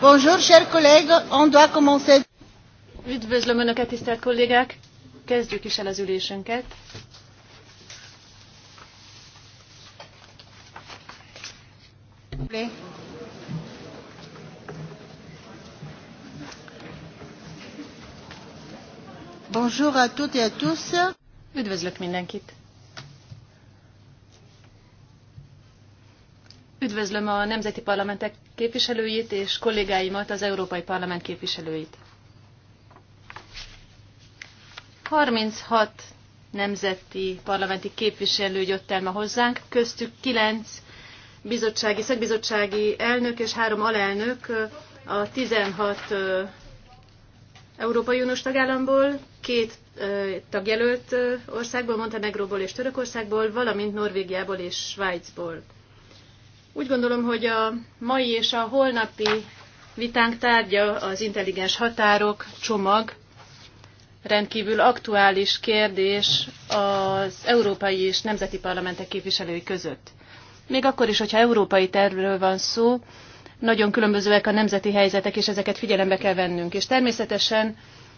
Bonjour, chers collègues, on doit commencer. Üdvözlöm Önöket, tisztelt kollégák! Kezdjük is el az ülésünket. Bonjour à toutes et à tous. Üdvözlök mindenkit! Üdvözlöm a nemzeti parlamentek képviselőit és kollégáimat, az Európai Parlament képviselőit. 36 nemzeti parlamenti képviselő jött el ma hozzánk, köztük 9 bizottsági, szakbizottsági elnök és három alelnök a 16 Európai Uniós tagállamból, két tagjelölt országból, Montenegróból és Törökországból, valamint Norvégiából és Svájcból. Úgy gondolom, hogy a mai és a holnapi vitánk tárgya az intelligens határok csomag, rendkívül aktuális kérdés az európai és nemzeti parlamentek képviselői között. Még akkor is, hogyha európai tervről van szó, nagyon különbözőek a nemzeti helyzetek, és ezeket figyelembe kell vennünk. És természetesen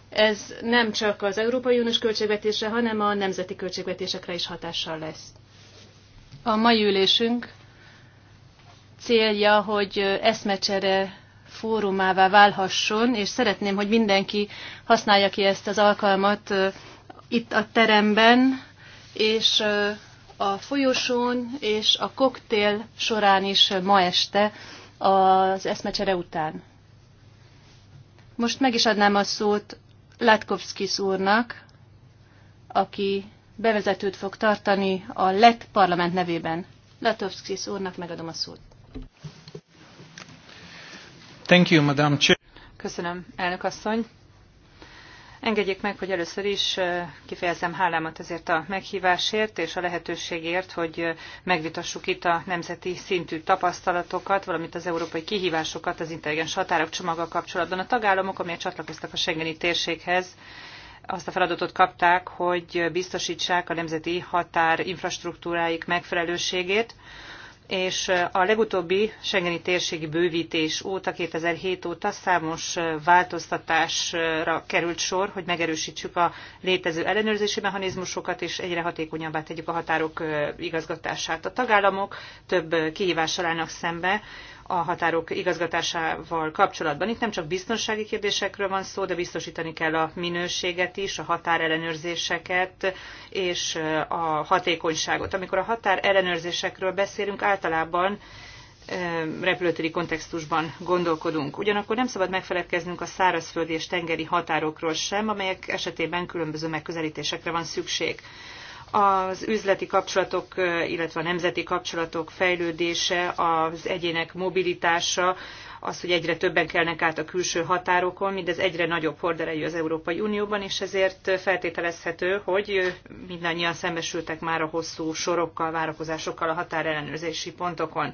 ez nem csak az Európai Uniós költségvetésre, hanem a nemzeti költségvetésekre is hatással lesz. A mai ülésünk célja, hogy eszmecsere fórumává válhasson, és szeretném, hogy mindenki használja ki ezt az alkalmat itt a teremben, és a folyosón és a koktél során is ma este az eszmecsere után. Most meg is adnám a szót Latkovskis úrnak, aki bevezetőt fog tartani a lett parlament nevében. Latovskis úrnak megadom a szót. Thank you, Madam Chair. Köszönöm, elnök asszony. Engedjék meg, hogy először is kifejezem hálámat ezért a meghívásért és a lehetőségért, hogy megvitassuk itt a nemzeti szintű tapasztalatokat, valamint az európai kihívásokat az intelligens határok csomaga kapcsolatban. A tagállamok, amelyek csatlakoztak a Schengeni térséghez, azt a feladatot kapták, hogy biztosítsák a nemzeti határ infrastruktúráik megfelelőségét, és a legutóbbi Schengeni térségi bővítés óta, 2007 óta számos változtatásra került sor, hogy megerősítsük a létező ellenőrzési mechanizmusokat, és egyre hatékonyabbá tegyük a határok igazgatását. A tagállamok több kihívással állnak szembe, a határok igazgatásával kapcsolatban. Itt nem csak biztonsági kérdésekről van szó, de biztosítani kell a minőséget is, a határellenőrzéseket és a hatékonyságot. Amikor a határellenőrzésekről beszélünk, általában repülőtéri kontextusban gondolkodunk. Ugyanakkor nem szabad megfeledkeznünk a szárazföldi és tengeri határokról sem, amelyek esetében különböző megközelítésekre van szükség az üzleti kapcsolatok, illetve a nemzeti kapcsolatok fejlődése, az egyének mobilitása, az, hogy egyre többen kelnek át a külső határokon, mindez egyre nagyobb horderejű az Európai Unióban, és ezért feltételezhető, hogy mindannyian szembesültek már a hosszú sorokkal, várakozásokkal a határellenőrzési pontokon.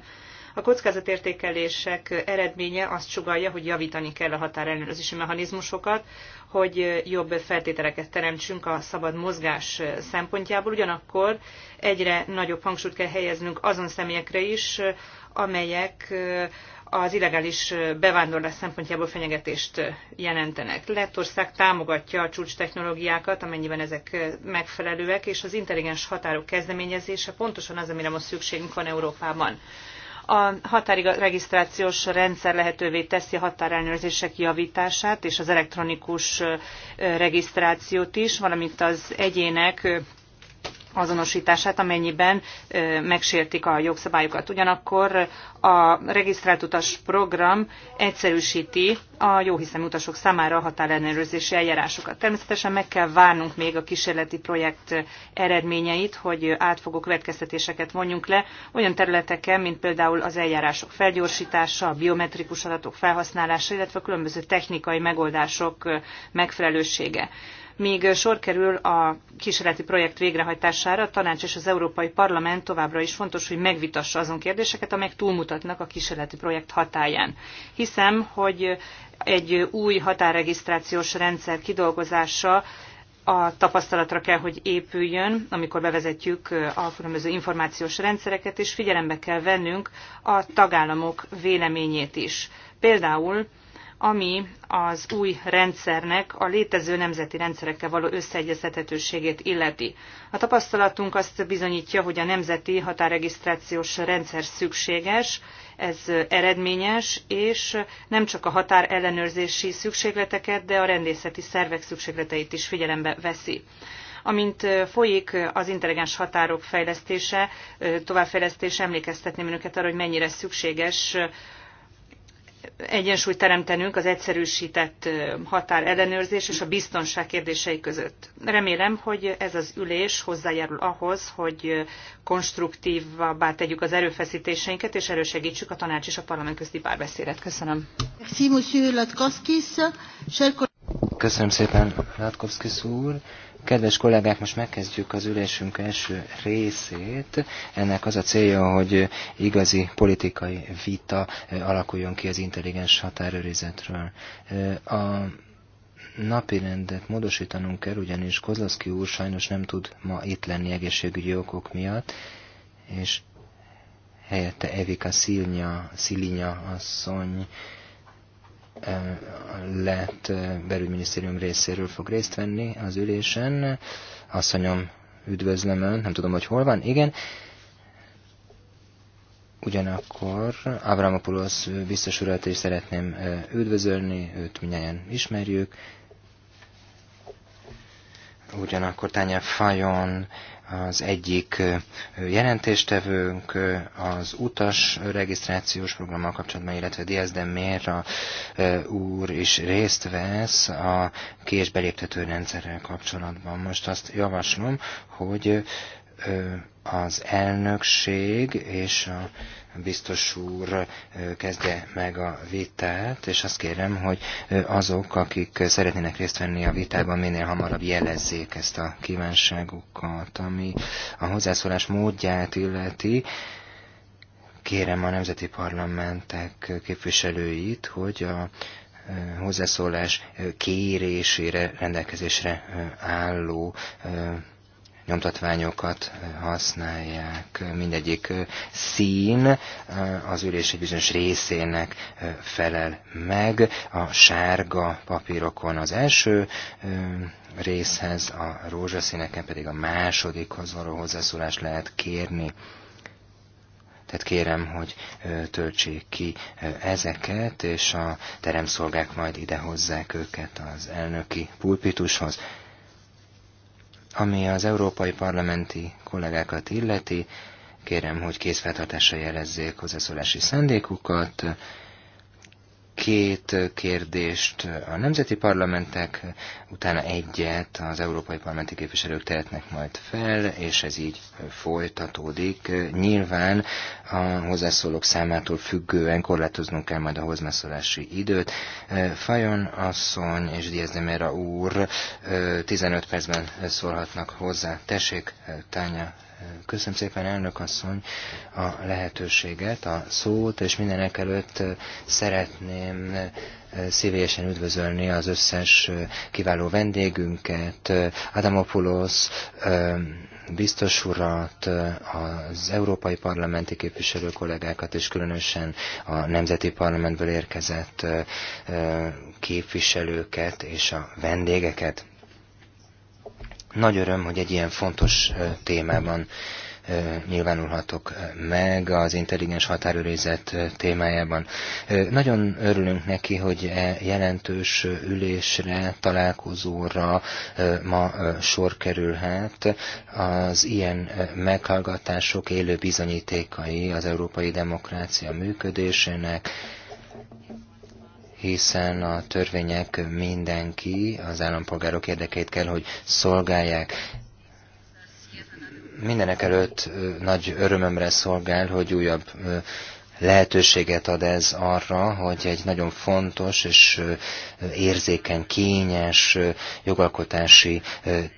A kockázatértékelések eredménye azt sugalja, hogy javítani kell a határellenőrzési mechanizmusokat, hogy jobb feltételeket teremtsünk a szabad mozgás szempontjából. Ugyanakkor egyre nagyobb hangsúlyt kell helyeznünk azon személyekre is, amelyek az illegális bevándorlás szempontjából fenyegetést jelentenek. Lettország támogatja a csúcs technológiákat, amennyiben ezek megfelelőek, és az intelligens határok kezdeményezése pontosan az, amire most szükségünk van Európában. A határregisztrációs rendszer lehetővé teszi a határellenőrzések javítását és az elektronikus regisztrációt is, valamint az egyének azonosítását, amennyiben megsértik a jogszabályokat. Ugyanakkor a regisztrált utas program egyszerűsíti a jóhiszemű utasok számára a határellenőrzési eljárásokat. Természetesen meg kell várnunk még a kísérleti projekt eredményeit, hogy átfogó következtetéseket vonjunk le olyan területeken, mint például az eljárások felgyorsítása, a biometrikus adatok felhasználása, illetve a különböző technikai megoldások megfelelősége. Míg sor kerül a kísérleti projekt végrehajtására, a tanács és az Európai Parlament továbbra is fontos, hogy megvitassa azon kérdéseket, amelyek túlmutatnak a kísérleti projekt hatáján. Hiszem, hogy egy új határregisztrációs rendszer kidolgozása a tapasztalatra kell, hogy épüljön, amikor bevezetjük a különböző információs rendszereket, és figyelembe kell vennünk a tagállamok véleményét is. Például ami az új rendszernek a létező nemzeti rendszerekkel való összeegyeztethetőségét illeti. A tapasztalatunk azt bizonyítja, hogy a nemzeti határregisztrációs rendszer szükséges, ez eredményes, és nem csak a határ ellenőrzési szükségleteket, de a rendészeti szervek szükségleteit is figyelembe veszi amint folyik az intelligens határok fejlesztése, továbbfejlesztése, emlékeztetném önöket arra, hogy mennyire szükséges egyensúlyt teremtenünk az egyszerűsített határellenőrzés és a biztonság kérdései között. Remélem, hogy ez az ülés hozzájárul ahhoz, hogy konstruktívabbá tegyük az erőfeszítéseinket, és erősegítsük a tanács és a parlament közti párbeszédet. Köszönöm. Merci, monsieur Köszönöm szépen, Látkovszki úr. Kedves kollégák, most megkezdjük az ülésünk első részét. Ennek az a célja, hogy igazi politikai vita alakuljon ki az intelligens határőrizetről. A napirendet módosítanunk kell, ugyanis Kozlaszki úr sajnos nem tud ma itt lenni egészségügyi okok miatt, és helyette Evika Szilnya, Szilinya asszony lett belügyminisztérium részéről fog részt venni az ülésen. Asszonyom, üdvözlöm ön, nem tudom, hogy hol van. Igen. Ugyanakkor Avramopoulos biztos urat is szeretném üdvözölni, őt minnyáján ismerjük, ugyanakkor Tanya Fajon az egyik jelentéstevőnk az utas regisztrációs programmal kapcsolatban, illetve Diaz de Mera úr is részt vesz a késbeléptető rendszerrel kapcsolatban. Most azt javaslom, hogy az elnökség és a biztos úr kezdje meg a vitát, és azt kérem, hogy azok, akik szeretnének részt venni a vitában, minél hamarabb jelezzék ezt a kívánságukat, ami a hozzászólás módját illeti. Kérem a nemzeti parlamentek képviselőit, hogy a hozzászólás kérésére rendelkezésre álló nyomtatványokat használják. Mindegyik szín az ülés egy bizonyos részének felel meg. A sárga papírokon az első részhez, a rózsaszíneken pedig a másodikhoz való hozzászólást lehet kérni. Tehát kérem, hogy töltsék ki ezeket, és a teremszolgák majd ide hozzák őket az elnöki pulpitushoz. Ami az európai parlamenti kollégákat illeti, kérem, hogy készfeltartásra jelezzék hozzászólási szándékukat két kérdést a nemzeti parlamentek, utána egyet az európai parlamenti képviselők tehetnek majd fel, és ez így folytatódik. Nyilván a hozzászólók számától függően korlátoznunk kell majd a hozzászólási időt. Fajon asszony és Diaz de Mera úr 15 percben szólhatnak hozzá. Tessék, Tánya Köszönöm szépen, elnök asszony, a lehetőséget, a szót, és mindenek előtt szeretném szívélyesen üdvözölni az összes kiváló vendégünket, Adamopoulos, biztos urat, az európai parlamenti képviselő kollégákat, és különösen a nemzeti parlamentből érkezett képviselőket és a vendégeket. Nagy öröm, hogy egy ilyen fontos témában nyilvánulhatok meg az intelligens határőrizet témájában. Nagyon örülünk neki, hogy e jelentős ülésre, találkozóra ma sor kerülhet. Az ilyen meghallgatások élő bizonyítékai az európai demokrácia működésének, hiszen a törvények mindenki, az állampolgárok érdekeit kell, hogy szolgálják. Mindenek előtt nagy örömömre szolgál, hogy újabb lehetőséget ad ez arra, hogy egy nagyon fontos és érzékeny, kényes jogalkotási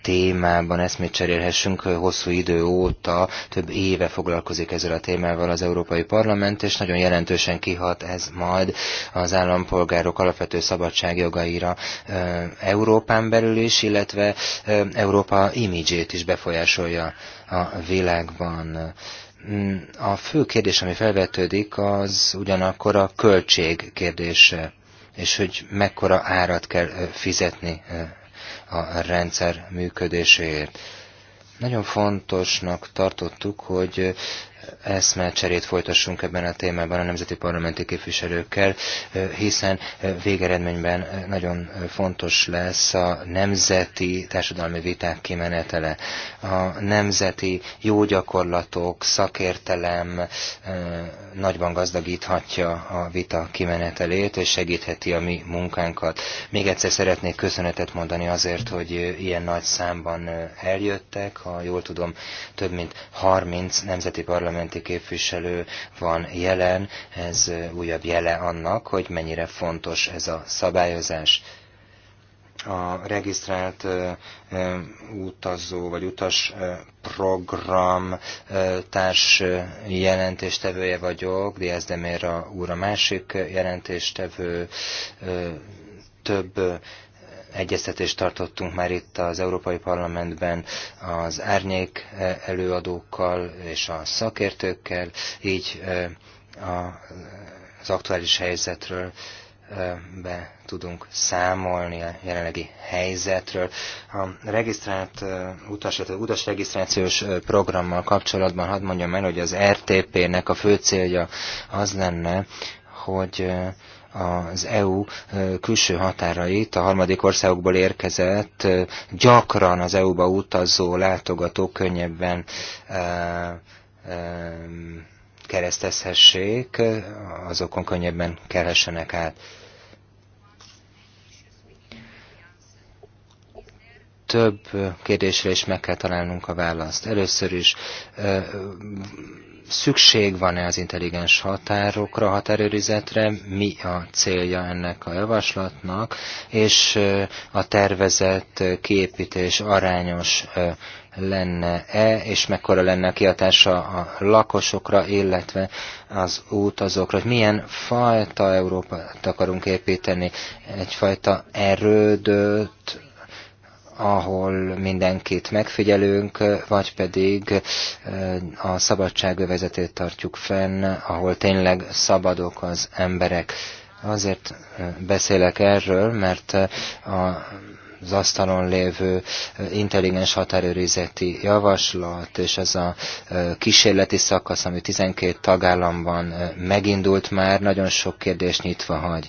témában eszmét cserélhessünk. Hosszú idő óta, több éve foglalkozik ezzel a témával az Európai Parlament, és nagyon jelentősen kihat ez majd az állampolgárok alapvető szabadságjogaira Európán belül is, illetve Európa imidzsét is befolyásolja a világban a fő kérdés, ami felvetődik, az ugyanakkor a költség kérdése, és hogy mekkora árat kell fizetni a rendszer működéséért. Nagyon fontosnak tartottuk, hogy eszmecserét folytassunk ebben a témában a nemzeti parlamenti képviselőkkel, hiszen végeredményben nagyon fontos lesz a nemzeti társadalmi viták kimenetele. A nemzeti jó gyakorlatok, szakértelem nagyban gazdagíthatja a vita kimenetelét, és segítheti a mi munkánkat. Még egyszer szeretnék köszönetet mondani azért, hogy ilyen nagy számban eljöttek, ha jól tudom, több mint 30 nemzeti parlamenti parlamenti képviselő van jelen, ez újabb jele annak, hogy mennyire fontos ez a szabályozás a regisztrált utazó vagy utas program társ jelentéstevője vagyok, Diaz a úr a másik jelentéstevő, több Egyeztetést tartottunk már itt az Európai Parlamentben az árnyék eh, előadókkal és a szakértőkkel, így eh, az aktuális helyzetről eh, be tudunk számolni a jelenlegi helyzetről. A regisztrált utas, utas regisztrációs programmal kapcsolatban hadd mondjam el, hogy az RTP-nek a fő célja az lenne, hogy az EU eh, külső határait a harmadik országokból érkezett, eh, gyakran az EU-ba utazó látogató könnyebben eh, keresztezhessék, azokon könnyebben kerhessenek át. Több kérdésre is meg kell találnunk a választ. Először is Szükség van-e az intelligens határokra, határőrizetre, mi a célja ennek a javaslatnak, és a tervezett kiépítés arányos lenne-e, és mekkora lenne a kiatása a lakosokra, illetve az utazókra, hogy milyen fajta Európát akarunk építeni, egyfajta erődöt, ahol mindenkit megfigyelünk, vagy pedig a szabadságövezetét tartjuk fenn, ahol tényleg szabadok az emberek. Azért beszélek erről, mert a az asztalon lévő intelligens határőrizeti javaslat, és ez a kísérleti szakasz, ami 12 tagállamban megindult már, nagyon sok kérdést nyitva hagy.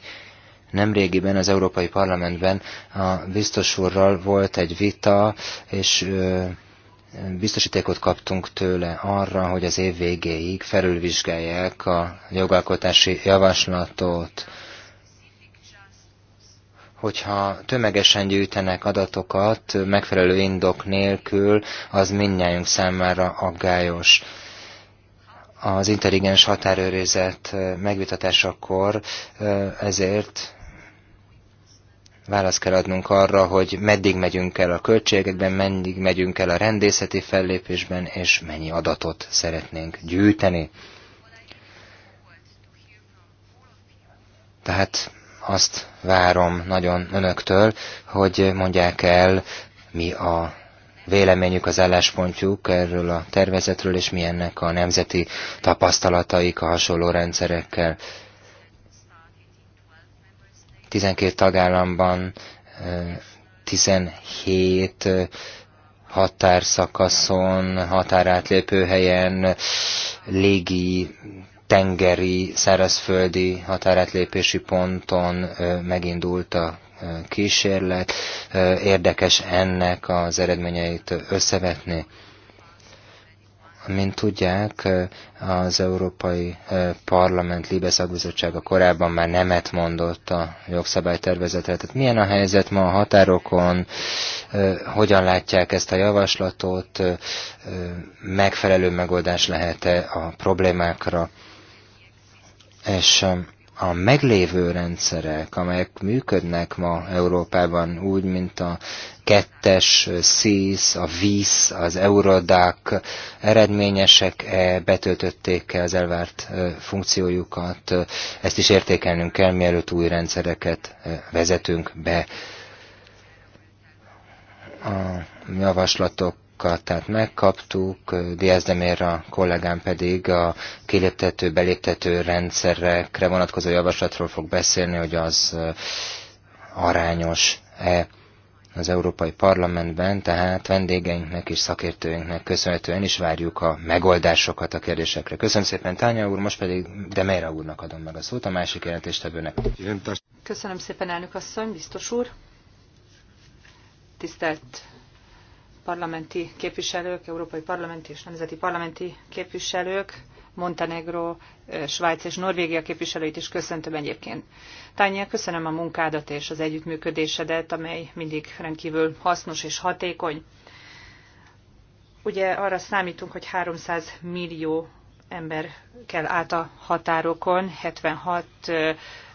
Nemrégiben az Európai Parlamentben a biztos úrral volt egy vita, és biztosítékot kaptunk tőle arra, hogy az év végéig felülvizsgálják a jogalkotási javaslatot. Hogyha tömegesen gyűjtenek adatokat megfelelő indok nélkül, az mindnyájunk számára aggályos az intelligens határőrizet megvitatásakor ezért választ kell adnunk arra, hogy meddig megyünk el a költségekben, meddig megyünk el a rendészeti fellépésben, és mennyi adatot szeretnénk gyűjteni. Tehát azt várom nagyon önöktől, hogy mondják el, mi a véleményük, az álláspontjuk erről a tervezetről, és milyennek a nemzeti tapasztalataik a hasonló rendszerekkel 12 tagállamban 17 határszakaszon, határátlépő helyen, légi, tengeri, szárazföldi határátlépési ponton megindult a kísérlet. Érdekes ennek az eredményeit összevetni. Mint tudják, az Európai Parlament Libe szakbizottsága korábban már nemet mondott a jogszabálytervezetre. Tehát milyen a helyzet ma a határokon, hogyan látják ezt a javaslatot, megfelelő megoldás lehet-e a problémákra, és a meglévő rendszerek, amelyek működnek ma Európában úgy, mint a kettes szísz, a víz, az Eurodák eredményesek -e, betöltötték -e az elvárt e, funkciójukat. Ezt is értékelnünk kell, mielőtt új rendszereket e, vezetünk be. A javaslatok tehát megkaptuk, Diaz de a kollégám pedig a kiléptető, beléptető rendszerekre vonatkozó javaslatról fog beszélni, hogy az e, arányos-e az Európai Parlamentben, tehát vendégeinknek és szakértőinknek köszönhetően is várjuk a megoldásokat a kérdésekre. Köszönöm szépen Tánya úr, most pedig Demeira úrnak adom meg a szót, a másik jelentéstevőnek. Köszönöm szépen elnök asszony, biztos úr. Tisztelt parlamenti képviselők, európai parlamenti és nemzeti parlamenti képviselők, Montenegro, Svájc és Norvégia képviselőit is köszöntöm egyébként. Tanya, köszönöm a munkádat és az együttműködésedet, amely mindig rendkívül hasznos és hatékony. Ugye arra számítunk, hogy 300 millió ember kell át a határokon, 76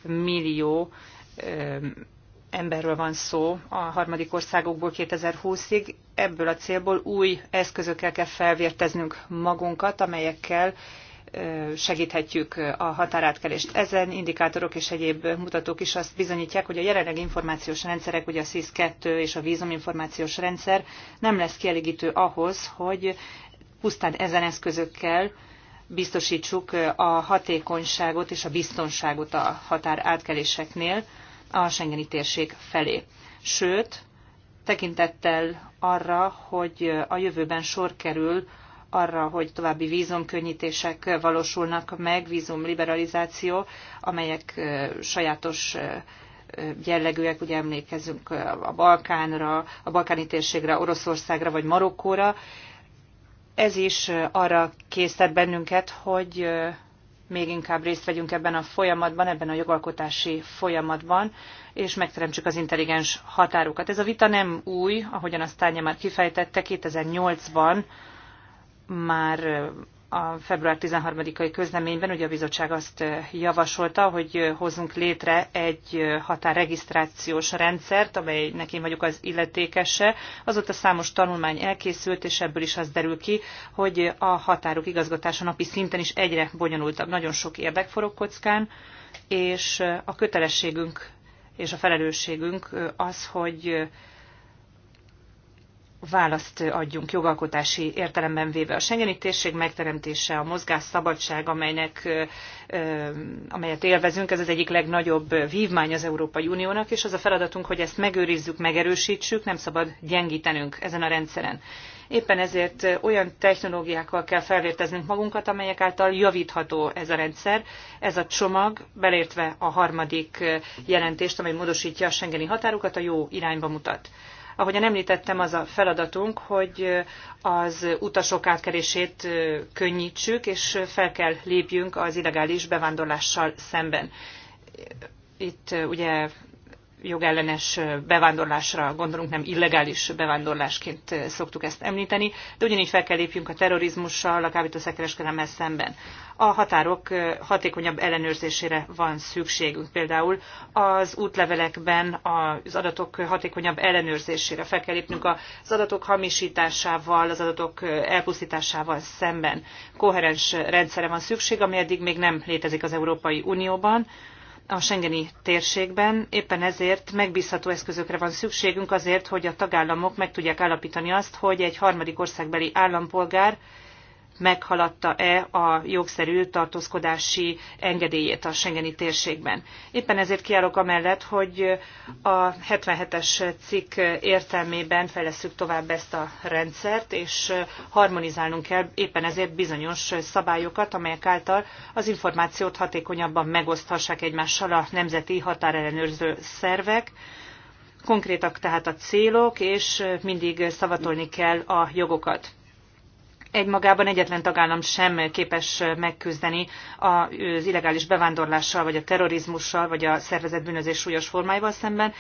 millió emberről van szó a harmadik országokból 2020-ig. Ebből a célból új eszközökkel kell felvérteznünk magunkat, amelyekkel segíthetjük a határátkelést. Ezen indikátorok és egyéb mutatók is azt bizonyítják, hogy a jelenleg információs rendszerek, ugye a SIS-2 és a vízuminformációs rendszer nem lesz kielégítő ahhoz, hogy pusztán ezen eszközökkel biztosítsuk a hatékonyságot és a biztonságot a határátkeléseknél a Schengeni térség felé. Sőt, tekintettel arra, hogy a jövőben sor kerül arra, hogy további vízumkönnyítések valósulnak meg, vízumliberalizáció, amelyek sajátos jellegűek, ugye emlékezünk a Balkánra, a balkáni térségre, Oroszországra vagy Marokkóra. Ez is arra késztet bennünket, hogy még inkább részt vegyünk ebben a folyamatban, ebben a jogalkotási folyamatban, és megteremtsük az intelligens határokat. Ez a vita nem új, ahogyan azt Tánya már kifejtette, 2008-ban már a február 13-ai közleményben ugye a bizottság azt javasolta, hogy hozzunk létre egy határregisztrációs rendszert, amelynek én vagyok az illetékese. Azóta számos tanulmány elkészült, és ebből is az derül ki, hogy a határok igazgatása napi szinten is egyre bonyolultabb. Nagyon sok érdek forog kockán, és a kötelességünk és a felelősségünk az, hogy választ adjunk jogalkotási értelemben véve. A Schengeni térség megteremtése, a mozgás szabadság, amelynek, amelyet élvezünk, ez az egyik legnagyobb vívmány az Európai Uniónak, és az a feladatunk, hogy ezt megőrizzük, megerősítsük, nem szabad gyengítenünk ezen a rendszeren. Éppen ezért olyan technológiákkal kell felvérteznünk magunkat, amelyek által javítható ez a rendszer, ez a csomag, belértve a harmadik jelentést, amely módosítja a Schengeni határokat, a jó irányba mutat. Ahogyan említettem, az a feladatunk, hogy az utasok átkerését könnyítsük, és fel kell lépjünk az illegális bevándorlással szemben. Itt ugye jogellenes bevándorlásra gondolunk, nem illegális bevándorlásként szoktuk ezt említeni, de ugyanígy fel kell lépjünk a terrorizmussal, a kábítószerkereskedelemmel szemben. A határok hatékonyabb ellenőrzésére van szükségünk, például az útlevelekben az adatok hatékonyabb ellenőrzésére fel kell lépnünk az adatok hamisításával, az adatok elpusztításával szemben. Koherens rendszere van szükség, ami eddig még nem létezik az Európai Unióban, a Schengeni térségben. Éppen ezért megbízható eszközökre van szükségünk azért, hogy a tagállamok meg tudják állapítani azt, hogy egy harmadik országbeli állampolgár meghaladta-e a jogszerű tartózkodási engedélyét a Schengeni térségben. Éppen ezért kiállok amellett, hogy a 77-es cikk értelmében fejlesztjük tovább ezt a rendszert, és harmonizálnunk kell éppen ezért bizonyos szabályokat, amelyek által az információt hatékonyabban megoszthassák egymással a nemzeti határellenőrző szervek, Konkrétak tehát a célok, és mindig szavatolni kell a jogokat egymagában egyetlen tagállam sem képes megküzdeni az illegális bevándorlással, vagy a terrorizmussal, vagy a szervezett bűnözés súlyos formáival szemben.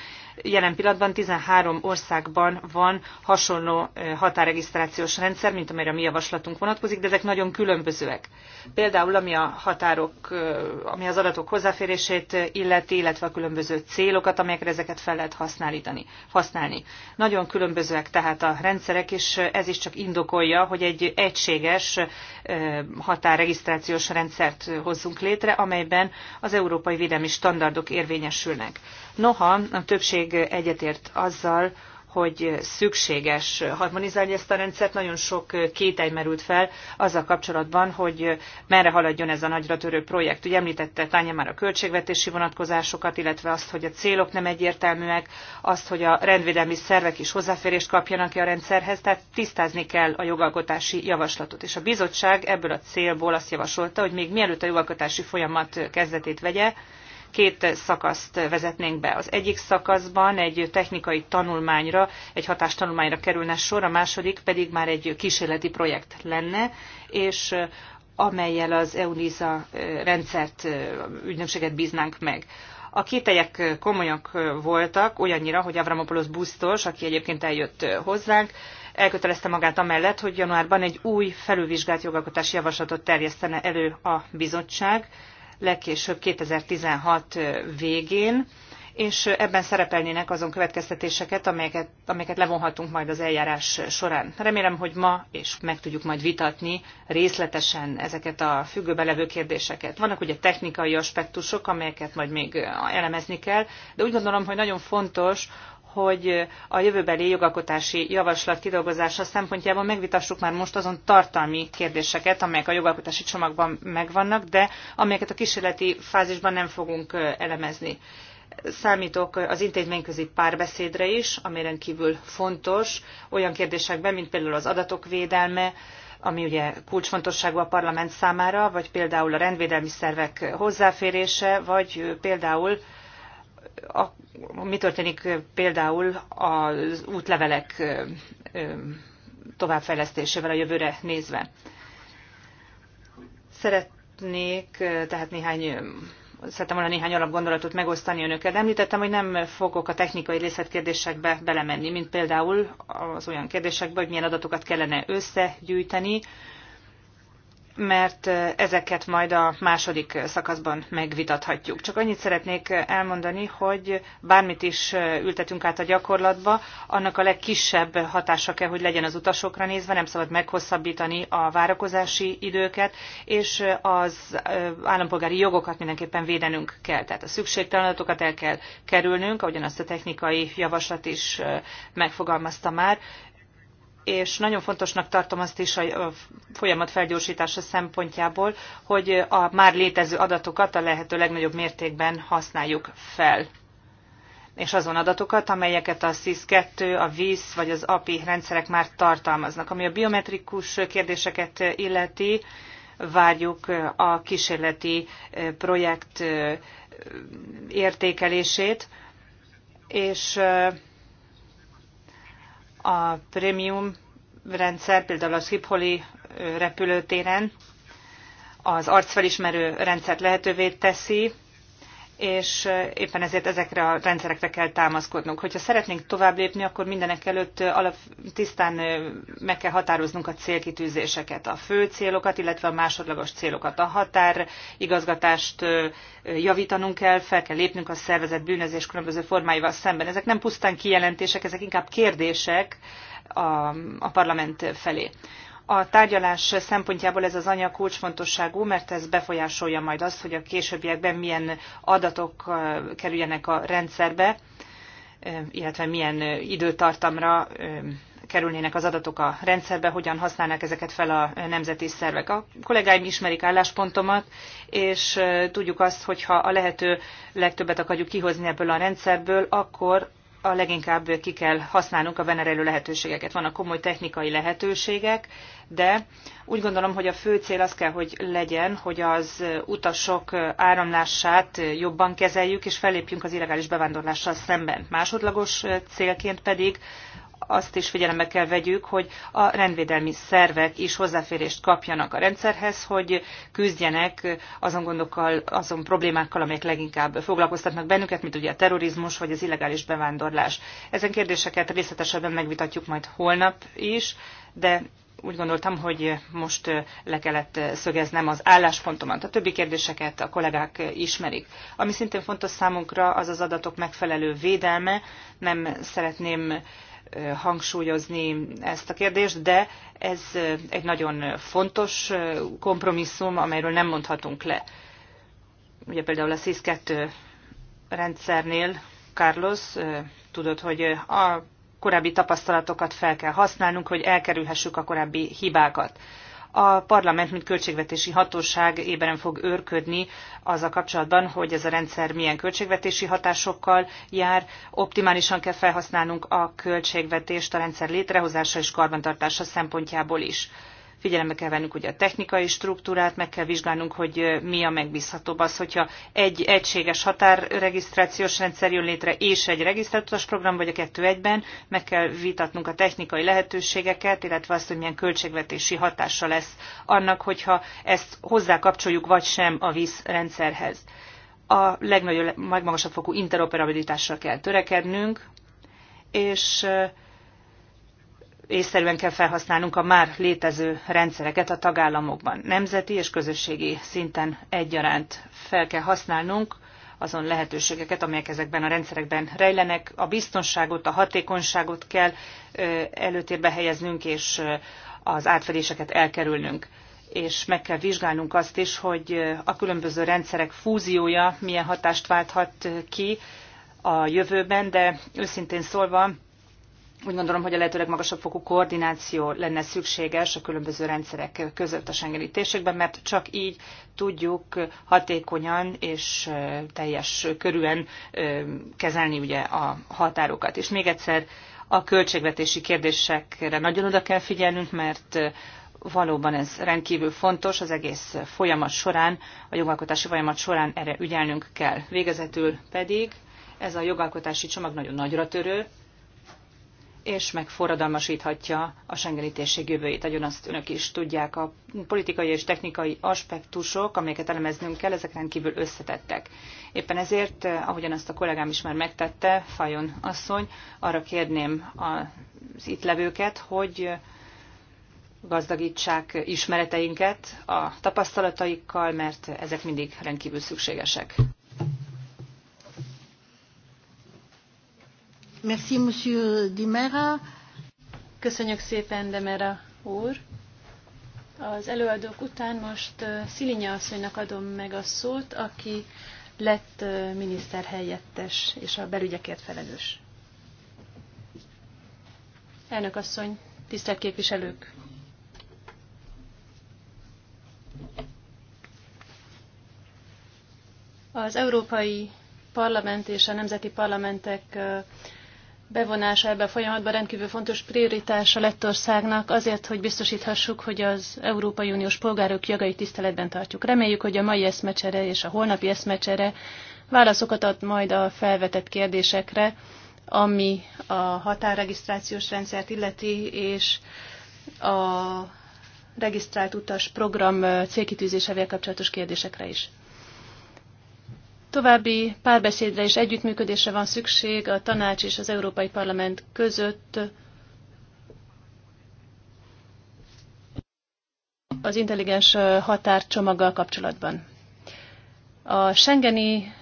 Jelen pillanatban 13 országban van hasonló határregisztrációs rendszer, mint amelyre a mi javaslatunk vonatkozik, de ezek nagyon különbözőek. Például ami a határok, ami az adatok hozzáférését illeti, illetve a különböző célokat, amelyekre ezeket fel lehet használítani, használni. Nagyon különbözőek tehát a rendszerek, és ez is csak indokolja, hogy egy egységes határregisztrációs rendszert hozzunk létre, amelyben az európai védelmi standardok érvényesülnek. Noha a többség többség egyetért azzal, hogy szükséges harmonizálni ezt a rendszert. Nagyon sok kételj merült fel azzal kapcsolatban, hogy merre haladjon ez a nagyra törő projekt. Ugye említette Tánya már a költségvetési vonatkozásokat, illetve azt, hogy a célok nem egyértelműek, azt, hogy a rendvédelmi szervek is hozzáférést kapjanak ki a rendszerhez, tehát tisztázni kell a jogalkotási javaslatot. És a bizottság ebből a célból azt javasolta, hogy még mielőtt a jogalkotási folyamat kezdetét vegye, Két szakaszt vezetnénk be. Az egyik szakaszban egy technikai tanulmányra, egy hatástanulmányra kerülne sor, a második pedig már egy kísérleti projekt lenne, és amelyel az EUNISA rendszert, ügynökséget bíznánk meg. A kételyek komolyak voltak, olyannyira, hogy Avramopoulos Busztos, aki egyébként eljött hozzánk, elkötelezte magát amellett, hogy januárban egy új felülvizsgált jogalkotási javaslatot terjesztene elő a bizottság, legkésőbb 2016 végén, és ebben szerepelnének azon következtetéseket, amelyeket, amelyeket levonhatunk majd az eljárás során. Remélem, hogy ma és meg tudjuk majd vitatni részletesen ezeket a függőbe levő kérdéseket. Vannak ugye technikai aspektusok, amelyeket majd még elemezni kell, de úgy gondolom, hogy nagyon fontos, hogy a jövőbeli jogalkotási javaslat kidolgozása szempontjából megvitassuk már most azon tartalmi kérdéseket, amelyek a jogalkotási csomagban megvannak, de amelyeket a kísérleti fázisban nem fogunk elemezni. Számítok az intézményközi párbeszédre is, amelyen kívül fontos, olyan kérdésekben, mint például az adatok védelme, ami ugye kulcsfontosságú a parlament számára, vagy például a rendvédelmi szervek hozzáférése, vagy például a, mi történik például az útlevelek továbbfejlesztésével a jövőre nézve. Szeretnék tehát néhány szerettem volna néhány alapgondolatot megosztani önökkel. Említettem, hogy nem fogok a technikai részletkérdésekbe belemenni, mint például az olyan kérdésekbe, hogy milyen adatokat kellene összegyűjteni, mert ezeket majd a második szakaszban megvitathatjuk. Csak annyit szeretnék elmondani, hogy bármit is ültetünk át a gyakorlatba, annak a legkisebb hatása kell, hogy legyen az utasokra nézve, nem szabad meghosszabbítani a várakozási időket, és az állampolgári jogokat mindenképpen védenünk kell. Tehát a szükségtelen adatokat el kell kerülnünk, ahogyan azt a technikai javaslat is megfogalmazta már, és nagyon fontosnak tartom azt is a folyamat felgyorsítása szempontjából, hogy a már létező adatokat a lehető legnagyobb mértékben használjuk fel és azon adatokat, amelyeket a SIS-2, a VIS vagy az API rendszerek már tartalmaznak. Ami a biometrikus kérdéseket illeti, várjuk a kísérleti projekt értékelését, és a prémium rendszer, például a Schipholi repülőtéren az arcfelismerő rendszert lehetővé teszi, és éppen ezért ezekre a rendszerekre kell támaszkodnunk. Hogyha szeretnénk tovább lépni, akkor mindenek előtt alap, tisztán meg kell határoznunk a célkitűzéseket, a fő célokat, illetve a másodlagos célokat. A határ igazgatást javítanunk kell, fel kell lépnünk a szervezet bűnözés különböző formáival szemben. Ezek nem pusztán kijelentések, ezek inkább kérdések a, a parlament felé. A tárgyalás szempontjából ez az anyag kulcsfontosságú, mert ez befolyásolja majd azt, hogy a későbbiekben milyen adatok kerüljenek a rendszerbe, illetve milyen időtartamra kerülnének az adatok a rendszerbe, hogyan használnák ezeket fel a nemzeti szervek. A kollégáim ismerik álláspontomat, és tudjuk azt, hogy ha a lehető legtöbbet akarjuk kihozni ebből a rendszerből, akkor a leginkább ki kell használnunk a venerelő lehetőségeket. Vannak komoly technikai lehetőségek, de úgy gondolom, hogy a fő cél az kell, hogy legyen, hogy az utasok áramlását jobban kezeljük, és fellépjünk az illegális bevándorlással szemben. Másodlagos célként pedig azt is figyelembe kell vegyük, hogy a rendvédelmi szervek is hozzáférést kapjanak a rendszerhez, hogy küzdjenek azon gondokkal, azon problémákkal, amelyek leginkább foglalkoztatnak bennünket, mint ugye a terrorizmus vagy az illegális bevándorlás. Ezen kérdéseket részletesebben megvitatjuk majd holnap is, de úgy gondoltam, hogy most le kellett szögeznem az álláspontomat. A többi kérdéseket a kollégák ismerik. Ami szintén fontos számunkra, az az adatok megfelelő védelme. Nem szeretném hangsúlyozni ezt a kérdést, de ez egy nagyon fontos kompromisszum, amelyről nem mondhatunk le. Ugye például a sis 2 rendszernél Carlos tudod, hogy a korábbi tapasztalatokat fel kell használnunk, hogy elkerülhessük a korábbi hibákat a parlament, mint költségvetési hatóság éberen fog őrködni azzal kapcsolatban, hogy ez a rendszer milyen költségvetési hatásokkal jár. Optimálisan kell felhasználnunk a költségvetést a rendszer létrehozása és karbantartása szempontjából is. Figyelembe kell vennünk ugye a technikai struktúrát, meg kell vizsgálnunk, hogy mi a megbízhatóbb az, hogyha egy egységes határregisztrációs rendszer jön létre és egy regisztrációs program, vagy a kettő egyben, meg kell vitatnunk a technikai lehetőségeket, illetve azt, hogy milyen költségvetési hatása lesz annak, hogyha ezt hozzákapcsoljuk vagy sem a vízrendszerhez a legnagyobb, legmagasabb fokú interoperabilitásra kell törekednünk, és észszerűen kell felhasználnunk a már létező rendszereket a tagállamokban. Nemzeti és közösségi szinten egyaránt fel kell használnunk azon lehetőségeket, amelyek ezekben a rendszerekben rejlenek. A biztonságot, a hatékonyságot kell előtérbe helyeznünk, és az átfedéseket elkerülnünk és meg kell vizsgálnunk azt is, hogy a különböző rendszerek fúziója milyen hatást válthat ki a jövőben, de őszintén szólva úgy gondolom, hogy a lehető legmagasabb fokú koordináció lenne szükséges a különböző rendszerek között a Schengeni térségben, mert csak így tudjuk hatékonyan és teljes körűen kezelni ugye a határokat. És még egyszer a költségvetési kérdésekre nagyon oda kell figyelnünk, mert valóban ez rendkívül fontos, az egész folyamat során, a jogalkotási folyamat során erre ügyelnünk kell. Végezetül pedig ez a jogalkotási csomag nagyon nagyra törő, és megforradalmasíthatja a Schengeni térség jövőjét. Nagyon azt önök is tudják, a politikai és technikai aspektusok, amelyeket elemeznünk kell, ezek rendkívül összetettek. Éppen ezért, ahogyan azt a kollégám is már megtette, Fajon asszony, arra kérném az itt levőket, hogy gazdagítsák ismereteinket a tapasztalataikkal, mert ezek mindig rendkívül szükségesek. Merci, Monsieur Dimera. Köszönjük szépen, Demera úr. Az előadók után most Szilinya asszonynak adom meg a szót, aki lett miniszter helyettes és a belügyekért felelős. Elnök asszony, tisztelt képviselők! Az Európai Parlament és a Nemzeti Parlamentek bevonása ebbe a folyamatba rendkívül fontos prioritása Lettországnak azért, hogy biztosíthassuk, hogy az Európai Uniós polgárok jogait tiszteletben tartjuk. Reméljük, hogy a mai eszmecsere és a holnapi eszmecsere válaszokat ad majd a felvetett kérdésekre, ami a határregisztrációs rendszert illeti, és a regisztrált utas program célkitűzésevel kapcsolatos kérdésekre is. További párbeszédre és együttműködésre van szükség a tanács és az Európai Parlament között az intelligens határcsomaggal kapcsolatban. A Schengeni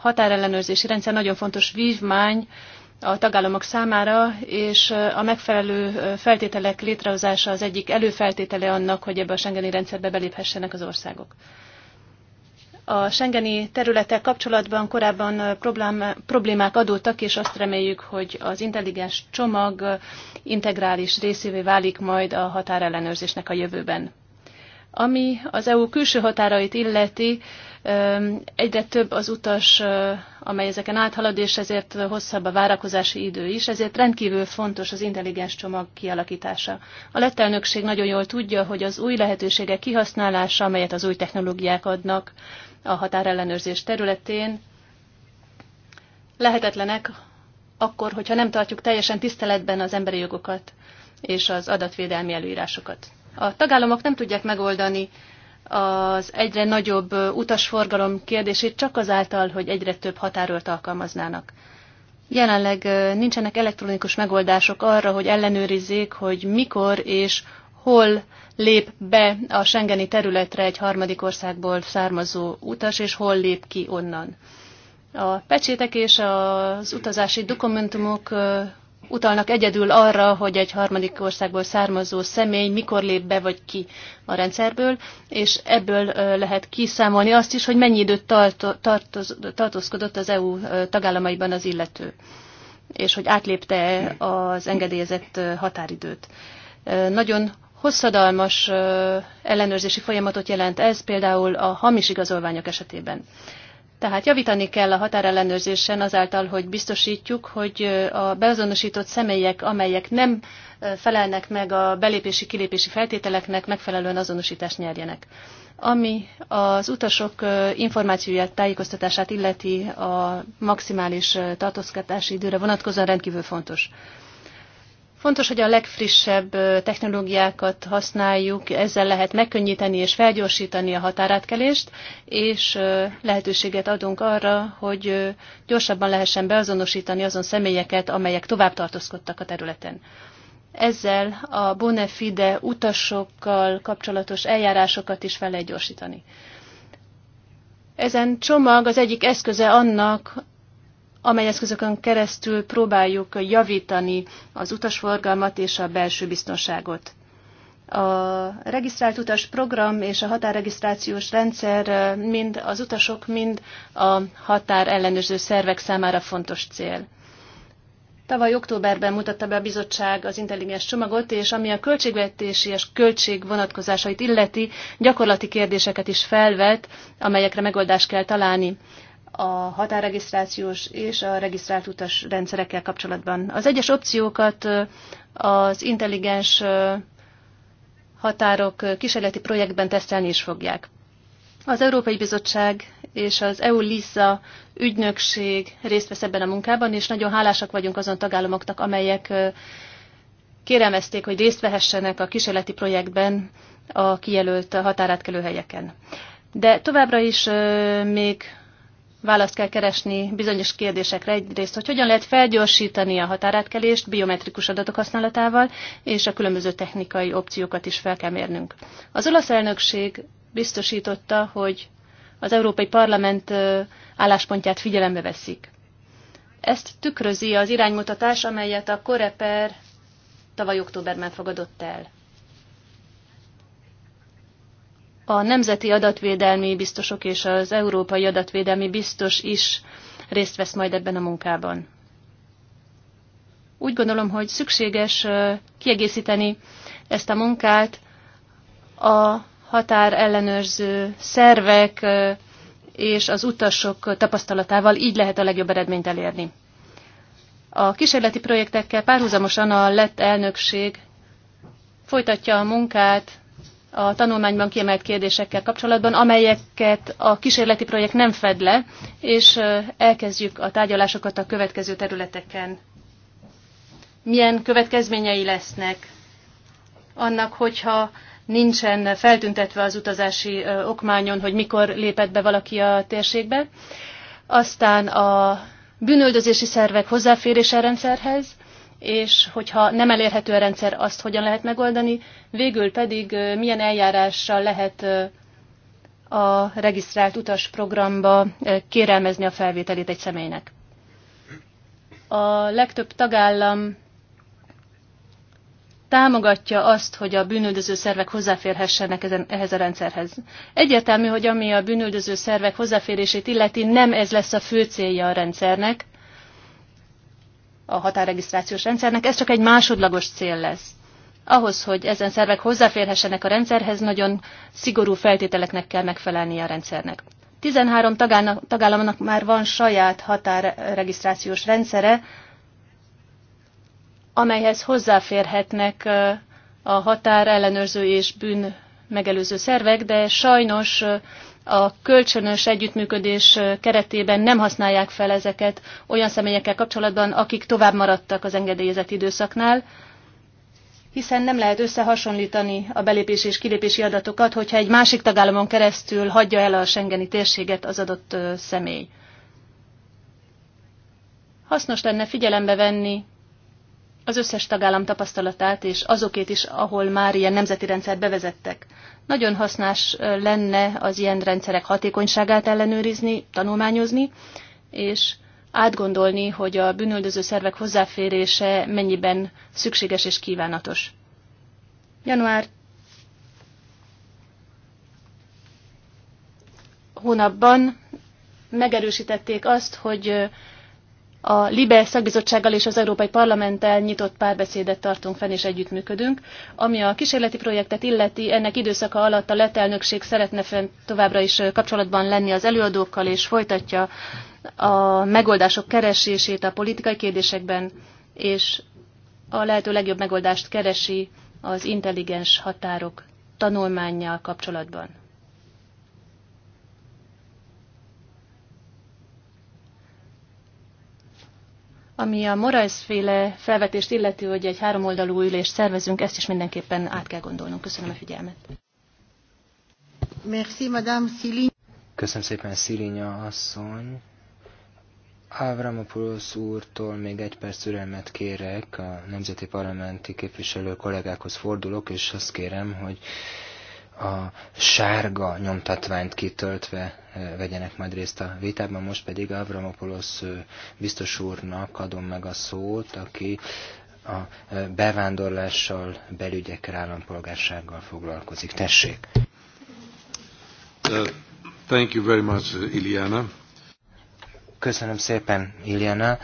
határellenőrzési rendszer nagyon fontos vívmány a tagállamok számára, és a megfelelő feltételek létrehozása az egyik előfeltétele annak, hogy ebbe a Schengeni rendszerbe beléphessenek az országok. A Schengeni területek kapcsolatban korábban problémák adódtak, és azt reméljük, hogy az intelligens csomag integrális részévé válik majd a határellenőrzésnek a jövőben. Ami az EU külső határait illeti, egyre több az utas, amely ezeken áthalad, és ezért hosszabb a várakozási idő is, ezért rendkívül fontos az intelligens csomag kialakítása. A lett elnökség nagyon jól tudja, hogy az új lehetőségek kihasználása, amelyet az új technológiák adnak, a határellenőrzés területén lehetetlenek akkor, hogyha nem tartjuk teljesen tiszteletben az emberi jogokat és az adatvédelmi előírásokat. A tagállamok nem tudják megoldani az egyre nagyobb utasforgalom kérdését csak azáltal, hogy egyre több határőrt alkalmaznának. Jelenleg nincsenek elektronikus megoldások arra, hogy ellenőrizzék, hogy mikor és hol lép be a Schengeni területre egy harmadik országból származó utas, és hol lép ki onnan. A pecsétek és az utazási dokumentumok utalnak egyedül arra, hogy egy harmadik országból származó személy mikor lép be vagy ki a rendszerből, és ebből lehet kiszámolni azt is, hogy mennyi időt tartoz- tartózkodott az EU tagállamaiban az illető, és hogy átlépte az engedélyezett határidőt. Nagyon hosszadalmas ellenőrzési folyamatot jelent ez például a hamis igazolványok esetében. Tehát javítani kell a határellenőrzésen azáltal, hogy biztosítjuk, hogy a beazonosított személyek, amelyek nem felelnek meg a belépési-kilépési feltételeknek, megfelelően azonosítást nyerjenek. Ami az utasok információját, tájékoztatását illeti a maximális tartózkodási időre vonatkozóan rendkívül fontos. Fontos, hogy a legfrissebb technológiákat használjuk, ezzel lehet megkönnyíteni és felgyorsítani a határátkelést, és lehetőséget adunk arra, hogy gyorsabban lehessen beazonosítani azon személyeket, amelyek tovább tartózkodtak a területen. Ezzel a bona fide utasokkal kapcsolatos eljárásokat is fel lehet gyorsítani. Ezen csomag az egyik eszköze annak, amely eszközökön keresztül próbáljuk javítani az utasforgalmat és a belső biztonságot. A regisztrált utas program és a határregisztrációs rendszer mind az utasok, mind a határ ellenőrző szervek számára fontos cél. Tavaly októberben mutatta be a bizottság az intelligens csomagot, és ami a költségvetési és költség vonatkozásait illeti, gyakorlati kérdéseket is felvet, amelyekre megoldást kell találni a határregisztrációs és a regisztrált utas rendszerekkel kapcsolatban. Az egyes opciókat az intelligens határok kísérleti projektben tesztelni is fogják. Az Európai Bizottság és az EU-LISA ügynökség részt vesz ebben a munkában, és nagyon hálásak vagyunk azon tagállamoknak, amelyek kérelmezték, hogy részt vehessenek a kísérleti projektben a kijelölt határátkelő helyeken. De továbbra is még választ kell keresni bizonyos kérdésekre. Egyrészt, hogy hogyan lehet felgyorsítani a határátkelést biometrikus adatok használatával, és a különböző technikai opciókat is fel kell mérnünk. Az olasz elnökség biztosította, hogy az Európai Parlament álláspontját figyelembe veszik. Ezt tükrözi az iránymutatás, amelyet a Koreper tavaly októberben fogadott el. A nemzeti adatvédelmi biztosok és az európai adatvédelmi biztos is részt vesz majd ebben a munkában. Úgy gondolom, hogy szükséges kiegészíteni ezt a munkát a határellenőrző szervek és az utasok tapasztalatával, így lehet a legjobb eredményt elérni. A kísérleti projektekkel párhuzamosan a lett elnökség folytatja a munkát a tanulmányban kiemelt kérdésekkel kapcsolatban, amelyeket a kísérleti projekt nem fed le, és elkezdjük a tárgyalásokat a következő területeken. Milyen következményei lesznek annak, hogyha nincsen feltüntetve az utazási okmányon, hogy mikor lépett be valaki a térségbe. Aztán a bűnöldözési szervek hozzáférése rendszerhez, és hogyha nem elérhető a rendszer, azt hogyan lehet megoldani, végül pedig milyen eljárással lehet a regisztrált utas programba kérelmezni a felvételét egy személynek. A legtöbb tagállam támogatja azt, hogy a bűnöldöző szervek hozzáférhessenek ezen, ehhez a rendszerhez. Egyértelmű, hogy ami a bűnöldöző szervek hozzáférését illeti, nem ez lesz a fő célja a rendszernek, a határregisztrációs rendszernek, ez csak egy másodlagos cél lesz. Ahhoz, hogy ezen szervek hozzáférhessenek a rendszerhez, nagyon szigorú feltételeknek kell megfelelnie a rendszernek. 13 tagállamnak már van saját határregisztrációs rendszere, amelyhez hozzáférhetnek a határellenőrző és bűn megelőző szervek, de sajnos a kölcsönös együttműködés keretében nem használják fel ezeket olyan személyekkel kapcsolatban, akik tovább maradtak az engedélyezett időszaknál, hiszen nem lehet összehasonlítani a belépési és kilépési adatokat, hogyha egy másik tagállamon keresztül hagyja el a Schengeni térséget az adott személy. Hasznos lenne figyelembe venni az összes tagállam tapasztalatát, és azokét is, ahol már ilyen nemzeti rendszert bevezettek. Nagyon hasznás lenne az ilyen rendszerek hatékonyságát ellenőrizni, tanulmányozni, és átgondolni, hogy a bűnöldöző szervek hozzáférése mennyiben szükséges és kívánatos. Január hónapban megerősítették azt, hogy a LIBE szakbizottsággal és az Európai Parlamenttel nyitott párbeszédet tartunk fenn és együttműködünk. Ami a kísérleti projektet illeti, ennek időszaka alatt a letelnökség szeretne fenn továbbra is kapcsolatban lenni az előadókkal, és folytatja a megoldások keresését a politikai kérdésekben, és a lehető legjobb megoldást keresi az intelligens határok tanulmányjal kapcsolatban. Ami a Morajszféle felvetést illeti, hogy egy háromoldalú ülést szervezünk, ezt is mindenképpen át kell gondolnunk. Köszönöm a figyelmet. Merci, Madame Szilin. Köszönöm szépen, Szilinya asszony. Avramopoulos úrtól még egy perc türelmet kérek, a nemzeti parlamenti képviselő kollégákhoz fordulok, és azt kérem, hogy a sárga nyomtatványt kitöltve vegyenek majd részt a vitában. Most pedig Avramopoulos biztos úrnak adom meg a szót, aki a bevándorlással, belügyekkel, állampolgársággal foglalkozik. Tessék! Thank you very much, Iliana. Köszönöm szépen, Iliana.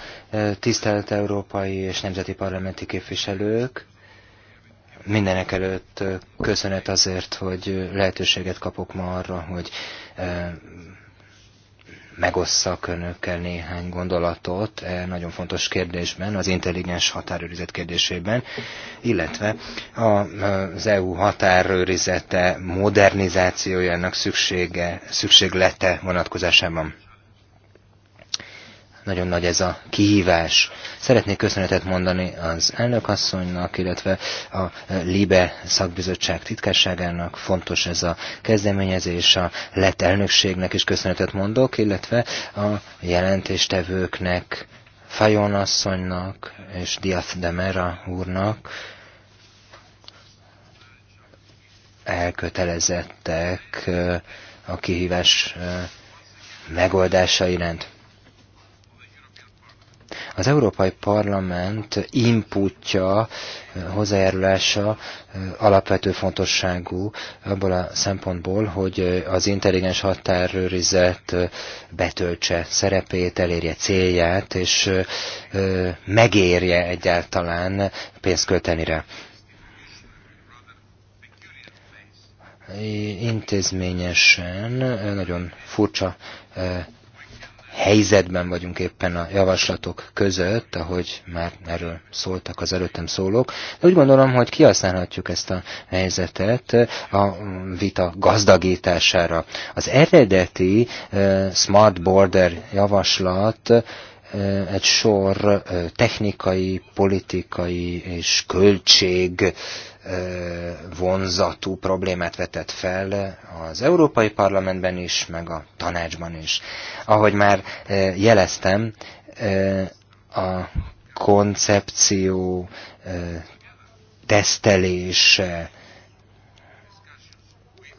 Tisztelt európai és nemzeti parlamenti képviselők! Mindenek előtt köszönet azért, hogy lehetőséget kapok ma arra, hogy megosszak önökkel néhány gondolatot e nagyon fontos kérdésben, az intelligens határőrizet kérdésében, illetve az EU határőrizete modernizációjának szüksége, szükséglete vonatkozásában. Nagyon nagy ez a kihívás. Szeretnék köszönetet mondani az elnökasszonynak, illetve a LIBE szakbizottság titkárságának. Fontos ez a kezdeményezés, a lett elnökségnek is köszönetet mondok, illetve a jelentéstevőknek, Fajon asszonynak és Diaz de Mera úrnak elkötelezettek a kihívás megoldása iránt. Az Európai Parlament inputja, hozzájárulása alapvető fontosságú abból a szempontból, hogy az intelligens határőrizet betöltse szerepét, elérje célját, és megérje egyáltalán pénzt költeni rá. intézményesen nagyon furcsa helyzetben vagyunk éppen a javaslatok között, ahogy már erről szóltak az előttem szólók. De úgy gondolom, hogy kihasználhatjuk ezt a helyzetet a vita gazdagítására. Az eredeti Smart Border javaslat egy sor technikai, politikai és költség vonzatú problémát vetett fel az Európai Parlamentben is, meg a tanácsban is. Ahogy már jeleztem, a koncepció tesztelése,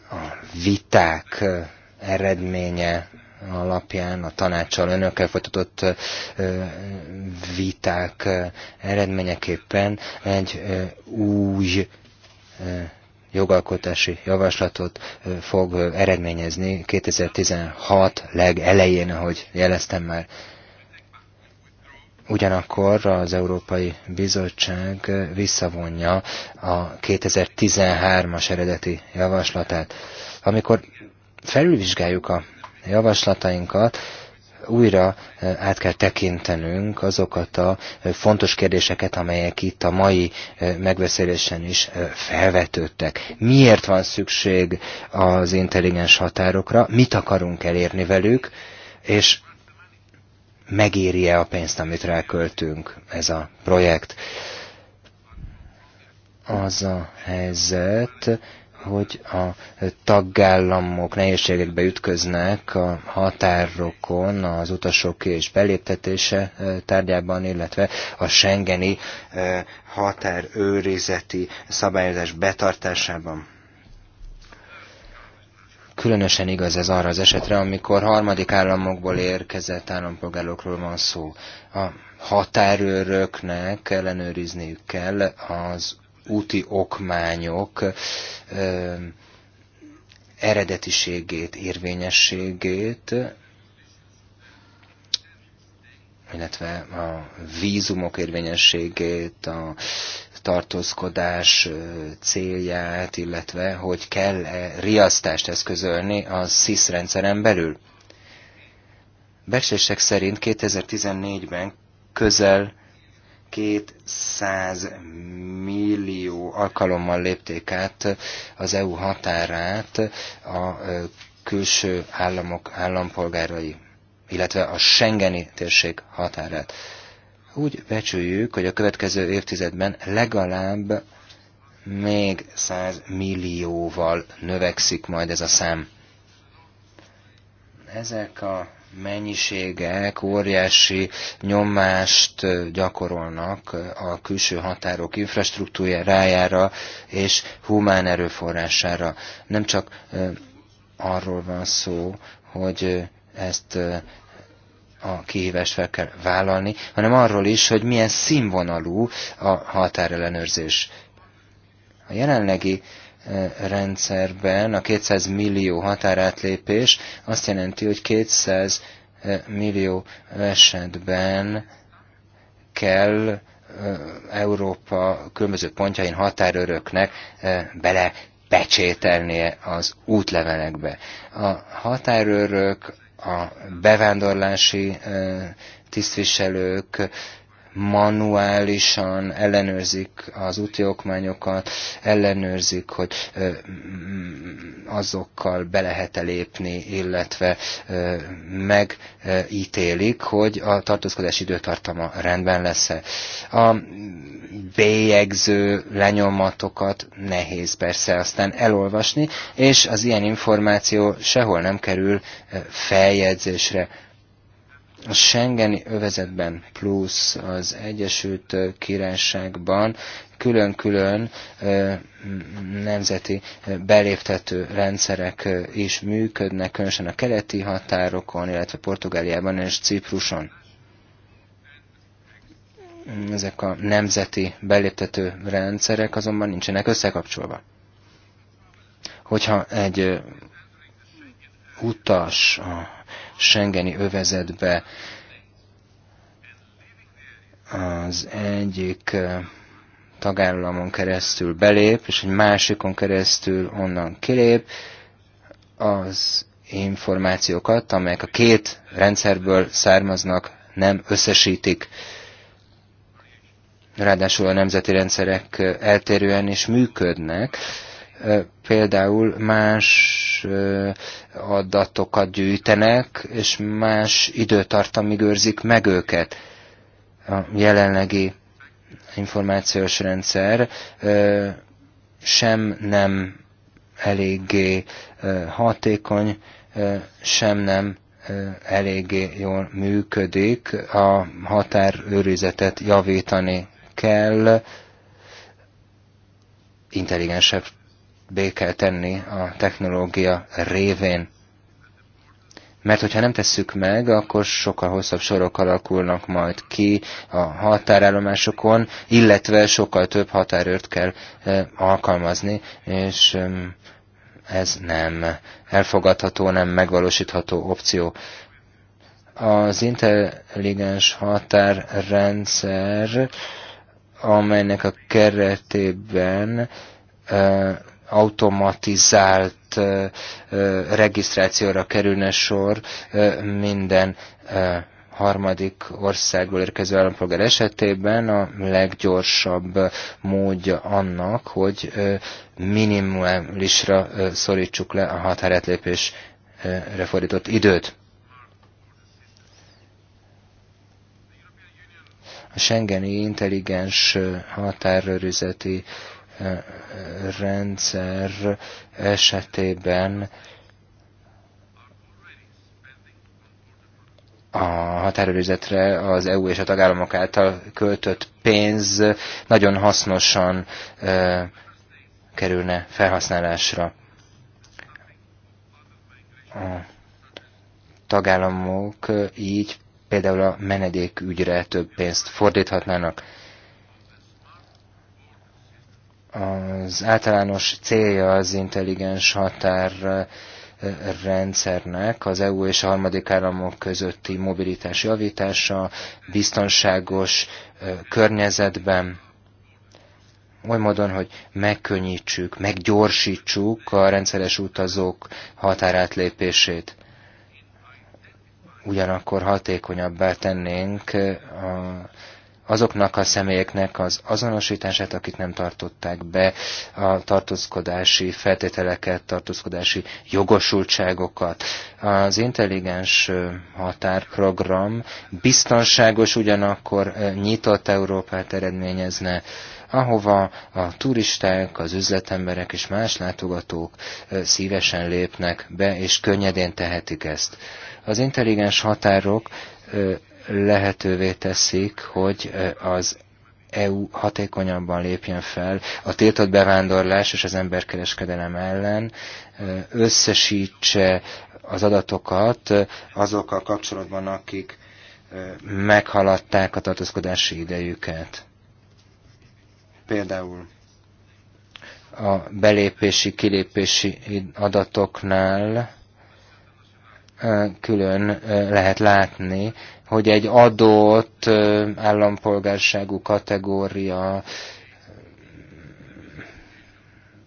a viták eredménye alapján a tanácsal önökkel folytatott viták eredményeképpen egy új jogalkotási javaslatot fog eredményezni 2016 legelején, ahogy jeleztem már. Ugyanakkor az Európai Bizottság visszavonja a 2013-as eredeti javaslatát. Amikor felülvizsgáljuk a javaslatainkat, újra át kell tekintenünk azokat a fontos kérdéseket, amelyek itt a mai megbeszélésen is felvetődtek. Miért van szükség az intelligens határokra, mit akarunk elérni velük, és megéri-e a pénzt, amit ráköltünk ez a projekt. Az a helyzet, hogy a tagállamok nehézségekbe ütköznek a határokon az utasok és beléptetése tárgyában, illetve a Schengeni határőrizeti szabályozás betartásában. Különösen igaz ez arra az esetre, amikor harmadik államokból érkezett állampolgárokról van szó. A határőröknek ellenőrizniük kell az úti okmányok eredetiségét, érvényességét, illetve a vízumok érvényességét, a tartózkodás célját, illetve hogy kell-e riasztást eszközölni a SZISZ rendszeren belül. Becslések szerint 2014-ben közel 200 millió alkalommal lépték át az EU határát a külső államok állampolgárai, illetve a Schengeni térség határát. Úgy becsüljük, hogy a következő évtizedben legalább még 100 millióval növekszik majd ez a szám. Ezek a mennyiségek óriási nyomást gyakorolnak a külső határok infrastruktúrájára és humán erőforrására. Nem csak arról van szó, hogy ezt a kihívást fel kell vállalni, hanem arról is, hogy milyen színvonalú a határellenőrzés. A jelenlegi Eh, rendszerben a 200 millió határátlépés azt jelenti, hogy 200 eh, millió esetben kell eh, Európa különböző pontjain határöröknek bele az útlevelekbe. A határőrök, a bevándorlási tisztviselők manuálisan ellenőrzik az úti okmányokat, ellenőrzik, hogy azokkal be lehet -e lépni, illetve megítélik, hogy a tartózkodás időtartama rendben lesz-e. A bélyegző lenyomatokat nehéz persze aztán elolvasni, és az ilyen információ sehol nem kerül feljegyzésre a Schengeni övezetben plusz az Egyesült Királyságban külön-külön nemzeti beléptető rendszerek is működnek, különösen a keleti határokon, illetve Portugáliában és Cipruson. Ezek a nemzeti beléptető rendszerek azonban nincsenek összekapcsolva. Hogyha egy utas a Schengeni övezetbe. Az egyik tagállamon keresztül belép, és egy másikon keresztül onnan kilép, az információkat, amelyek a két rendszerből származnak, nem összesítik. Ráadásul a nemzeti rendszerek eltérően is működnek, például más adatokat gyűjtenek, és más időtartamig őrzik meg őket. A jelenlegi információs rendszer sem nem eléggé hatékony, sem nem eléggé jól működik, a határőrizetet javítani kell, intelligensebb kell tenni a technológia révén. Mert hogyha nem tesszük meg, akkor sokkal hosszabb sorok alakulnak majd ki a határállomásokon, illetve sokkal több határőrt kell e, alkalmazni, és e, ez nem elfogadható, nem megvalósítható opció. Az intelligens határrendszer, amelynek a keretében e, automatizált regisztrációra kerülne sor minden harmadik országból érkező állampolgár esetében a leggyorsabb módja annak, hogy minimálisra szorítsuk le a határátlépésre fordított időt. A Schengeni intelligens határőrizeti rendszer esetében a határőrizetre az EU és a tagállamok által költött pénz nagyon hasznosan kerülne felhasználásra. A tagállamok így például a menedékügyre több pénzt fordíthatnának az általános célja az intelligens határrendszernek az EU és a harmadik államok közötti mobilitás javítása, biztonságos környezetben, oly módon, hogy megkönnyítsük, meggyorsítsuk a rendszeres utazók határátlépését. Ugyanakkor hatékonyabbá tennénk a azoknak a személyeknek az azonosítását, akik nem tartották be a tartózkodási feltételeket, tartózkodási jogosultságokat. Az intelligens határprogram biztonságos, ugyanakkor nyitott Európát eredményezne, ahova a turisták, az üzletemberek és más látogatók szívesen lépnek be, és könnyedén tehetik ezt. Az intelligens határok lehetővé teszik, hogy az EU hatékonyabban lépjen fel a tiltott bevándorlás és az emberkereskedelem ellen, összesítse az adatokat azokkal kapcsolatban, akik meghaladták a tartózkodási idejüket. Például a belépési-kilépési adatoknál külön lehet látni, hogy egy adott állampolgárságú kategória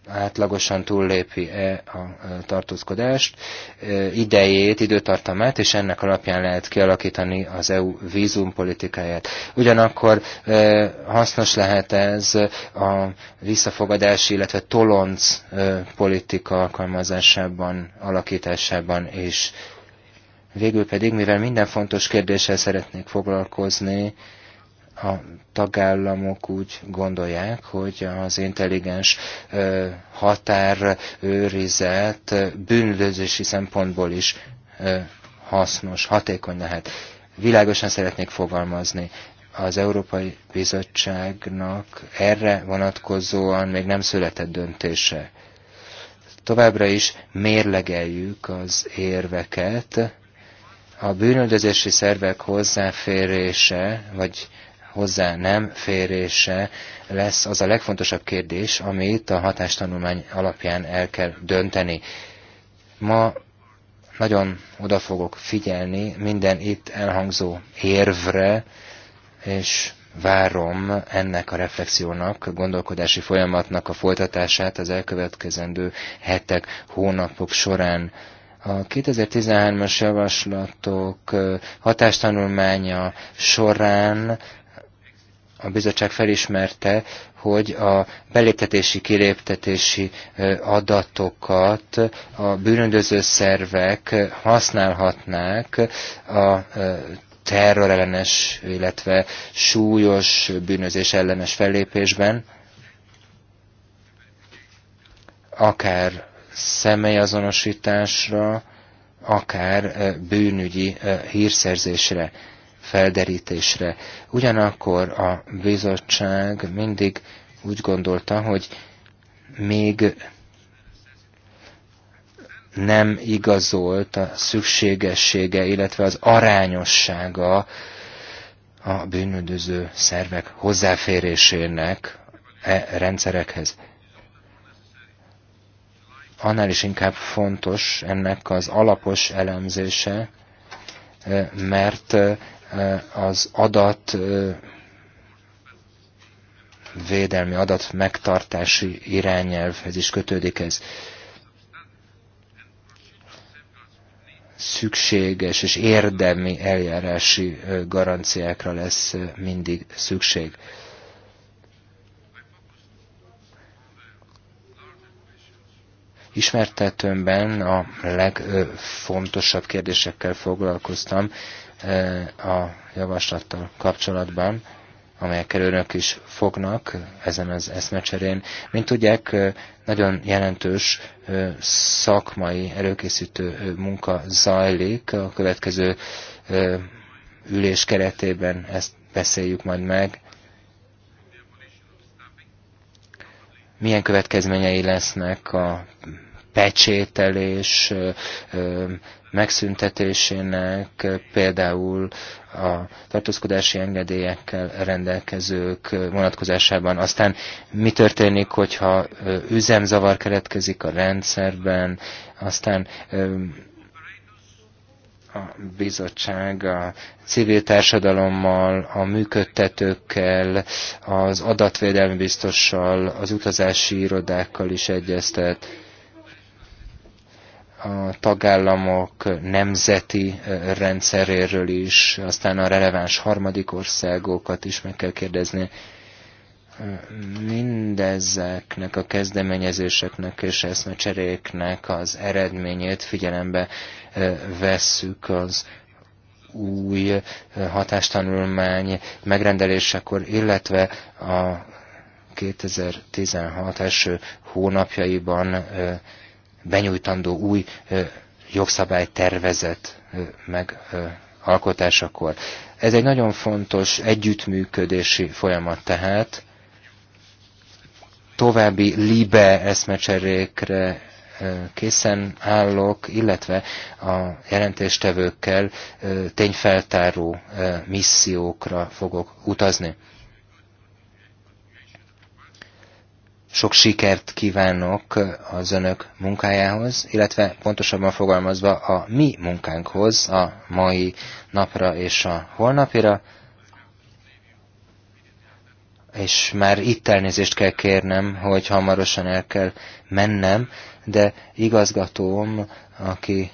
átlagosan túllépi-e a tartózkodást, idejét, időtartamát, és ennek alapján lehet kialakítani az EU vízumpolitikáját. Ugyanakkor hasznos lehet ez a visszafogadási, illetve tolonc politika alkalmazásában, alakításában és Végül pedig, mivel minden fontos kérdéssel szeretnék foglalkozni, a tagállamok úgy gondolják, hogy az intelligens határőrizet bűnlözési szempontból is hasznos, hatékony lehet. Világosan szeretnék fogalmazni az Európai Bizottságnak erre vonatkozóan még nem született döntése. Továbbra is mérlegeljük az érveket, a bűnöldözési szervek hozzáférése, vagy hozzá nem férése lesz az a legfontosabb kérdés, amit a hatástanulmány alapján el kell dönteni. Ma nagyon oda fogok figyelni minden itt elhangzó érvre, és várom ennek a reflexiónak, a gondolkodási folyamatnak a folytatását az elkövetkezendő hetek, hónapok során. A 2013-as javaslatok hatástanulmánya során a bizottság felismerte, hogy a beléptetési-kiléptetési adatokat a bűnöldöző szervek használhatnák a terrorellenes, illetve súlyos bűnözés ellenes fellépésben, akár személyazonosításra, akár e, bűnügyi e, hírszerzésre, felderítésre. Ugyanakkor a bizottság mindig úgy gondolta, hogy még nem igazolt a szükségessége, illetve az arányossága a bűnöldöző szervek hozzáférésének e rendszerekhez annál is inkább fontos ennek az alapos elemzése, eh, mert eh, az adat eh, védelmi adat megtartási irányelvhez is kötődik ez. Szükséges és érdemi eljárási garanciákra lesz mindig szükség. ismertetőmben a legfontosabb kérdésekkel foglalkoztam eh, a javaslattal kapcsolatban, amelyekkel önök is fognak ezen az eszmecserén. Mint tudják, eh, nagyon jelentős eh, szakmai előkészítő munka zajlik. A következő ülés keretében ezt beszéljük majd meg. milyen következményei lesznek a pecsételés megszüntetésének, például a tartózkodási engedélyekkel rendelkezők vonatkozásában. Aztán mi történik, hogyha üzemzavar keretkezik a rendszerben, aztán a bizottság a civil társadalommal, a működtetőkkel, az adatvédelmi biztossal, az utazási irodákkal is egyeztet a tagállamok nemzeti rendszeréről is, aztán a releváns harmadik országokat is meg kell kérdezni. Mindezeknek a kezdeményezéseknek és eszmecseréknek az eredményét figyelembe vesszük az új hatástanulmány megrendelésekor, illetve a 2016 első hónapjaiban benyújtandó új jogszabálytervezet megalkotásakor. Ez egy nagyon fontos együttműködési folyamat tehát, további libe eszmecserékre készen állok, illetve a jelentéstevőkkel tényfeltáró missziókra fogok utazni. Sok sikert kívánok az önök munkájához, illetve pontosabban fogalmazva a mi munkánkhoz, a mai napra és a holnapira és már itt elnézést kell kérnem, hogy hamarosan el kell mennem, de igazgatóm, aki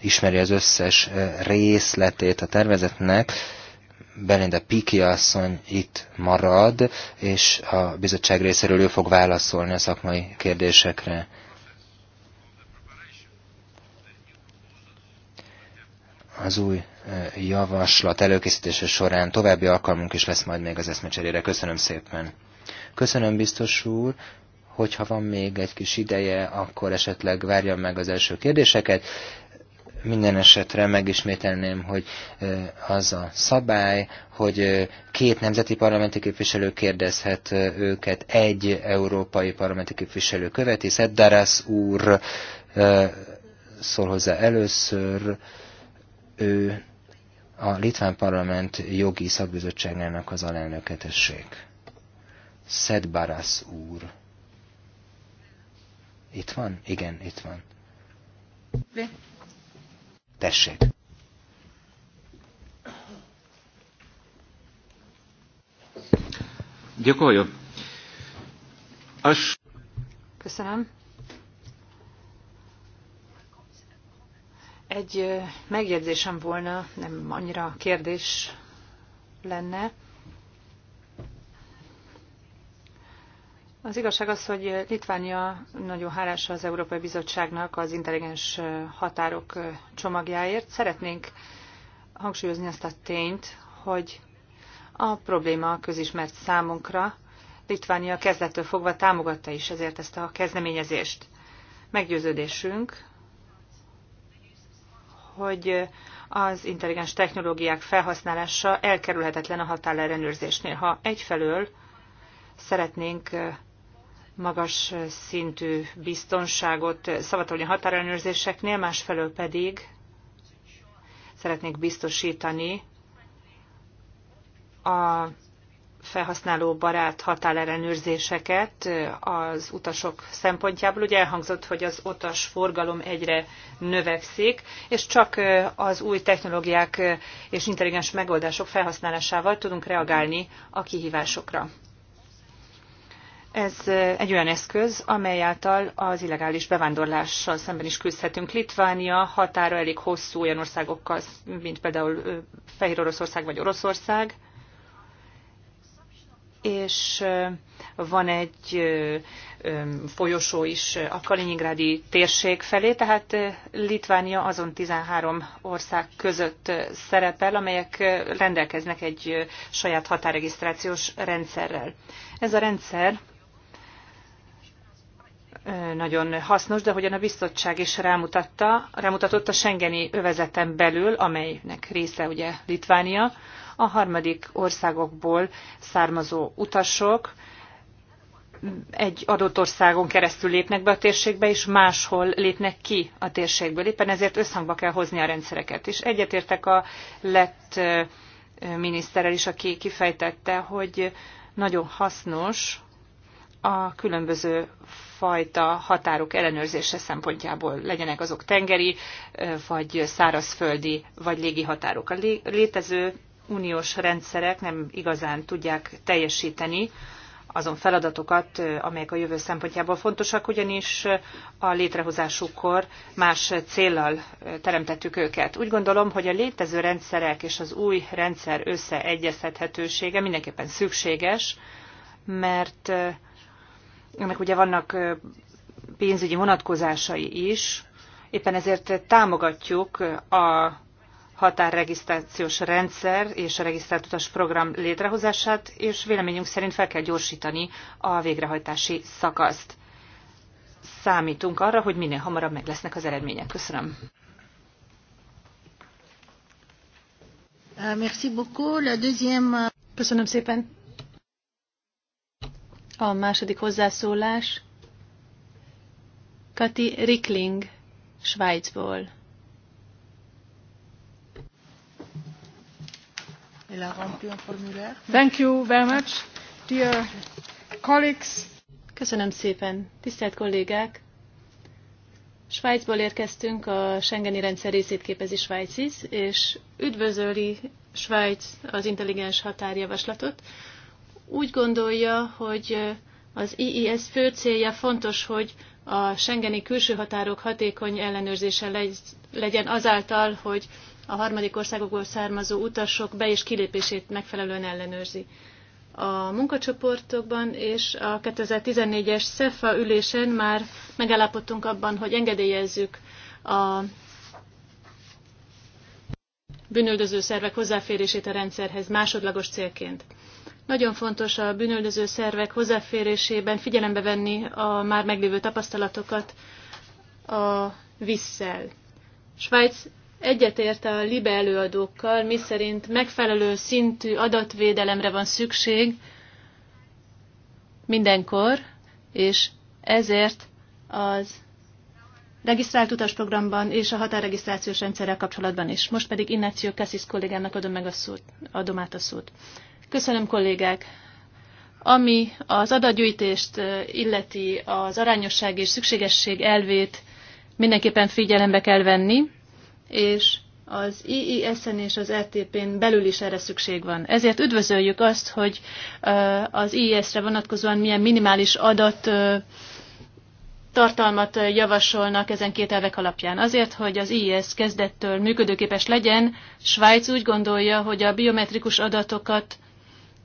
ismeri az összes részletét a tervezetnek, Belinda Piki asszony itt marad, és a bizottság részéről ő fog válaszolni a szakmai kérdésekre. Az új javaslat előkészítése során további alkalmunk is lesz majd még az eszmecserére. Köszönöm szépen. Köszönöm, biztos úr hogyha van még egy kis ideje, akkor esetleg várjam meg az első kérdéseket. Minden esetre megismételném, hogy az a szabály, hogy két nemzeti parlamenti képviselő kérdezhet őket, egy európai parlamenti képviselő követi. Szeddarász úr szól hozzá először, ő a Litván Parlament jogi szakbizottságának az alelnöketesség. tessék. Szedbarász úr. Itt van? Igen, itt van. Tessék. Gyakoroljon. As... Köszönöm. Egy megjegyzésem volna, nem annyira kérdés lenne. Az igazság az, hogy Litvánia nagyon hálás az Európai Bizottságnak az intelligens határok csomagjáért. Szeretnénk hangsúlyozni azt a tényt, hogy a probléma közismert számunkra. Litvánia kezdettől fogva támogatta is ezért ezt a kezdeményezést. Meggyőződésünk, hogy az intelligens technológiák felhasználása elkerülhetetlen a határellenőrzésnél. Ha egyfelől szeretnénk magas szintű biztonságot szavatolni határellenőrzéseknél, másfelől pedig szeretnék biztosítani a felhasználó barát határellenőrzéseket az utasok szempontjából. Ugye elhangzott, hogy az utas forgalom egyre növekszik, és csak az új technológiák és intelligens megoldások felhasználásával tudunk reagálni a kihívásokra. Ez egy olyan eszköz, amely által az illegális bevándorlással szemben is küzdhetünk. Litvánia határa elég hosszú olyan országokkal, mint például Fehér Oroszország vagy Oroszország, és van egy folyosó is a Kaliningrádi térség felé, tehát Litvánia azon 13 ország között szerepel, amelyek rendelkeznek egy saját határregisztrációs rendszerrel. Ez a rendszer nagyon hasznos, de hogyan a biztonság is rámutatta, rámutatott a Schengeni övezeten belül, amelynek része ugye Litvánia, a harmadik országokból származó utasok egy adott országon keresztül lépnek be a térségbe, és máshol lépnek ki a térségből. Éppen ezért összhangba kell hozni a rendszereket. És egyetértek a lett miniszterrel is, aki kifejtette, hogy nagyon hasznos a különböző fajta határok ellenőrzése szempontjából legyenek azok tengeri, vagy szárazföldi, vagy légi határok. A létező uniós rendszerek nem igazán tudják teljesíteni azon feladatokat, amelyek a jövő szempontjából fontosak, ugyanis a létrehozásukkor más céllal teremtettük őket. Úgy gondolom, hogy a létező rendszerek és az új rendszer összeegyeztethetősége mindenképpen szükséges, mert ennek ugye vannak pénzügyi vonatkozásai is, éppen ezért támogatjuk a határregisztrációs rendszer és a regisztrált utas program létrehozását, és véleményünk szerint fel kell gyorsítani a végrehajtási szakaszt. Számítunk arra, hogy minél hamarabb meg lesznek az eredmények. Köszönöm. Euh, merci beaucoup. deuxième... Euh, Köszönöm szépen. A második hozzászólás Kati Rikling, Svájcból. Thank you very much, dear colleagues. Köszönöm szépen, tisztelt kollégák! Svájcból érkeztünk, a Schengeni rendszer részét képezi Svájcis, és üdvözöli Svájc az intelligens határjavaslatot, úgy gondolja, hogy az IIS fő célja fontos, hogy a Schengeni külső határok hatékony ellenőrzése legyen azáltal, hogy a harmadik országokból származó utasok be- és kilépését megfelelően ellenőrzi. A munkacsoportokban és a 2014-es SEFA ülésen már megállapodtunk abban, hogy engedélyezzük a bűnöldöző szervek hozzáférését a rendszerhez másodlagos célként. Nagyon fontos a bűnöldöző szervek hozzáférésében figyelembe venni a már meglévő tapasztalatokat a visszel. Svájc egyetért a libe előadókkal, miszerint megfelelő szintű adatvédelemre van szükség mindenkor, és ezért az regisztrált utasprogramban és a határregisztrációs rendszerrel kapcsolatban is. Most pedig Innáció Kassis kollégának adom, meg a szót, adom át a szót. Köszönöm, kollégák! Ami az adatgyűjtést illeti az arányosság és szükségesség elvét mindenképpen figyelembe kell venni, és az IISN és az RTP-n belül is erre szükség van. Ezért üdvözöljük azt, hogy az IIS-re vonatkozóan milyen minimális adat tartalmat javasolnak ezen két elvek alapján. Azért, hogy az IS kezdettől működőképes legyen, Svájc úgy gondolja, hogy a biometrikus adatokat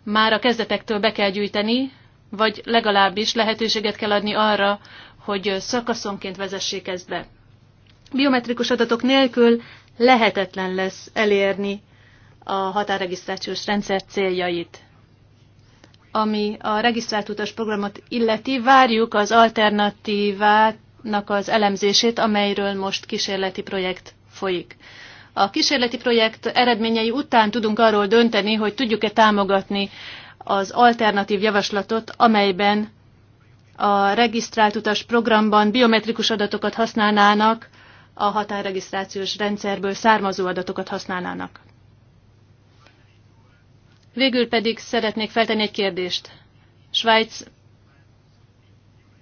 már a kezdetektől be kell gyűjteni, vagy legalábbis lehetőséget kell adni arra, hogy szakaszonként vezessék ezt be. Biometrikus adatok nélkül lehetetlen lesz elérni a határregisztrációs rendszer céljait. Ami a regisztrált utas programot illeti, várjuk az alternatívának az elemzését, amelyről most kísérleti projekt folyik. A kísérleti projekt eredményei után tudunk arról dönteni, hogy tudjuk-e támogatni az alternatív javaslatot, amelyben a regisztrált utas programban biometrikus adatokat használnának, a határregisztrációs rendszerből származó adatokat használnának. Végül pedig szeretnék feltenni egy kérdést. Svájc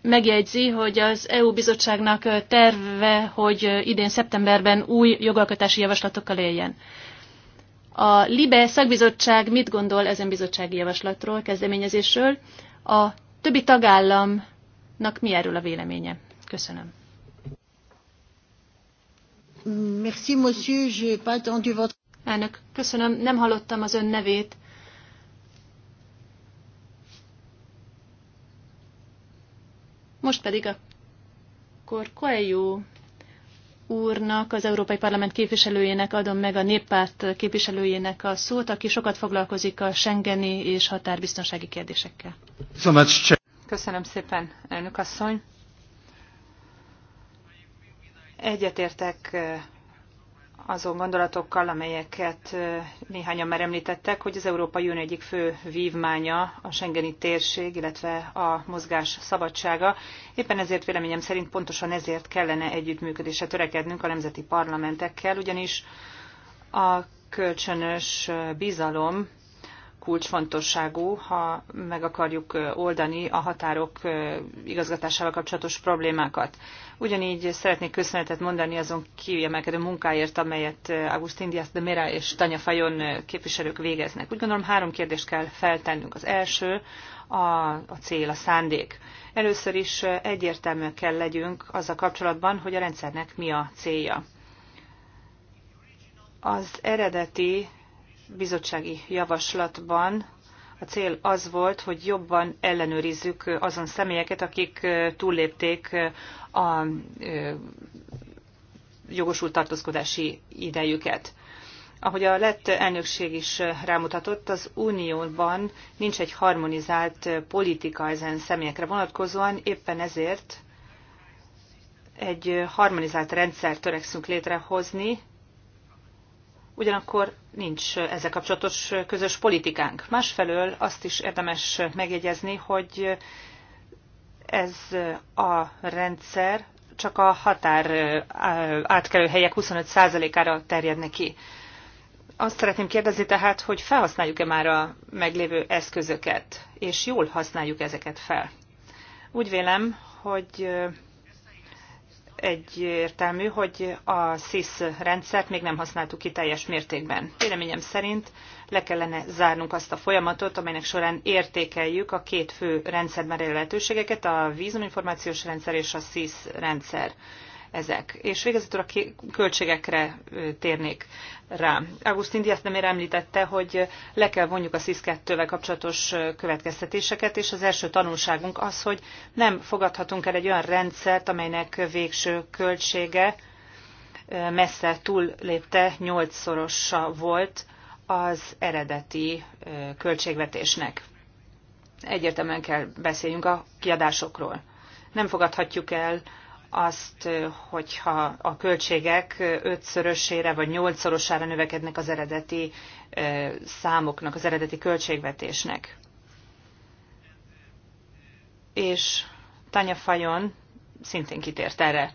megjegyzi, hogy az EU bizottságnak terve, hogy idén szeptemberben új jogalkotási javaslatokkal éljen. A LIBE szakbizottság mit gondol ezen bizottsági javaslatról, kezdeményezésről? A többi tagállamnak mi erről a véleménye? Köszönöm. Merci, monsieur, je pas votre... Elnök, köszönöm, nem hallottam az ön nevét. Most pedig akkor Coelho úrnak, az Európai Parlament képviselőjének adom meg a néppárt képviselőjének a szót, aki sokat foglalkozik a Schengeni és határbiztonsági kérdésekkel. Köszönöm szépen, elnök asszony. Egyetértek azon gondolatokkal, amelyeket néhányan már említettek, hogy az Európai Unió egyik fő vívmánya a Schengeni térség, illetve a mozgás szabadsága. Éppen ezért véleményem szerint pontosan ezért kellene együttműködésre törekednünk a nemzeti parlamentekkel, ugyanis a kölcsönös bizalom kulcsfontosságú, ha meg akarjuk oldani a határok igazgatásával kapcsolatos problémákat. Ugyanígy szeretnék köszönetet mondani azon kiemelkedő munkáért, amelyet Agustin Diaz de Mera és Tanya Fajon képviselők végeznek. Úgy gondolom három kérdést kell feltennünk. Az első a, a cél, a szándék. Először is egyértelműen kell legyünk azzal kapcsolatban, hogy a rendszernek mi a célja. Az eredeti bizottsági javaslatban a cél az volt, hogy jobban ellenőrizzük azon személyeket, akik túllépték a jogosult tartózkodási idejüket. Ahogy a lett elnökség is rámutatott, az Unióban nincs egy harmonizált politika ezen személyekre vonatkozóan, éppen ezért egy harmonizált rendszer törekszünk létrehozni, ugyanakkor nincs ezzel kapcsolatos közös politikánk. Másfelől azt is érdemes megjegyezni, hogy ez a rendszer csak a határ átkelő helyek 25%-ára terjedne ki. Azt szeretném kérdezni tehát, hogy felhasználjuk-e már a meglévő eszközöket, és jól használjuk ezeket fel. Úgy vélem, hogy egyértelmű, hogy a SIS rendszert még nem használtuk ki teljes mértékben. Véleményem szerint le kellene zárnunk azt a folyamatot, amelynek során értékeljük a két fő rendszerben lehetőségeket, a vízuminformációs rendszer és a SIS rendszer ezek. És végezetül a költségekre térnék rá. Augustin Diaz nem említette, hogy le kell vonjuk a SZISZ-2-vel kapcsolatos következtetéseket, és az első tanulságunk az, hogy nem fogadhatunk el egy olyan rendszert, amelynek végső költsége messze túllépte, nyolcszorosa volt az eredeti költségvetésnek. Egyértelműen kell beszéljünk a kiadásokról. Nem fogadhatjuk el azt, hogyha a költségek ötszörösére vagy nyolcszorosára növekednek az eredeti számoknak, az eredeti költségvetésnek. És Tanya Fajon szintén kitért erre.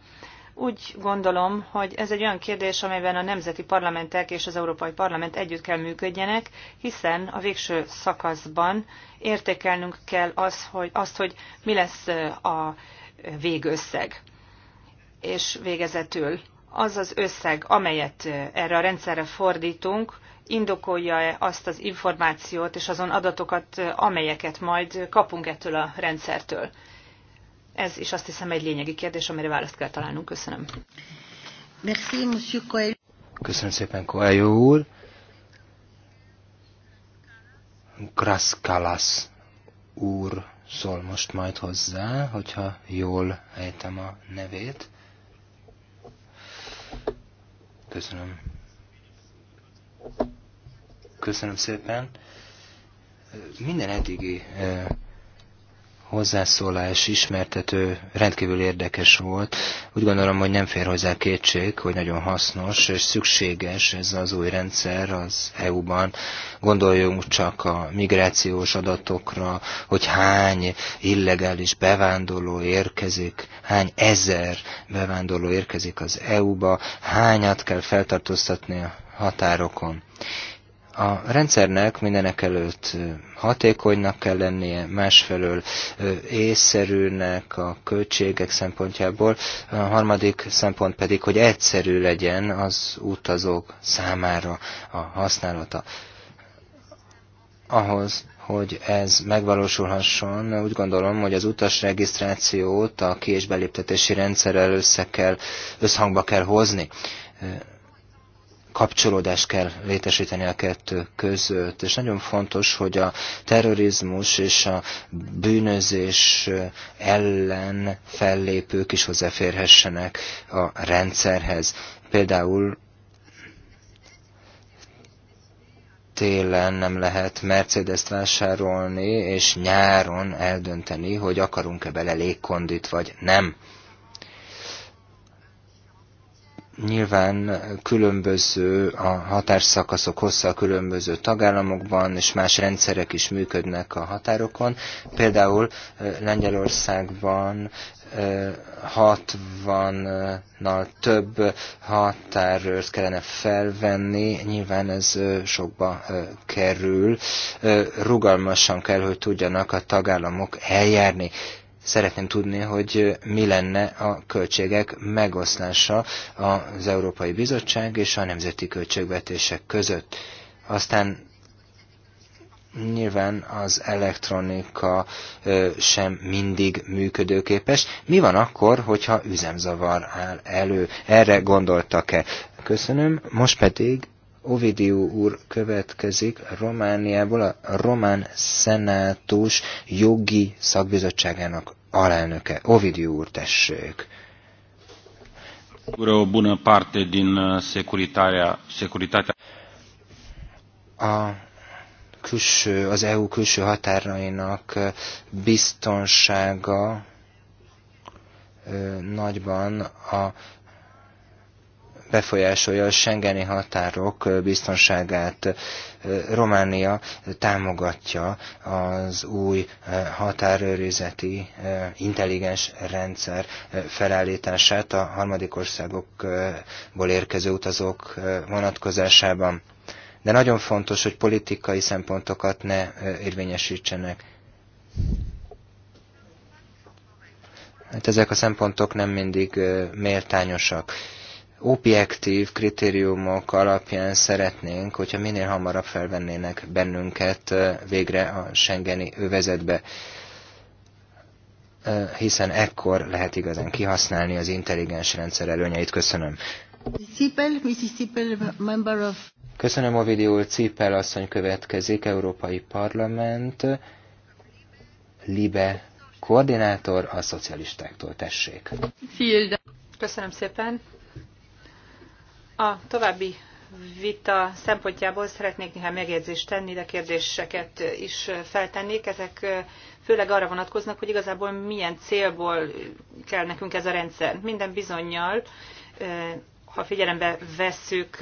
Úgy gondolom, hogy ez egy olyan kérdés, amelyben a nemzeti parlamentek és az Európai Parlament együtt kell működjenek, hiszen a végső szakaszban értékelnünk kell az, hogy, azt, hogy mi lesz a végösszeg. És végezetül az az összeg, amelyet erre a rendszerre fordítunk, indokolja-e azt az információt és azon adatokat, amelyeket majd kapunk ettől a rendszertől? Ez is azt hiszem egy lényegi kérdés, amire választ kell találnunk. Köszönöm. Merci, Köszönöm szépen, Koelyó úr. Kraszkalasz úr szól most majd hozzá, hogyha jól ejtem a nevét. Köszönöm. Köszönöm szépen. Minden eddigi eh, hozzászólás, ismertető rendkívül érdekes volt. Úgy gondolom, hogy nem fér hozzá kétség, hogy nagyon hasznos és szükséges ez az új rendszer az EU-ban. Gondoljunk csak a migrációs adatokra, hogy hány illegális bevándorló érkezik, hány ezer bevándorló érkezik az EU-ba, hányat kell feltartóztatni a határokon. A rendszernek mindenek előtt hatékonynak kell lennie, másfelől észszerűnek a költségek szempontjából, a harmadik szempont pedig, hogy egyszerű legyen az utazók számára a használata. Ahhoz, hogy ez megvalósulhasson, úgy gondolom, hogy az utasregisztrációt a ki- és beléptetési rendszerrel össze kell, összhangba kell hozni kapcsolódást kell létesíteni a kettő között. És nagyon fontos, hogy a terrorizmus és a bűnözés ellen fellépők is hozzáférhessenek a rendszerhez. Például télen nem lehet mercedes vásárolni, és nyáron eldönteni, hogy akarunk-e bele légkondit, vagy nem. Nyilván különböző a határszakaszok hossza a különböző tagállamokban, és más rendszerek is működnek a határokon. Például Lengyelországban 60-nal több határőrt kellene felvenni, nyilván ez sokba kerül. Rugalmasan kell, hogy tudjanak a tagállamok eljárni. Szeretném tudni, hogy mi lenne a költségek megoszlása az Európai Bizottság és a nemzeti költségvetések között. Aztán nyilván az elektronika ö, sem mindig működőképes. Mi van akkor, hogyha üzemzavar áll elő? Erre gondoltak-e? Köszönöm. Most pedig Ovidiu úr következik Romániából, a Román Szenátus jogi szakbizottságának alelnöke. Ovidiu úr, tessék! o bună parte din uh, securitarea, securitatea. A külső, az EU külső határainak uh, biztonsága uh, nagyban a befolyásolja a Schengeni határok biztonságát. Románia támogatja az új határőrizeti intelligens rendszer felállítását a harmadik országokból érkező utazók vonatkozásában. De nagyon fontos, hogy politikai szempontokat ne érvényesítsenek. Hát ezek a szempontok nem mindig méltányosak objektív kritériumok alapján szeretnénk, hogyha minél hamarabb felvennének bennünket végre a Schengeni övezetbe, hiszen ekkor lehet igazán kihasználni az intelligens rendszer előnyeit. Köszönöm. Cipel, a Cipel, member of... Köszönöm, Cipel asszony következik, Európai Parlament, Libe koordinátor, a szocialistáktól tessék. Köszönöm szépen. A további vita szempontjából szeretnék néhány megjegyzést tenni, de kérdéseket is feltennék. Ezek főleg arra vonatkoznak, hogy igazából milyen célból kell nekünk ez a rendszer. Minden bizonyal, ha figyelembe vesszük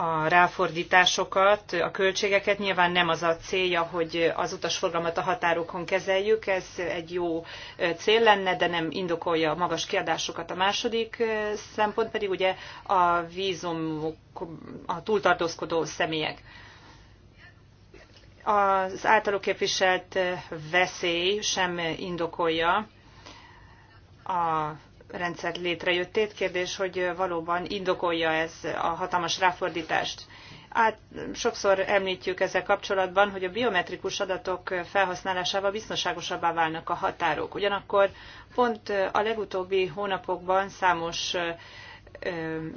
a ráfordításokat, a költségeket. Nyilván nem az a célja, hogy az utasforgalmat a határokon kezeljük, ez egy jó cél lenne, de nem indokolja a magas kiadásokat. A második szempont pedig ugye a vízum, a túltartózkodó személyek. Az általuk képviselt veszély sem indokolja a rendszer létrejöttét. Kérdés, hogy valóban indokolja ez a hatalmas ráfordítást. Át, sokszor említjük ezzel kapcsolatban, hogy a biometrikus adatok felhasználásával biztonságosabbá válnak a határok. Ugyanakkor pont a legutóbbi hónapokban számos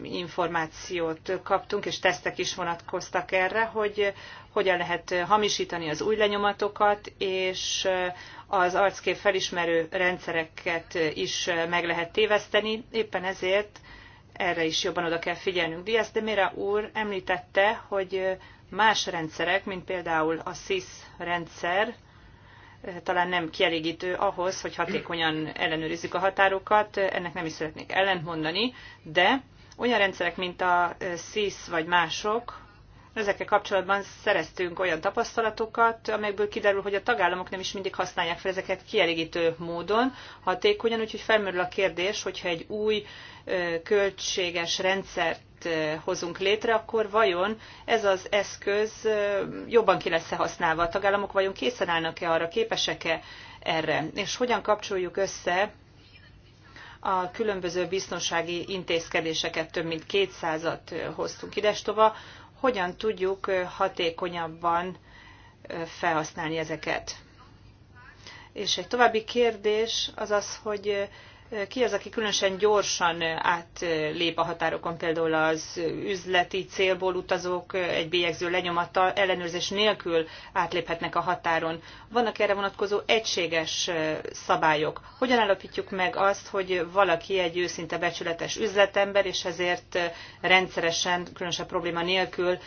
információt kaptunk, és tesztek is vonatkoztak erre, hogy hogyan lehet hamisítani az új lenyomatokat, és az arckép felismerő rendszereket is meg lehet téveszteni. Éppen ezért erre is jobban oda kell figyelnünk. Diaz de Mira úr említette, hogy más rendszerek, mint például a SIS rendszer, talán nem kielégítő ahhoz, hogy hatékonyan ellenőrizzük a határokat, ennek nem is szeretnék ellentmondani, de olyan rendszerek, mint a SIS vagy mások, Ezekkel kapcsolatban szereztünk olyan tapasztalatokat, amelyekből kiderül, hogy a tagállamok nem is mindig használják fel ezeket kielégítő módon, hatékonyan, úgyhogy felmerül a kérdés, hogyha egy új költséges rendszert hozunk létre, akkor vajon ez az eszköz jobban ki lesz-e használva? A tagállamok vajon készen állnak-e arra, képesek-e erre? És hogyan kapcsoljuk össze a különböző biztonsági intézkedéseket, több mint 200-at hoztunk idestova, hogyan tudjuk hatékonyabban felhasználni ezeket? És egy további kérdés az az, hogy ki az, aki különösen gyorsan átlép a határokon, például az üzleti célból utazók egy bélyegző lenyomata ellenőrzés nélkül átléphetnek a határon. Vannak erre vonatkozó egységes szabályok. Hogyan alapítjuk meg azt, hogy valaki egy őszinte becsületes üzletember, és ezért rendszeresen, különösebb probléma nélkül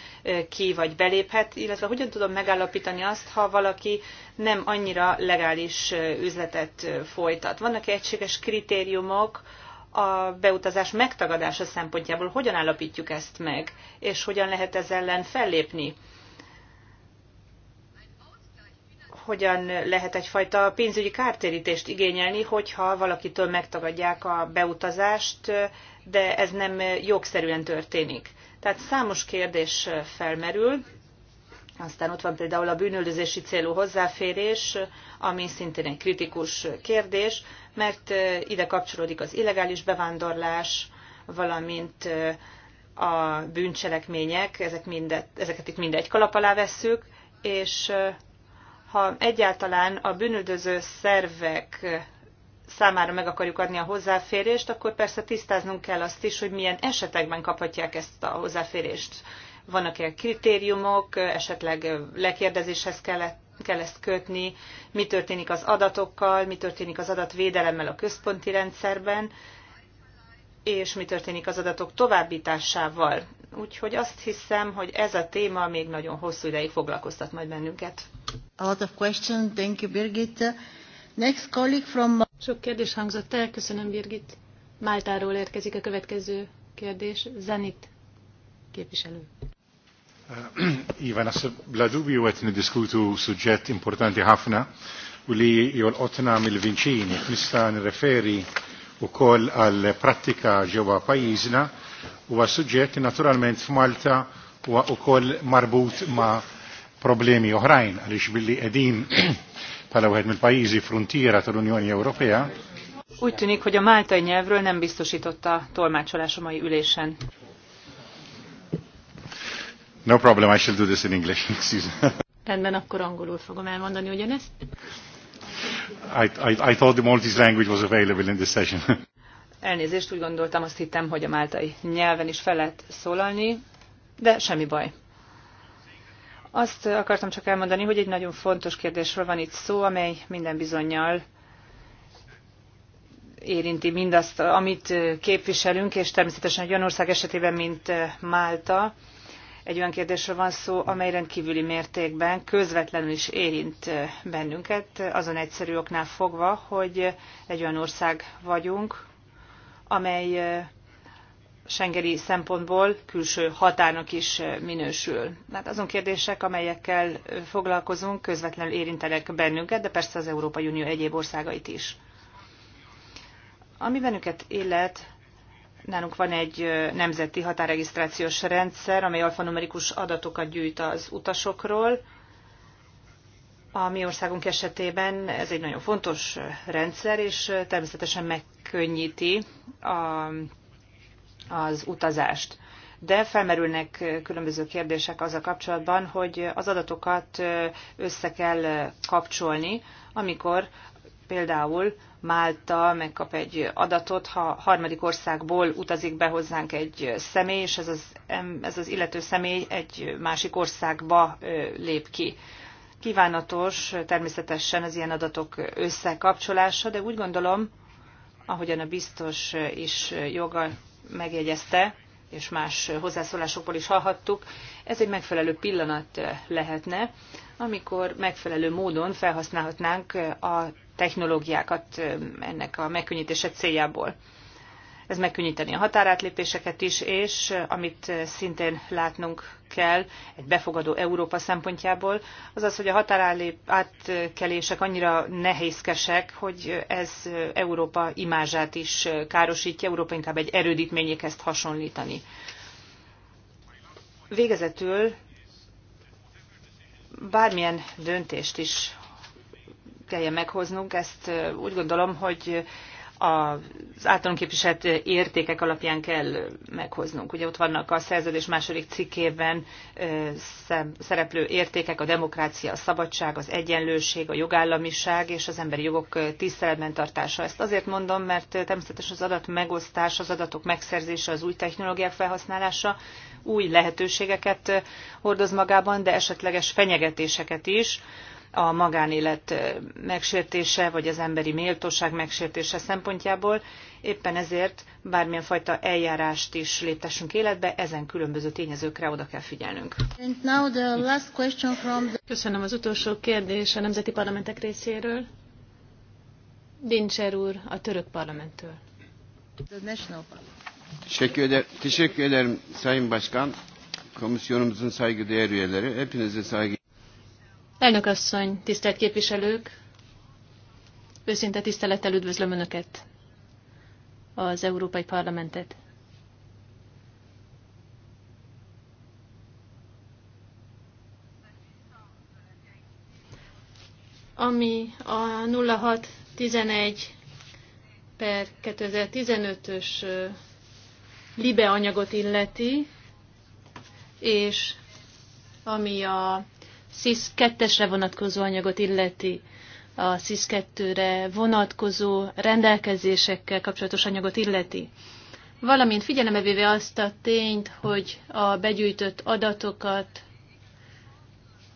ki vagy beléphet, illetve hogyan tudom megállapítani azt, ha valaki nem annyira legális üzletet folytat. Vannak -e egységes kritériumok, kritériumok a beutazás megtagadása szempontjából hogyan állapítjuk ezt meg, és hogyan lehet ezzel ellen fellépni? Hogyan lehet egyfajta pénzügyi kártérítést igényelni, hogyha valakitől megtagadják a beutazást, de ez nem jogszerűen történik? Tehát számos kérdés felmerül, aztán ott van például a bűnöldözési célú hozzáférés, ami szintén egy kritikus kérdés mert ide kapcsolódik az illegális bevándorlás, valamint a bűncselekmények, ezek mindet, ezeket itt mind egy kalap alá vesszük, és ha egyáltalán a bűnöldöző szervek számára meg akarjuk adni a hozzáférést, akkor persze tisztáznunk kell azt is, hogy milyen esetekben kaphatják ezt a hozzáférést. Vannak-e kritériumok, esetleg lekérdezéshez kellett kell ezt kötni, mi történik az adatokkal, mi történik az adatvédelemmel a központi rendszerben, és mi történik az adatok továbbításával. Úgyhogy azt hiszem, hogy ez a téma még nagyon hosszú ideig foglalkoztat majd bennünket. A lot of questions. Thank you, Birgit. Next colleague from... Sok kérdés hangzott el. Köszönöm, Birgit. Máltáról érkezik a következő kérdés. Zenit képviselő. Iva, nasib bla dubju għet nidiskutu suġġett importanti ħafna u li jolqotna mill-vinċini. Nista referi u koll għal pratika ġewa pajizna u għal suġġett naturalment f'Malta u u koll marbut ma problemi oħrajn għalix billi edin pala uħed mill-pajizi frontiera tal-Unjoni Ewropea. Úgy tűnik, hogy a máltai nyelvről nem biztosította tolmácsolás a mai ülésen. No problem, I shall do this in English. Excuse me. Rendben, akkor angolul fogom elmondani ugyanezt. I, I, I thought the Maltese language was available in this session. Elnézést, úgy gondoltam, azt hittem, hogy a máltai nyelven is fel lehet szólalni, de semmi baj. Azt akartam csak elmondani, hogy egy nagyon fontos kérdésről van itt szó, amely minden bizonyal érinti mindazt, amit képviselünk, és természetesen egy olyan ország esetében, mint Málta, egy olyan kérdésről van szó, amely rendkívüli mértékben közvetlenül is érint bennünket, azon egyszerű oknál fogva, hogy egy olyan ország vagyunk, amely Schengeni szempontból külső határnak is minősül. Hát azon kérdések, amelyekkel foglalkozunk, közvetlenül érintenek bennünket, de persze az Európai Unió egyéb országait is. Ami bennünket illet, Nálunk van egy nemzeti határregisztrációs rendszer, amely alfanumerikus adatokat gyűjt az utasokról. A mi országunk esetében ez egy nagyon fontos rendszer, és természetesen megkönnyíti a, az utazást. De felmerülnek különböző kérdések az a kapcsolatban, hogy az adatokat össze kell kapcsolni, amikor Például Málta megkap egy adatot, ha harmadik országból utazik be hozzánk egy személy, és ez az, ez az illető személy egy másik országba lép ki. Kívánatos természetesen az ilyen adatok összekapcsolása, de úgy gondolom, ahogyan a biztos is joga megjegyezte, és más hozzászólásokból is hallhattuk, ez egy megfelelő pillanat lehetne, amikor megfelelő módon felhasználhatnánk a technológiákat ennek a megkönnyítése céljából. Ez megkönnyíteni a határátlépéseket is, és amit szintén látnunk kell egy befogadó Európa szempontjából, az az, hogy a határátkelések annyira nehézkesek, hogy ez Európa imázsát is károsítja, Európa inkább egy erődítményé kezd hasonlítani. Végezetül bármilyen döntést is kelljen meghoznunk. Ezt úgy gondolom, hogy az általunk képviselt értékek alapján kell meghoznunk. Ugye ott vannak a szerződés második cikkében szereplő értékek, a demokrácia, a szabadság, az egyenlőség, a jogállamiság és az emberi jogok tiszteletben tartása. Ezt azért mondom, mert természetesen az adat megosztás, az adatok megszerzése, az új technológiák felhasználása új lehetőségeket hordoz magában, de esetleges fenyegetéseket is a magánélet megsértése, vagy az emberi méltóság megsértése szempontjából. Éppen ezért bármilyen fajta eljárást is léptessünk életbe, ezen különböző tényezőkre oda kell figyelnünk. Köszönöm az utolsó kérdés a Nemzeti Parlamentek részéről. Dincser úr a török parlamenttől. teşekkür ederim Sayın Başkan, komisyonumuzun saygıdeğer üyeleri. Hepinize saygı. Elnök asszony, tisztelt képviselők, őszinte tisztelettel üdvözlöm Önöket, az Európai Parlamentet. Ami a 0611 per 2015-ös libe anyagot illeti, és ami a SZISZ 2-esre vonatkozó anyagot illeti, a SZISZ 2-re vonatkozó rendelkezésekkel kapcsolatos anyagot illeti, valamint figyelembe véve azt a tényt, hogy a begyűjtött adatokat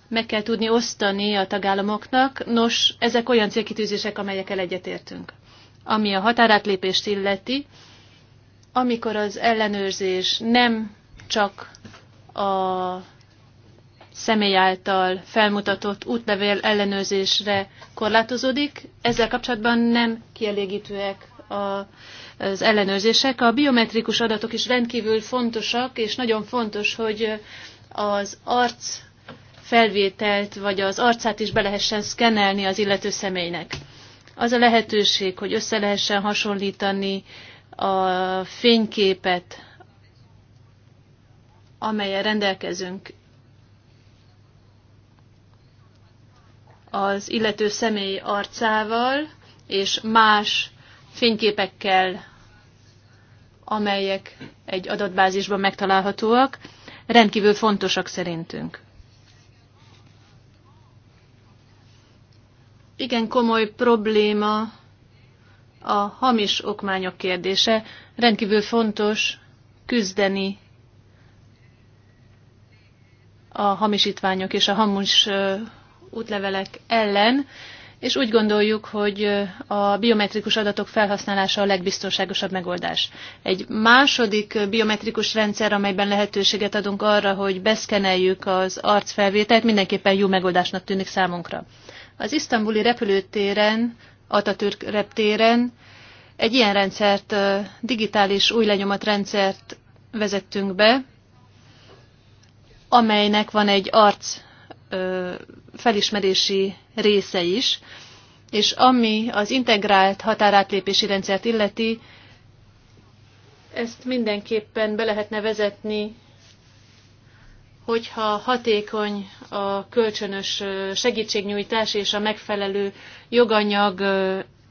meg kell tudni osztani a tagállamoknak. Nos, ezek olyan célkitűzések, amelyekkel egyetértünk. Ami a határátlépést illeti, amikor az ellenőrzés nem csak a személy által felmutatott útlevél ellenőrzésre korlátozódik. Ezzel kapcsolatban nem kielégítőek a, az ellenőrzések. A biometrikus adatok is rendkívül fontosak, és nagyon fontos, hogy az arc felvételt, vagy az arcát is be lehessen szkennelni az illető személynek. Az a lehetőség, hogy össze lehessen hasonlítani a fényképet, amelyen rendelkezünk, az illető személy arcával és más fényképekkel, amelyek egy adatbázisban megtalálhatóak, rendkívül fontosak szerintünk. Igen komoly probléma a hamis okmányok kérdése. Rendkívül fontos küzdeni a hamisítványok és a hamis útlevelek ellen, és úgy gondoljuk, hogy a biometrikus adatok felhasználása a legbiztonságosabb megoldás. Egy második biometrikus rendszer, amelyben lehetőséget adunk arra, hogy beszkeneljük az arcfelvételt, mindenképpen jó megoldásnak tűnik számunkra. Az isztambuli repülőtéren, Atatürk reptéren egy ilyen rendszert, digitális új rendszert vezettünk be, amelynek van egy arc felismerési része is, és ami az integrált határátlépési rendszert illeti, ezt mindenképpen be lehetne vezetni, hogyha hatékony a kölcsönös segítségnyújtás és a megfelelő joganyag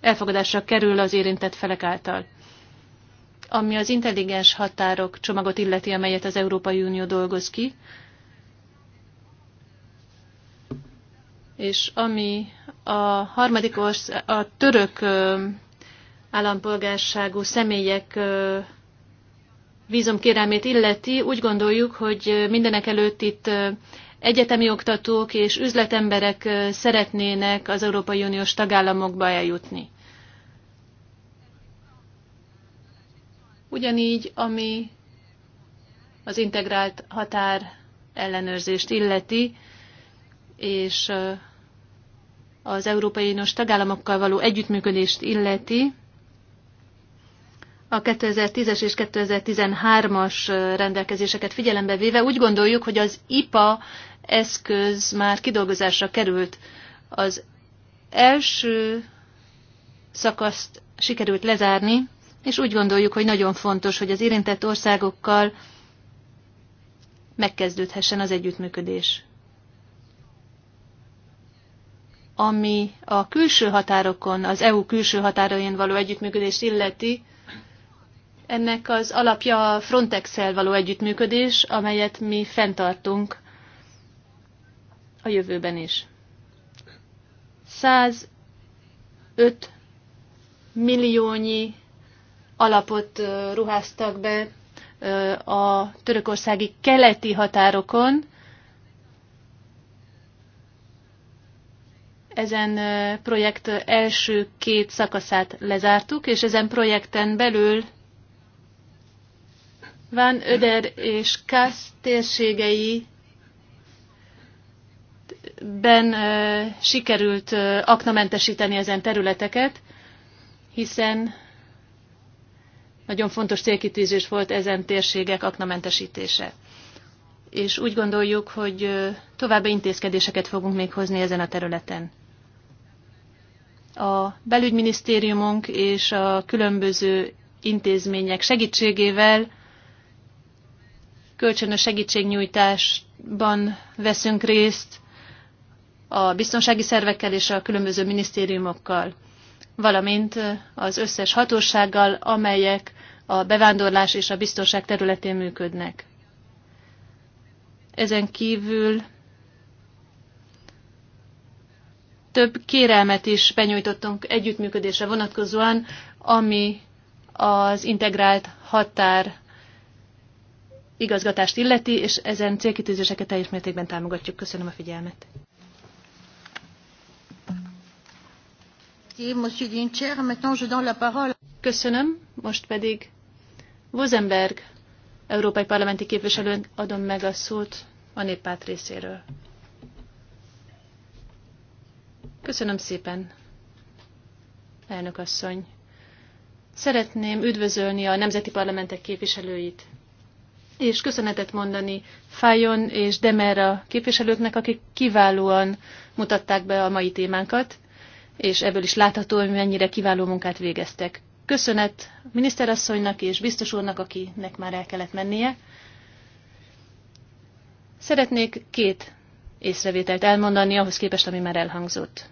elfogadásra kerül az érintett felek által. Ami az intelligens határok csomagot illeti, amelyet az Európai Unió dolgoz ki, és ami a harmadik ország, a török állampolgárságú személyek vízumkérelmét illeti, úgy gondoljuk, hogy mindenek előtt itt egyetemi oktatók és üzletemberek szeretnének az Európai Uniós tagállamokba eljutni. Ugyanígy, ami az integrált határ ellenőrzést illeti, és az Európai Uniós tagállamokkal való együttműködést illeti, a 2010-es és 2013-as rendelkezéseket figyelembe véve úgy gondoljuk, hogy az IPA eszköz már kidolgozásra került. Az első szakaszt sikerült lezárni, és úgy gondoljuk, hogy nagyon fontos, hogy az érintett országokkal megkezdődhessen az együttműködés ami a külső határokon, az EU külső határain való együttműködést illeti, ennek az alapja a frontex el való együttműködés, amelyet mi fenntartunk a jövőben is. 105 milliónyi alapot ruháztak be a törökországi keleti határokon, ezen projekt első két szakaszát lezártuk, és ezen projekten belül Van Öder és Kász térségei ben sikerült aknamentesíteni ezen területeket, hiszen nagyon fontos célkitűzés volt ezen térségek aknamentesítése. És úgy gondoljuk, hogy további intézkedéseket fogunk még hozni ezen a területen a belügyminisztériumunk és a különböző intézmények segítségével kölcsönös segítségnyújtásban veszünk részt a biztonsági szervekkel és a különböző minisztériumokkal, valamint az összes hatósággal, amelyek a bevándorlás és a biztonság területén működnek. Ezen kívül több kérelmet is benyújtottunk együttműködésre vonatkozóan, ami az integrált határ igazgatást illeti, és ezen célkitűzéseket teljes mértékben támogatjuk. Köszönöm a figyelmet. Köszönöm, most pedig Wozenberg, európai parlamenti képviselőn adom meg a szót a néppárt részéről. Köszönöm szépen, elnök asszony. Szeretném üdvözölni a nemzeti parlamentek képviselőit, és köszönetet mondani Fájon és Demera képviselőknek, akik kiválóan mutatták be a mai témánkat, és ebből is látható, hogy mennyire kiváló munkát végeztek. Köszönet miniszterasszonynak és biztos úrnak, akinek már el kellett mennie. Szeretnék két észrevételt elmondani ahhoz képest, ami már elhangzott.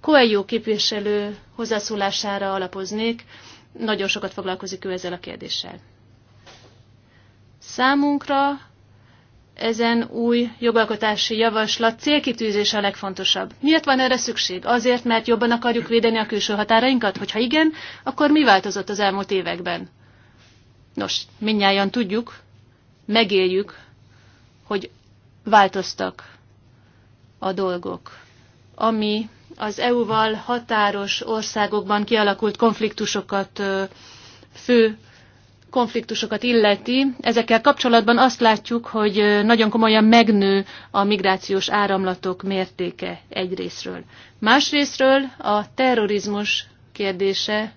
Coelho képviselő hozzászólására alapoznék, nagyon sokat foglalkozik ő ezzel a kérdéssel. Számunkra ezen új jogalkotási javaslat célkitűzése a legfontosabb. Miért van erre szükség? Azért, mert jobban akarjuk védeni a külső határainkat? Hogyha igen, akkor mi változott az elmúlt években? Nos, minnyáján tudjuk, megéljük, hogy változtak a dolgok. Ami az EU-val határos országokban kialakult konfliktusokat, fő konfliktusokat illeti. Ezekkel kapcsolatban azt látjuk, hogy nagyon komolyan megnő a migrációs áramlatok mértéke egyrésztről. Másrésztről a terrorizmus kérdése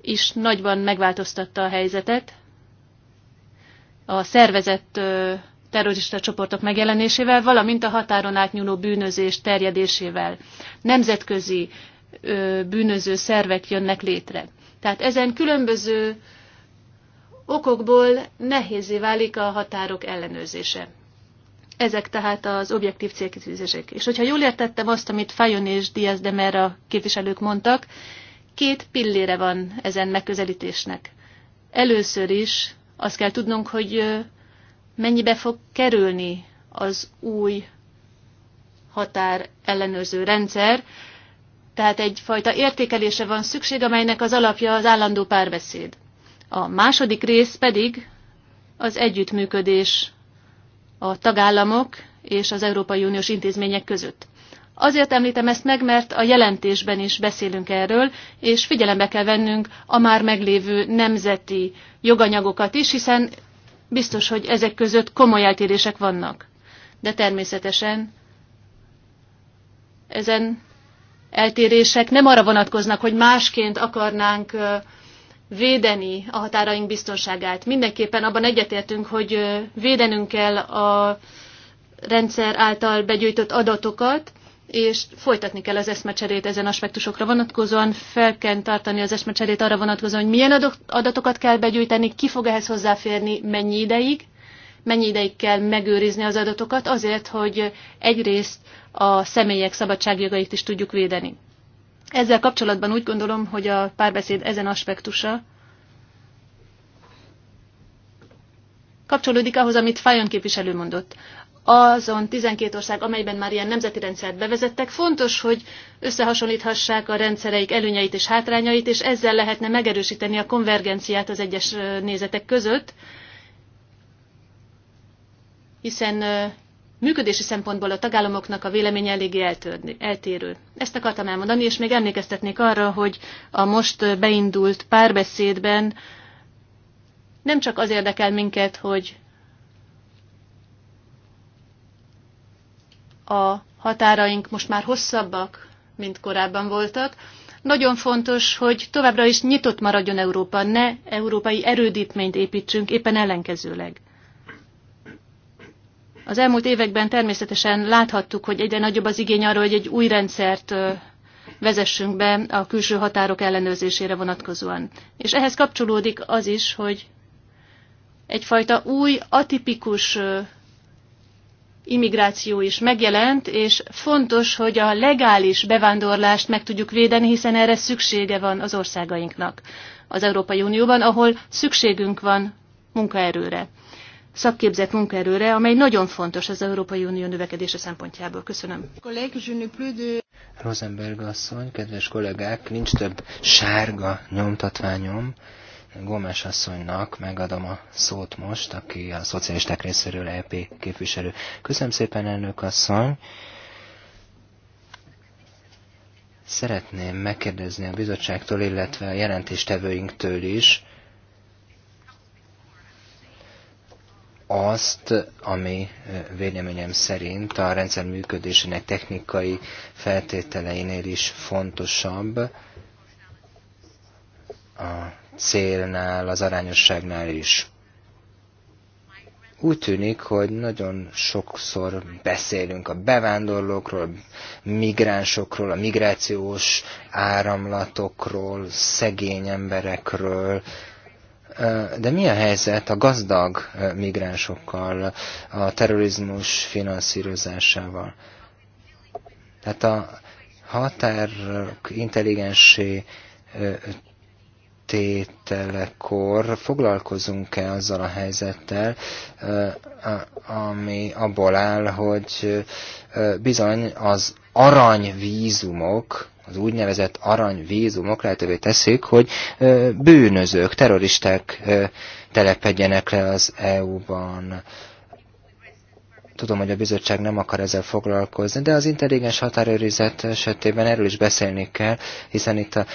is nagyban megváltoztatta a helyzetet. A szervezett terrorista csoportok megjelenésével, valamint a határon átnyúló bűnözés terjedésével. Nemzetközi bűnöző szervek jönnek létre. Tehát ezen különböző okokból nehézé válik a határok ellenőrzése. Ezek tehát az objektív célkitűzések. És hogyha jól értettem azt, amit Fajon és Diaz de Mera képviselők mondtak, két pillére van ezen megközelítésnek. Először is azt kell tudnunk, hogy mennyibe fog kerülni az új határ ellenőrző rendszer, tehát egyfajta értékelése van szükség, amelynek az alapja az állandó párbeszéd. A második rész pedig az együttműködés a tagállamok és az Európai Uniós intézmények között. Azért említem ezt meg, mert a jelentésben is beszélünk erről, és figyelembe kell vennünk a már meglévő nemzeti joganyagokat is, hiszen Biztos, hogy ezek között komoly eltérések vannak. De természetesen ezen eltérések nem arra vonatkoznak, hogy másként akarnánk védeni a határaink biztonságát. Mindenképpen abban egyetértünk, hogy védenünk kell a rendszer által begyűjtött adatokat, és folytatni kell az eszmecserét ezen aspektusokra vonatkozóan, fel kell tartani az eszmecserét arra vonatkozóan, hogy milyen adatokat kell begyűjteni, ki fog ehhez hozzáférni, mennyi ideig, mennyi ideig kell megőrizni az adatokat, azért, hogy egyrészt a személyek szabadságjogait is tudjuk védeni. Ezzel kapcsolatban úgy gondolom, hogy a párbeszéd ezen aspektusa kapcsolódik ahhoz, amit Fajon képviselő mondott azon 12 ország, amelyben már ilyen nemzeti rendszert bevezettek, fontos, hogy összehasonlíthassák a rendszereik előnyeit és hátrányait, és ezzel lehetne megerősíteni a konvergenciát az egyes nézetek között, hiszen működési szempontból a tagállamoknak a véleménye eléggé eltérő. Ezt akartam elmondani, és még emlékeztetnék arra, hogy a most beindult párbeszédben nem csak az érdekel minket, hogy a határaink most már hosszabbak, mint korábban voltak. Nagyon fontos, hogy továbbra is nyitott maradjon Európa, ne európai erődítményt építsünk, éppen ellenkezőleg. Az elmúlt években természetesen láthattuk, hogy egyre nagyobb az igény arra, hogy egy új rendszert vezessünk be a külső határok ellenőrzésére vonatkozóan. És ehhez kapcsolódik az is, hogy egyfajta új, atipikus immigráció is megjelent, és fontos, hogy a legális bevándorlást meg tudjuk védeni, hiszen erre szüksége van az országainknak az Európai Unióban, ahol szükségünk van munkaerőre, szakképzett munkaerőre, amely nagyon fontos az Európai Unió növekedése szempontjából. Köszönöm. Rosenberg asszony, kedves kollégák, nincs több sárga nyomtatványom. Gómez asszonynak megadom a szót most, aki a szocialisták részéről EP képviselő. Köszönöm szépen, elnök asszony! Szeretném megkérdezni a bizottságtól, illetve a jelentéstevőinktől is azt, ami véleményem szerint a rendszer működésének technikai feltételeinél is fontosabb, a célnál, az arányosságnál is. Úgy tűnik, hogy nagyon sokszor beszélünk a bevándorlókról, migránsokról, a migrációs áramlatokról, szegény emberekről, de mi a helyzet a gazdag migránsokkal, a terrorizmus finanszírozásával? Tehát a határok intelligensé tételekor foglalkozunk-e azzal a helyzettel, ami abból áll, hogy bizony az aranyvízumok, az úgynevezett aranyvízumok lehetővé teszik, hogy bűnözők, terroristák telepedjenek le az EU-ban. Tudom, hogy a bizottság nem akar ezzel foglalkozni, de az intelligens határőrizet esetében erről is beszélni kell, hiszen itt a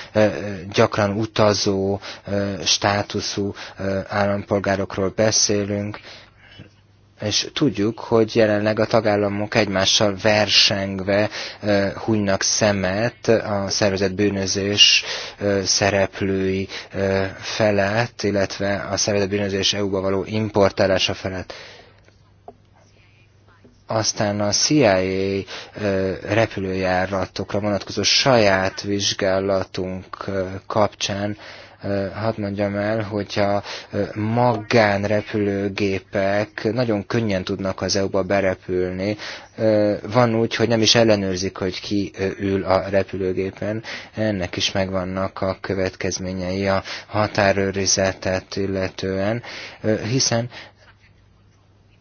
gyakran utazó, státuszú állampolgárokról beszélünk, és tudjuk, hogy jelenleg a tagállamok egymással versengve hunynak szemet a szervezett bűnözés szereplői felett, illetve a szervezett bűnözés EU-ba való importálása felett aztán a CIA repülőjáratokra vonatkozó saját vizsgálatunk kapcsán hadd mondjam el, hogy a magánrepülőgépek nagyon könnyen tudnak az EU-ba berepülni. Van úgy, hogy nem is ellenőrzik, hogy ki ül a repülőgépen. Ennek is megvannak a következményei a határőrizetet illetően, hiszen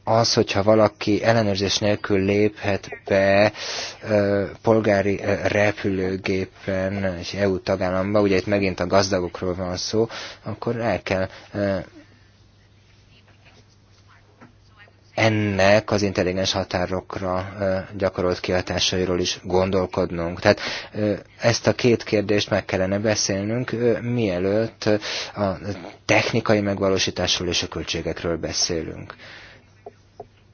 az, hogyha valaki ellenőrzés nélkül léphet be ö, polgári ö, repülőgépen egy EU tagállamba, ugye itt megint a gazdagokról van szó, akkor el kell ö, ennek az intelligens határokra gyakorolt kihatásairól is gondolkodnunk. Tehát ezt a két kérdést meg kellene beszélnünk, mielőtt a technikai megvalósításról és a költségekről beszélünk.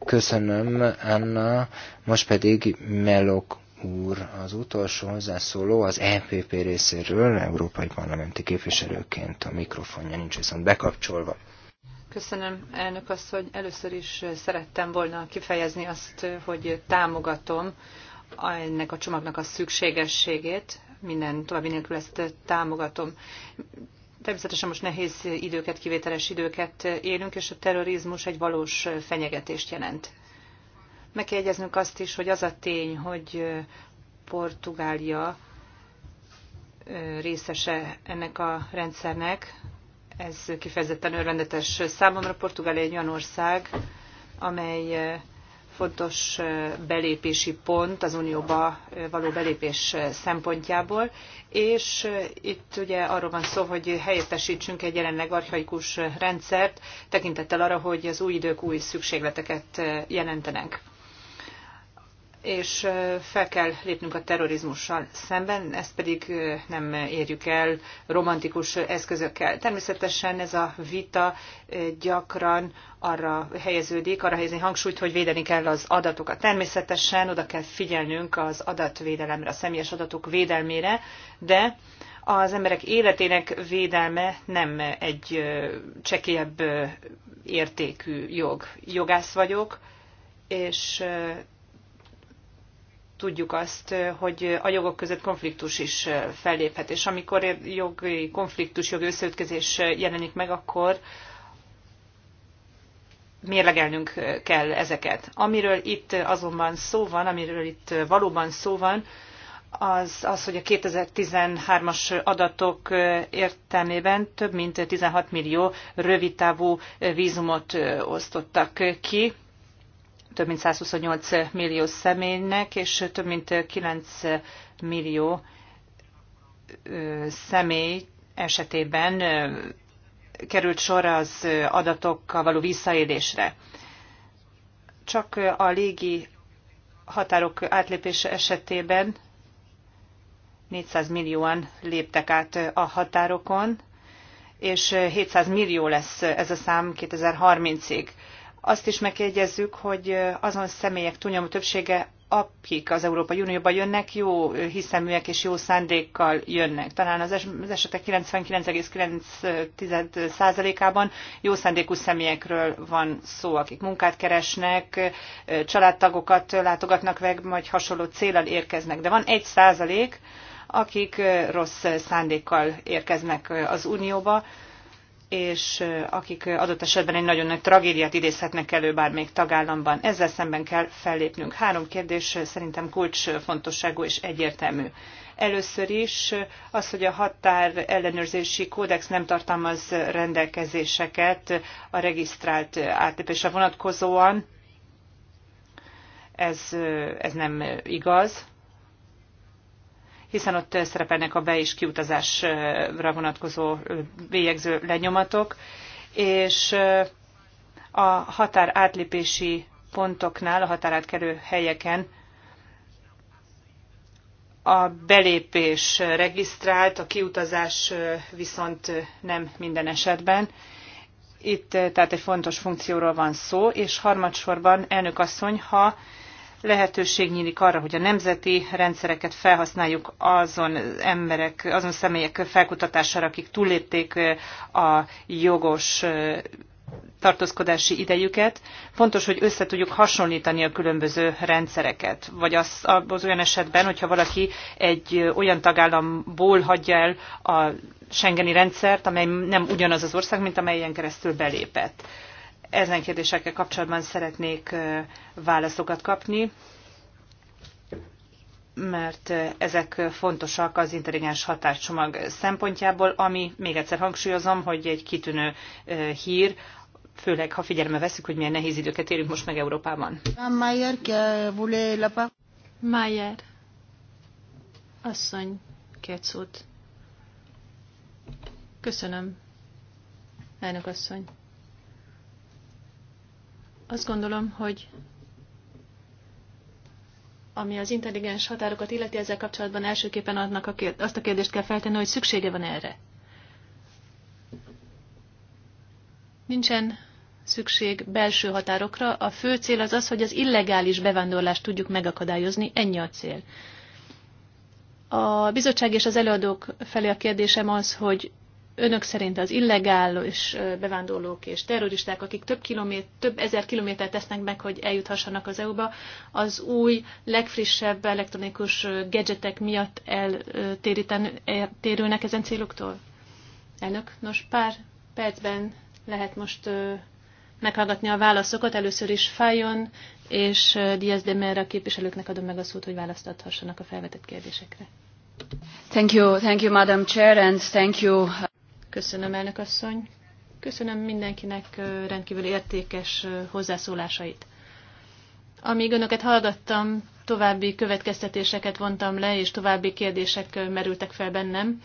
Köszönöm, Anna. Most pedig Melok úr az utolsó hozzászóló az EPP részéről, Európai Parlamenti képviselőként a mikrofonja nincs viszont bekapcsolva. Köszönöm, elnök hogy Először is szerettem volna kifejezni azt, hogy támogatom ennek a csomagnak a szükségességét, minden további nélkül ezt támogatom. Természetesen most nehéz időket, kivételes időket élünk, és a terrorizmus egy valós fenyegetést jelent. Meg kell jegyeznünk azt is, hogy az a tény, hogy Portugália részese ennek a rendszernek, ez kifejezetten örvendetes számomra. Portugália egy olyan ország, amely fontos belépési pont az Unióba való belépés szempontjából, és itt ugye arról van szó, hogy helyettesítsünk egy jelenleg archaikus rendszert, tekintettel arra, hogy az új idők új szükségleteket jelentenek és fel kell lépnünk a terrorizmussal szemben, ezt pedig nem érjük el romantikus eszközökkel. Természetesen ez a vita gyakran arra helyeződik, arra helyezni hangsúlyt, hogy védeni kell az adatokat. Természetesen oda kell figyelnünk az adatvédelemre, a személyes adatok védelmére, de az emberek életének védelme nem egy csekélyebb értékű jog. Jogász vagyok, és tudjuk azt, hogy a jogok között konfliktus is felléphet, és amikor jogi konfliktus, jogi összeütközés jelenik meg, akkor mérlegelnünk kell ezeket. Amiről itt azonban szó van, amiről itt valóban szó van, az, az, hogy a 2013-as adatok értelmében több mint 16 millió rövidtávú vízumot osztottak ki, több mint 128 millió személynek, és több mint 9 millió személy esetében került sor az adatokkal való visszaélésre. Csak a légi határok átlépése esetében 400 millióan léptek át a határokon, és 700 millió lesz ez a szám 2030-ig. Azt is megjegyezzük, hogy azon személyek túlnyomó többsége akik az Európai Unióba jönnek, jó hiszeműek és jó szándékkal jönnek. Talán az esetek 99,9%-ában jó szándékú személyekről van szó, akik munkát keresnek, családtagokat látogatnak meg, vagy hasonló célral érkeznek. De van egy százalék, akik rossz szándékkal érkeznek az Unióba, és akik adott esetben egy nagyon nagy tragédiát idézhetnek elő bármelyik tagállamban. Ezzel szemben kell fellépnünk. Három kérdés szerintem kulcsfontosságú és egyértelmű. Először is az, hogy a határ ellenőrzési kódex nem tartalmaz rendelkezéseket a regisztrált átlépésre vonatkozóan. Ez, ez nem igaz hiszen ott szerepelnek a be- és kiutazásra vonatkozó bélyegző lenyomatok, és a határ átlépési pontoknál, a határátkelő helyeken a belépés regisztrált, a kiutazás viszont nem minden esetben. Itt tehát egy fontos funkcióról van szó, és harmadsorban elnök asszony, ha lehetőség nyílik arra, hogy a nemzeti rendszereket felhasználjuk azon emberek, azon személyek felkutatására, akik túllépték a jogos tartózkodási idejüket. Fontos, hogy össze tudjuk hasonlítani a különböző rendszereket, vagy az, az olyan esetben, hogyha valaki egy olyan tagállamból hagyja el a Schengeni rendszert, amely nem ugyanaz az ország, mint amelyen keresztül belépett. Ezen kérdésekkel kapcsolatban szeretnék válaszokat kapni, mert ezek fontosak az intelligens hatáscsomag szempontjából, ami, még egyszer hangsúlyozom, hogy egy kitűnő hír, főleg ha figyelme veszük, hogy milyen nehéz időket élünk most meg Európában. Mayer, asszony, két szót. Köszönöm, elnök asszony. Azt gondolom, hogy ami az intelligens határokat illeti ezzel kapcsolatban elsőképpen adnak a kérd- azt a kérdést kell feltenni, hogy szüksége van erre. Nincsen szükség belső határokra. A fő cél az az, hogy az illegális bevándorlást tudjuk megakadályozni. Ennyi a cél. A bizottság és az előadók felé a kérdésem az, hogy önök szerint az illegális bevándorlók és terroristák, akik több, kilométer, több ezer kilométert tesznek meg, hogy eljuthassanak az EU-ba, az új, legfrissebb elektronikus gadgetek miatt eltérülnek er, ezen céloktól? Elnök, nos pár percben lehet most meghallgatni a válaszokat. Először is Fajon és Diaz de Mera képviselőknek adom meg a szót, hogy választathassanak a felvetett kérdésekre. Thank you, thank you, Madam Chair, and thank you. Köszönöm, elnök asszony. Köszönöm mindenkinek rendkívül értékes hozzászólásait. Amíg önöket hallgattam, további következtetéseket vontam le, és további kérdések merültek fel bennem,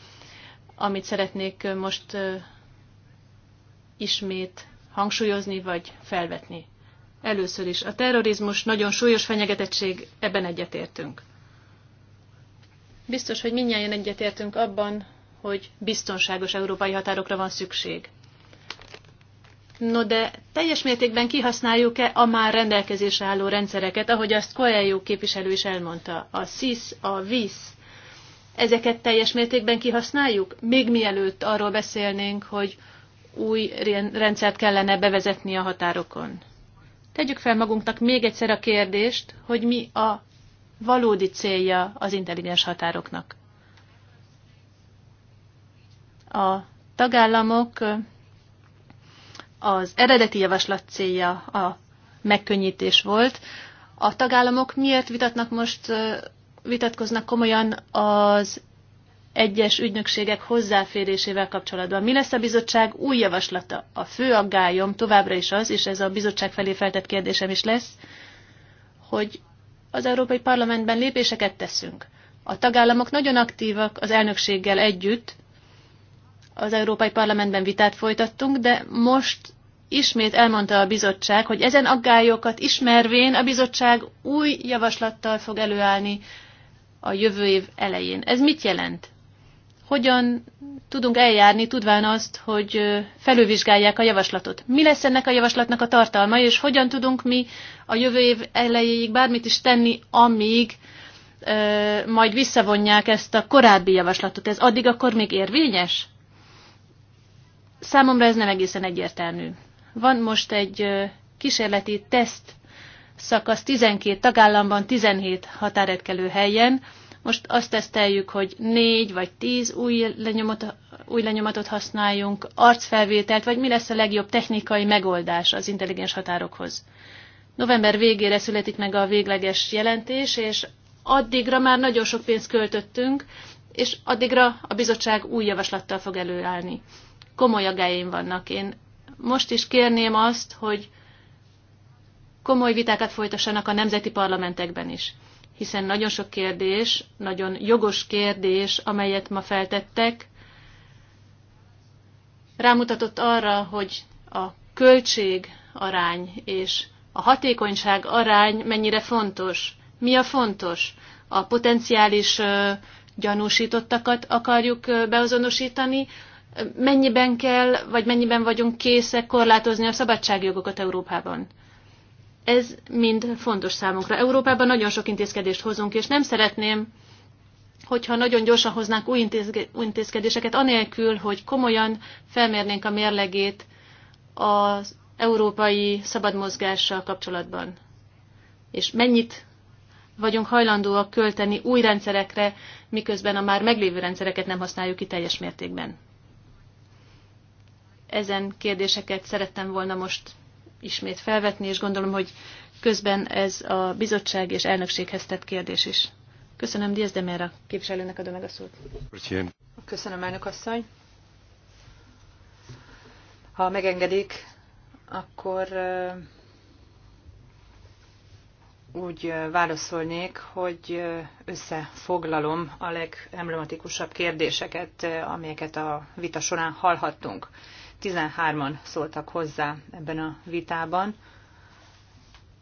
amit szeretnék most ismét hangsúlyozni vagy felvetni. Először is, a terrorizmus nagyon súlyos fenyegetettség, ebben egyetértünk. Biztos, hogy mindjárt egyetértünk abban, hogy biztonságos európai határokra van szükség. No de teljes mértékben kihasználjuk-e a már rendelkezésre álló rendszereket, ahogy azt Koeljó képviselő is elmondta, a SIS, a VIS, ezeket teljes mértékben kihasználjuk? Még mielőtt arról beszélnénk, hogy új rendszert kellene bevezetni a határokon. Tegyük fel magunknak még egyszer a kérdést, hogy mi a valódi célja az intelligens határoknak. A tagállamok az eredeti javaslat célja a megkönnyítés volt. A tagállamok miért vitatnak most, vitatkoznak komolyan az egyes ügynökségek hozzáférésével kapcsolatban. Mi lesz a bizottság új javaslata? A fő aggályom továbbra is az, és ez a bizottság felé feltett kérdésem is lesz, hogy az Európai Parlamentben lépéseket teszünk. A tagállamok nagyon aktívak az elnökséggel együtt, az Európai Parlamentben vitát folytattunk, de most ismét elmondta a bizottság, hogy ezen aggályokat ismervén a bizottság új javaslattal fog előállni a jövő év elején. Ez mit jelent? Hogyan tudunk eljárni, tudván azt, hogy felülvizsgálják a javaslatot? Mi lesz ennek a javaslatnak a tartalma, és hogyan tudunk mi a jövő év elejéig bármit is tenni, amíg ö, majd visszavonják ezt a korábbi javaslatot? Ez addig akkor még érvényes? Számomra ez nem egészen egyértelmű. Van most egy kísérleti teszt szakasz 12 tagállamban, 17 határetkelő helyen. Most azt teszteljük, hogy 4 vagy 10 új, lenyomot, új lenyomatot használjunk, arcfelvételt, vagy mi lesz a legjobb technikai megoldás az intelligens határokhoz. November végére születik meg a végleges jelentés, és addigra már nagyon sok pénzt költöttünk, és addigra a bizottság új javaslattal fog előállni komoly agáim vannak. Én most is kérném azt, hogy komoly vitákat folytassanak a nemzeti parlamentekben is, hiszen nagyon sok kérdés, nagyon jogos kérdés, amelyet ma feltettek, rámutatott arra, hogy a költség arány és a hatékonyság arány mennyire fontos. Mi a fontos? A potenciális gyanúsítottakat akarjuk beazonosítani, mennyiben kell, vagy mennyiben vagyunk készek korlátozni a szabadságjogokat Európában. Ez mind fontos számunkra. Európában nagyon sok intézkedést hozunk, és nem szeretném, hogyha nagyon gyorsan hoznánk új intézkedéseket, anélkül, hogy komolyan felmérnénk a mérlegét az európai szabadmozgással kapcsolatban. És mennyit vagyunk hajlandóak költeni új rendszerekre, miközben a már meglévő rendszereket nem használjuk ki teljes mértékben. Ezen kérdéseket szerettem volna most ismét felvetni, és gondolom, hogy közben ez a bizottság és elnökséghez tett kérdés is. Köszönöm Diaz a képviselőnek adom meg a szót. Köszönöm, elnök asszony. Ha megengedik, akkor úgy válaszolnék, hogy összefoglalom a legemblematikusabb kérdéseket, amelyeket a vita során hallhattunk. 13-an szóltak hozzá ebben a vitában.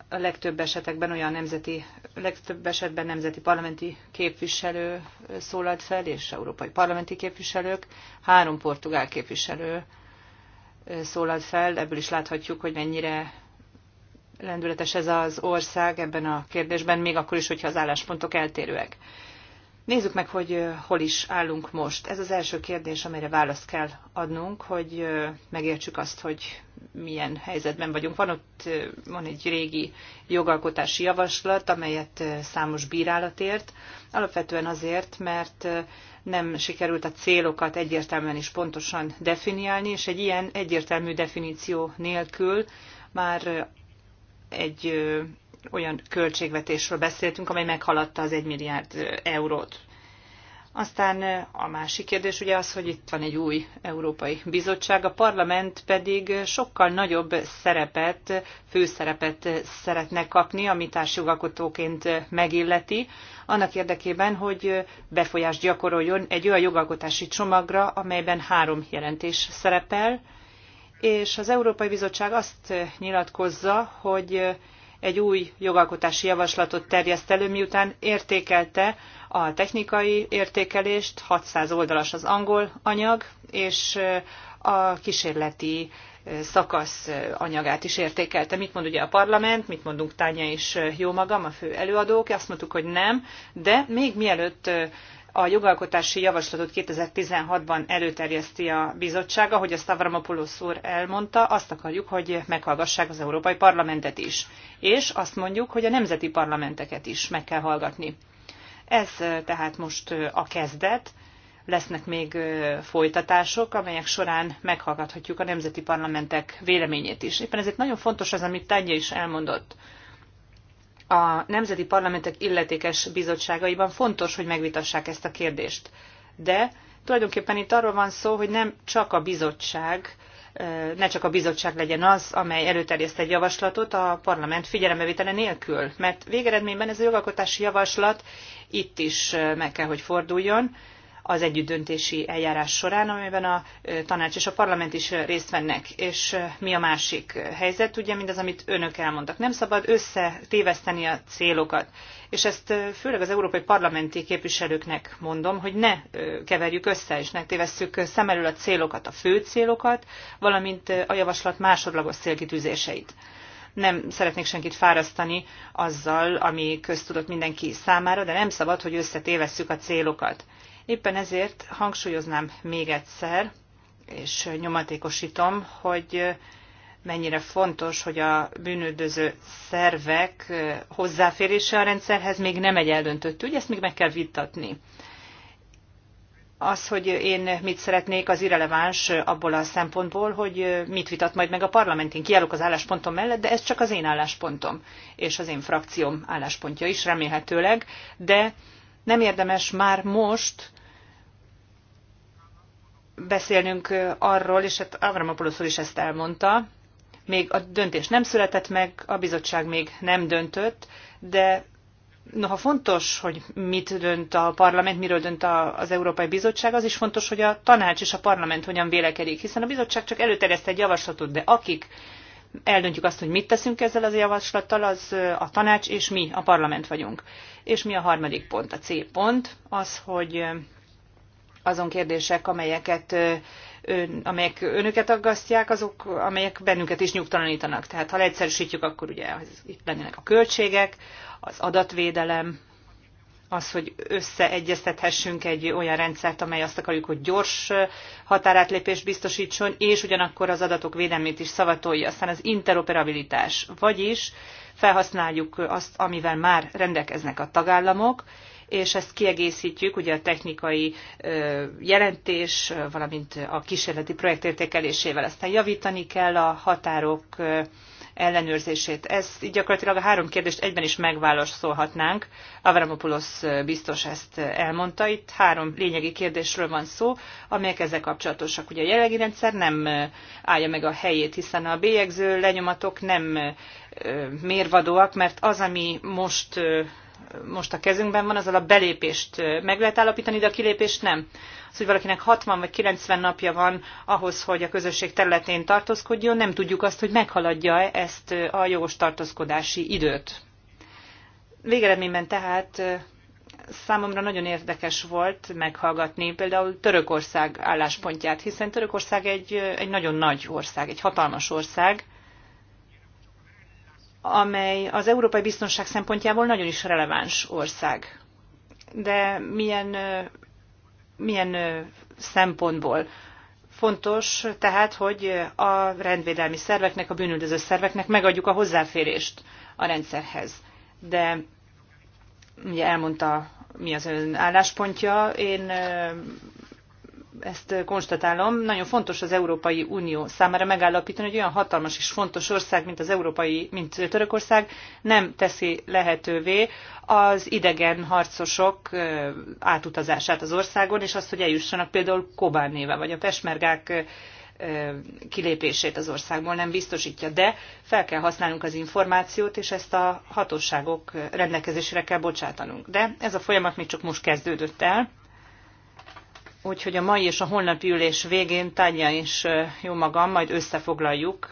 A legtöbb esetekben olyan nemzeti, legtöbb esetben nemzeti parlamenti képviselő szólalt fel, és európai parlamenti képviselők, három portugál képviselő szólalt fel, ebből is láthatjuk, hogy mennyire lendületes ez az ország ebben a kérdésben, még akkor is, hogyha az álláspontok eltérőek. Nézzük meg, hogy hol is állunk most. Ez az első kérdés, amire választ kell adnunk, hogy megértsük azt, hogy milyen helyzetben vagyunk. Van ott van egy régi jogalkotási javaslat, amelyet számos bírálat ért, alapvetően azért, mert nem sikerült a célokat egyértelműen és pontosan definiálni, és egy ilyen egyértelmű definíció nélkül már egy olyan költségvetésről beszéltünk, amely meghaladta az 1 milliárd eurót. Aztán a másik kérdés ugye az, hogy itt van egy új Európai Bizottság, a parlament pedig sokkal nagyobb szerepet, főszerepet szeretne kapni, ami társjogalkotóként megilleti, annak érdekében, hogy befolyást gyakoroljon egy olyan jogalkotási csomagra, amelyben három jelentés szerepel, és az Európai Bizottság azt nyilatkozza, hogy egy új jogalkotási javaslatot terjeszt elő, miután értékelte a technikai értékelést, 600 oldalas az angol anyag, és eh, a kísérleti eh, szakasz eh, anyagát is értékelte. Mit mond ugye a parlament, mit mondunk Tánya és jó magam, a fő előadók, azt mondtuk, hogy nem, de még mielőtt a jogalkotási javaslatot 2016-ban előterjeszti a bizottsága, hogy a Stavramopoulos úr elmondta, azt akarjuk, hogy meghallgassák az Európai Parlamentet is. És azt mondjuk, hogy a nemzeti parlamenteket is meg kell hallgatni. Ez tehát most a kezdet. Lesznek még folytatások, amelyek során meghallgathatjuk a nemzeti parlamentek véleményét is. Éppen ezért nagyon fontos az, amit Tanya is elmondott, a nemzeti parlamentek illetékes bizottságaiban fontos, hogy megvitassák ezt a kérdést. De tulajdonképpen itt arról van szó, hogy nem csak a bizottság, ne csak a bizottság legyen az, amely előterjeszt egy javaslatot a parlament figyelembevétele nélkül, mert végeredményben ez a jogalkotási javaslat itt is meg kell, hogy forduljon, az együttdöntési eljárás során, amiben a tanács és a parlament is részt vennek. És mi a másik helyzet? Ugye mindaz, amit önök elmondtak. Nem szabad összetéveszteni a célokat. És ezt főleg az európai parlamenti képviselőknek mondom, hogy ne keverjük össze, és ne tévesszük szem elől a célokat, a fő célokat, valamint a javaslat másodlagos célkitűzéseit nem szeretnék senkit fárasztani azzal, ami köztudott mindenki számára, de nem szabad, hogy összetévesszük a célokat. Éppen ezért hangsúlyoznám még egyszer, és nyomatékosítom, hogy mennyire fontos, hogy a bűnöldöző szervek hozzáférése a rendszerhez még nem egy eldöntött ügy, ezt még meg kell vitatni. Az, hogy én mit szeretnék, az irreleváns abból a szempontból, hogy mit vitat majd meg a parlament. Én kiállok az álláspontom mellett, de ez csak az én álláspontom, és az én frakcióm álláspontja is remélhetőleg, de nem érdemes már most beszélnünk arról, és hát Avramopoulos is ezt elmondta, még a döntés nem született meg, a bizottság még nem döntött, de noha fontos, hogy mit dönt a parlament, miről dönt az Európai Bizottság, az is fontos, hogy a tanács és a parlament hogyan vélekedik, hiszen a bizottság csak előterjeszt egy javaslatot, de akik eldöntjük azt, hogy mit teszünk ezzel az javaslattal, az a tanács és mi, a parlament vagyunk. És mi a harmadik pont, a C pont, az, hogy azon kérdések, amelyeket ön, amelyek önöket aggasztják, azok, amelyek bennünket is nyugtalanítanak. Tehát ha leegyszerűsítjük, akkor ugye itt lennének a költségek, az adatvédelem, az, hogy összeegyeztethessünk egy olyan rendszert, amely azt akarjuk, hogy gyors határátlépést biztosítson, és ugyanakkor az adatok védelmét is szavatolja. Aztán az interoperabilitás, vagyis felhasználjuk azt, amivel már rendelkeznek a tagállamok, és ezt kiegészítjük ugye a technikai jelentés, valamint a kísérleti projekt értékelésével. Aztán javítani kell a határok ellenőrzését. Ezt így gyakorlatilag a három kérdést egyben is megválaszolhatnánk. Avramopoulos biztos ezt elmondta. Itt három lényegi kérdésről van szó, amelyek ezzel kapcsolatosak. Ugye a jelenlegi rendszer nem állja meg a helyét, hiszen a bélyegző lenyomatok nem mérvadóak, mert az, ami most most a kezünkben van, azzal a belépést meg lehet állapítani, de a kilépést nem. Az, hogy valakinek 60 vagy 90 napja van ahhoz, hogy a közösség területén tartózkodjon, nem tudjuk azt, hogy meghaladja -e ezt a jogos tartózkodási időt. Végeredményben tehát számomra nagyon érdekes volt meghallgatni például Törökország álláspontját, hiszen Törökország egy, egy nagyon nagy ország, egy hatalmas ország, amely az európai biztonság szempontjából nagyon is releváns ország. De milyen, milyen szempontból? Fontos tehát, hogy a rendvédelmi szerveknek, a bűnüldöző szerveknek megadjuk a hozzáférést a rendszerhez. De ugye elmondta, mi az ön álláspontja. Én ezt konstatálom, nagyon fontos az Európai Unió számára megállapítani, hogy olyan hatalmas és fontos ország, mint az Európai, mint Törökország nem teszi lehetővé az idegen harcosok átutazását az országon, és azt, hogy eljussanak például Kobán vagy a pesmergák kilépését az országból nem biztosítja, de fel kell használnunk az információt, és ezt a hatóságok rendelkezésére kell bocsátanunk. De ez a folyamat még csak most kezdődött el, Úgyhogy a mai és a holnapi ülés végén Tanya is jó magam, majd összefoglaljuk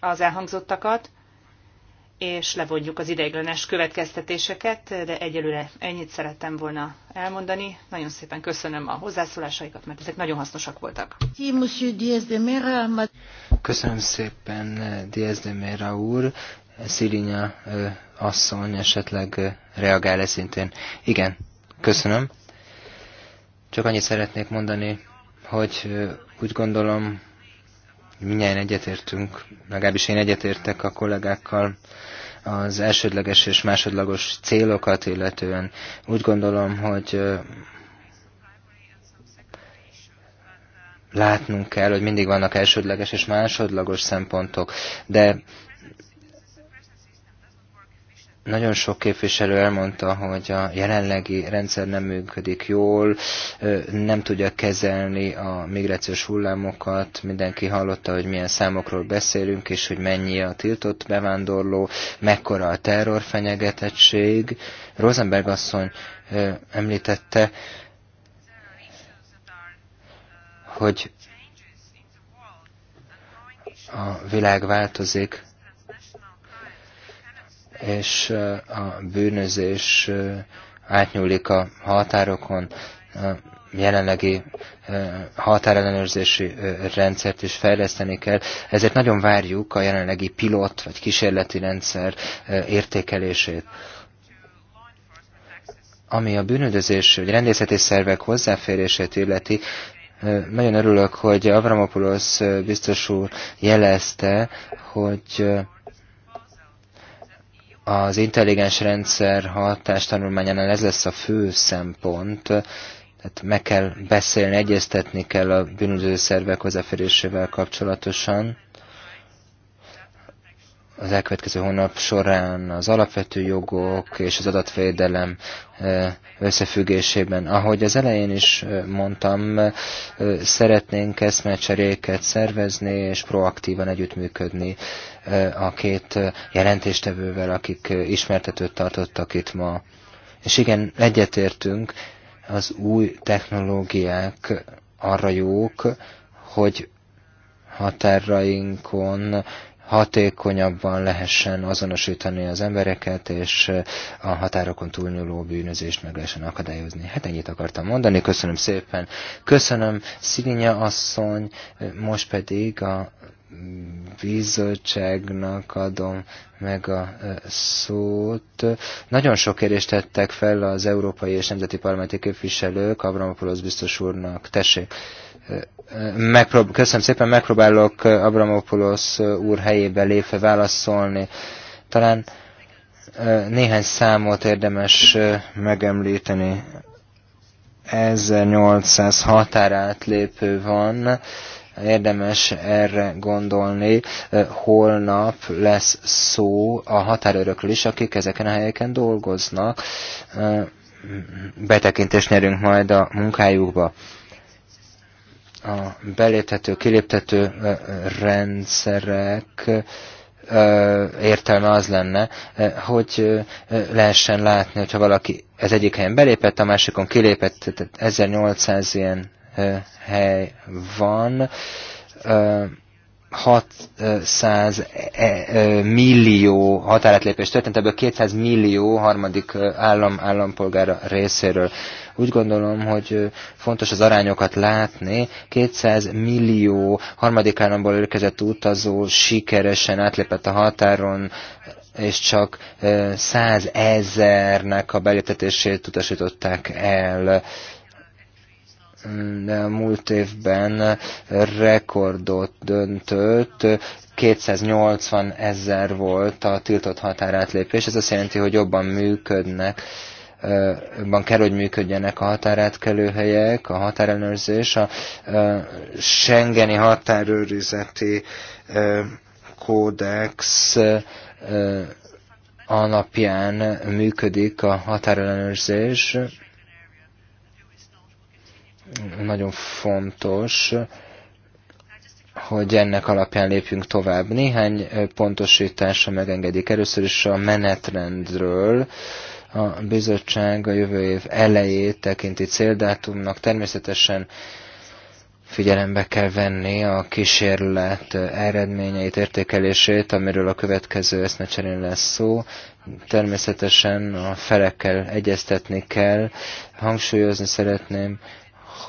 az elhangzottakat, és levonjuk az ideiglenes következtetéseket, de egyelőre ennyit szerettem volna elmondani. Nagyon szépen köszönöm a hozzászólásaikat, mert ezek nagyon hasznosak voltak. Köszönöm szépen, Diaz de Mera úr. Szirinya asszony esetleg reagál -e szintén. Igen, köszönöm. Csak annyit szeretnék mondani, hogy úgy gondolom, minnyáján egyetértünk, legalábbis én egyetértek a kollégákkal az elsődleges és másodlagos célokat illetően. Úgy gondolom, hogy látnunk kell, hogy mindig vannak elsődleges és másodlagos szempontok, de nagyon sok képviselő elmondta, hogy a jelenlegi rendszer nem működik jól, nem tudja kezelni a migrációs hullámokat, mindenki hallotta, hogy milyen számokról beszélünk, és hogy mennyi a tiltott bevándorló, mekkora a terrorfenyegetettség. Rosenberg asszony említette, hogy a világ változik, és eh, a bűnözés eh, átnyúlik a határokon, a jelenlegi eh, határellenőrzési rendszert is fejleszteni kell. Ezért nagyon várjuk a jelenlegi pilot vagy kísérleti rendszer értékelését ami a bűnözés vagy rendészeti szervek hozzáférését illeti, nagyon örülök, hogy Avramopoulos biztos úr jelezte, hogy az intelligens rendszer hatástanulmányánál ez lesz a fő szempont, tehát meg kell beszélni, egyeztetni kell a bűnöző szervek hozzáférésével kapcsolatosan. Az elkövetkező hónap során az alapvető jogok és az adatvédelem eh, összefüggésében. Ahogy az elején is eh, mondtam, eh, szeretnénk eszmecseréket szervezni és proaktívan együttműködni a két jelentéstevővel, akik ismertetőt tartottak itt ma. És igen, egyetértünk, az új technológiák arra jók, hogy határainkon hatékonyabban lehessen azonosítani az embereket, és a határokon túlnyúló bűnözést meg lehessen akadályozni. Hát ennyit akartam mondani, köszönöm szépen. Köszönöm Szilinja asszony, most pedig a bizottságnak adom meg a szót. Nagyon sok kérdést tettek fel az európai és nemzeti parlamenti képviselők, Abramopoulos biztos úrnak. Tessék! Megprób- Köszönöm szépen, megpróbálok Abramopoulos úr helyébe lépve válaszolni. Talán néhány számot érdemes megemlíteni. 1800 határátlépő van, érdemes erre gondolni. Holnap lesz szó a határőrökről is, akik ezeken a helyeken dolgoznak. Betekintést nyerünk majd a munkájukba a beléptető, kiléptető rendszerek értelme az lenne, hogy lehessen látni, hogyha valaki ez egyik helyen belépett, a másikon kilépett, tehát 1800 ilyen hely van. 600 e, millió határátlépés történt, ebből 200 millió harmadik állam állampolgára részéről. Úgy gondolom, hogy fontos az arányokat látni. 200 millió harmadik államból érkezett utazó sikeresen átlépett a határon, és csak 100 ezernek a beléptetését utasították el de a múlt évben rekordot döntött, 280 ezer volt a tiltott határátlépés, ez azt jelenti, hogy jobban működnek, jobban kell, hogy működjenek a helyek, a határellenőrzés, a Schengeni határőrizeti kódex alapján működik a határellenőrzés, nagyon fontos, hogy ennek alapján lépjünk tovább. Néhány pontosítása megengedik. Először is a menetrendről. A bizottság a jövő év elejét tekinti céldátumnak. Természetesen figyelembe kell venni a kísérlet eredményeit, értékelését, amiről a következő eszmecserén lesz szó. Természetesen a felekkel egyeztetni kell. Hangsúlyozni szeretném,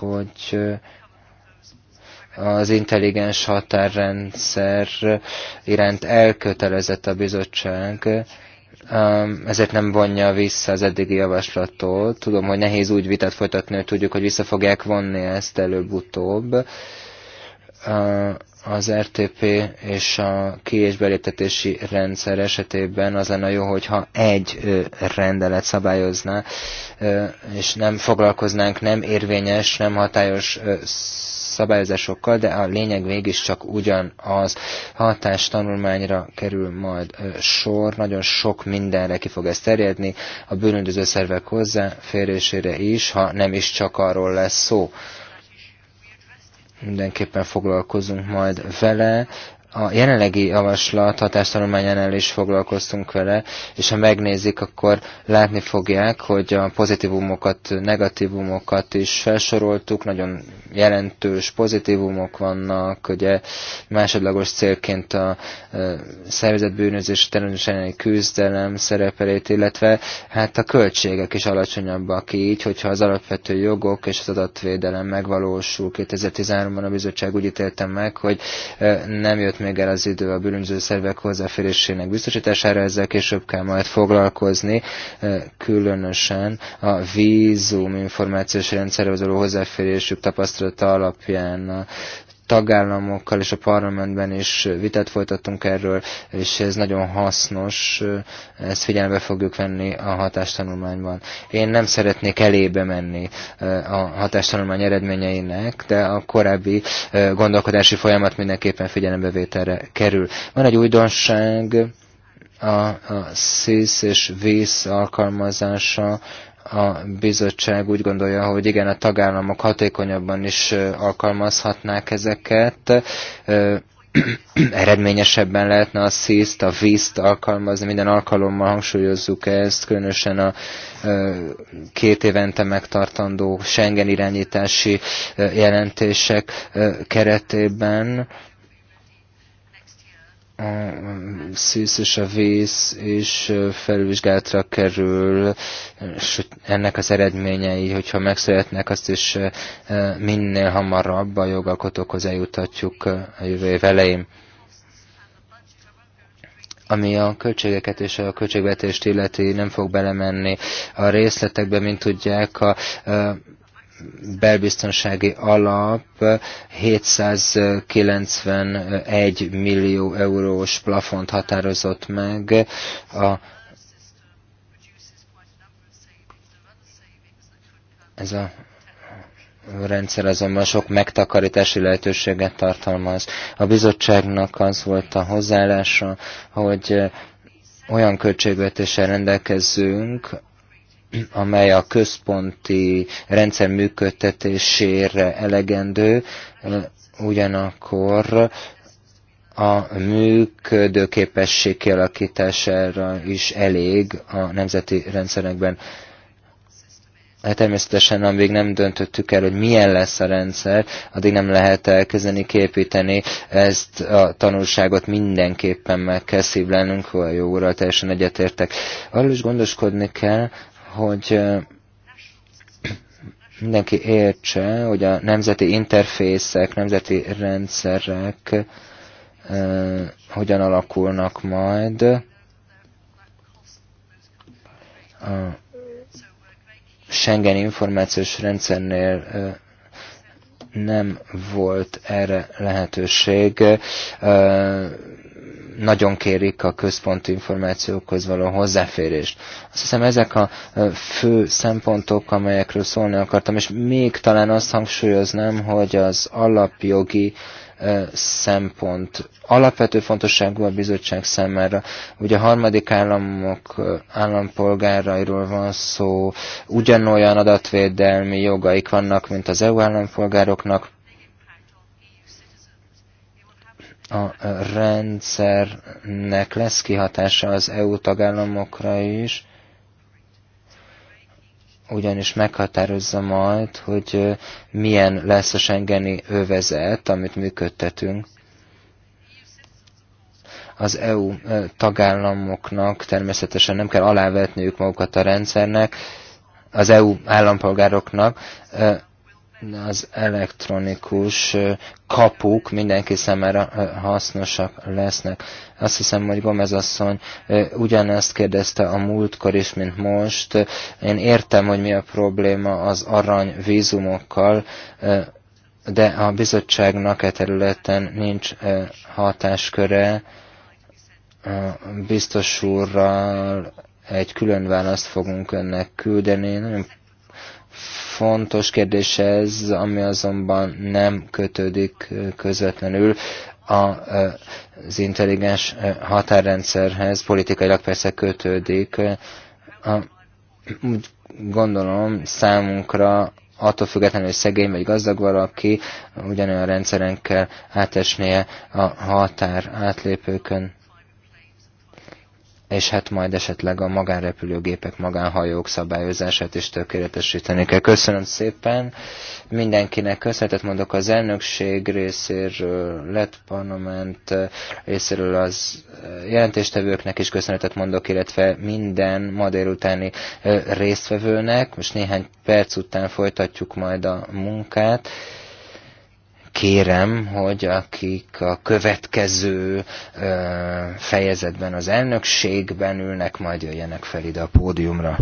hogy az intelligens határrendszer iránt elkötelezett a bizottság, ezért nem vonja vissza az eddigi javaslatot. Tudom, hogy nehéz úgy vitát folytatni, hogy tudjuk, hogy vissza fogják vonni ezt előbb-utóbb az RTP és a ki- és beléptetési rendszer esetében az lenne jó, hogyha egy rendelet szabályozná, és nem foglalkoznánk nem érvényes, nem hatályos szabályozásokkal, de a lényeg csak ugyanaz. tanulmányra kerül majd sor, nagyon sok mindenre ki fog ez terjedni, a bűnöldöző szervek hozzáférésére is, ha nem is csak arról lesz szó mindenképpen foglalkozunk majd vele, a jelenlegi javaslat hatástanulmányánál is foglalkoztunk vele, és ha megnézik, akkor látni fogják, hogy a pozitívumokat, negatívumokat is felsoroltuk, nagyon jelentős pozitívumok vannak, ugye másodlagos célként a szervezetbűnözés terülés elleni küzdelem szerepelét, illetve hát a költségek is alacsonyabbak így, hogyha az alapvető jogok és az adatvédelem megvalósul. 2013-ban a bizottság úgy ítéltem meg, hogy nem jött még el az idő a bűnöző szervek hozzáférésének biztosítására, ezzel később kell majd foglalkozni, különösen a vízum információs rendszerhez való hozzáférésük tapasztalata alapján a tagállamokkal és a parlamentben is vitát folytattunk erről, és ez nagyon hasznos, ezt figyelembe fogjuk venni a hatástanulmányban. Én nem szeretnék elébe menni a hatástanulmány eredményeinek, de a korábbi gondolkodási folyamat mindenképpen figyelembevételre kerül. Van egy újdonság, a, a szész és vész alkalmazása a bizottság úgy gondolja, hogy igen, a tagállamok hatékonyabban is alkalmazhatnák ezeket, eredményesebben lehetne a szízt, a vízt alkalmazni, minden alkalommal hangsúlyozzuk ezt, különösen a két évente megtartandó Schengen irányítási jelentések keretében szűz és a vész is felvizsgálatra kerül, és ennek az eredményei, hogyha megszületnek, azt is minél hamarabb a jogalkotókhoz eljutatjuk a jövő év elején. Ami a költségeket és a költségvetést illeti, nem fog belemenni a részletekbe, mint tudják, a belbiztonsági alap 791 millió eurós plafont határozott meg a ez a rendszer azonban sok megtakarítási lehetőséget tartalmaz. A bizottságnak az volt a hozzáállása, hogy olyan költségvetéssel rendelkezzünk, amely a központi rendszer működtetésére elegendő, ugyanakkor a működőképesség kialakítására is elég a nemzeti rendszerekben. Hát természetesen, amíg nem döntöttük el, hogy milyen lesz a rendszer, addig nem lehet elkezdeni képíteni. Ezt a tanulságot mindenképpen meg kell szívlenünk, hogy a jó ural teljesen egyetértek. Arról is gondoskodni kell, hogy mindenki értse, hogy a nemzeti interfészek, nemzeti rendszerek hogyan alakulnak majd. A Schengen információs rendszernél nem volt erre lehetőség nagyon kérik a központi információkhoz való hozzáférést. Azt hiszem ezek a fő szempontok, amelyekről szólni akartam, és még talán azt hangsúlyoznám, hogy az alapjogi szempont alapvető fontosságú a bizottság számára. Ugye a harmadik államok állampolgárairól van szó, ugyanolyan adatvédelmi jogaik vannak, mint az EU állampolgároknak, a rendszernek lesz kihatása az EU tagállamokra is, ugyanis meghatározza majd, hogy milyen lesz a Schengeni övezet, amit működtetünk. Az EU tagállamoknak természetesen nem kell alávetniük magukat a rendszernek, az EU állampolgároknak az elektronikus kapuk mindenki számára hasznosak lesznek. Azt hiszem, hogy Gomez asszony ugyanezt kérdezte a múltkor is, mint most. Én értem, hogy mi a probléma az arany vízumokkal, de a bizottságnak e területen nincs hatásköre. Biztos úrral egy külön választ fogunk önnek küldeni. Nagyon fontos kérdés ez, ami azonban nem kötődik közvetlenül a, az intelligens határrendszerhez politikailag persze kötődik. úgy gondolom számunkra attól függetlenül, hogy szegény vagy gazdag valaki, ugyanolyan rendszeren kell átesnie a határ átlépőkön és hát majd esetleg a magánrepülőgépek, magánhajók szabályozását is tökéletesíteni kell. Köszönöm szépen mindenkinek, köszönetet mondok az elnökség részéről, lett parlament részéről az jelentéstevőknek is köszönetet mondok, illetve minden ma délutáni résztvevőnek. Most néhány perc után folytatjuk majd a munkát kérem, hogy akik a következő fejezetben az elnökségben ülnek, majd jöjjenek fel ide a pódiumra.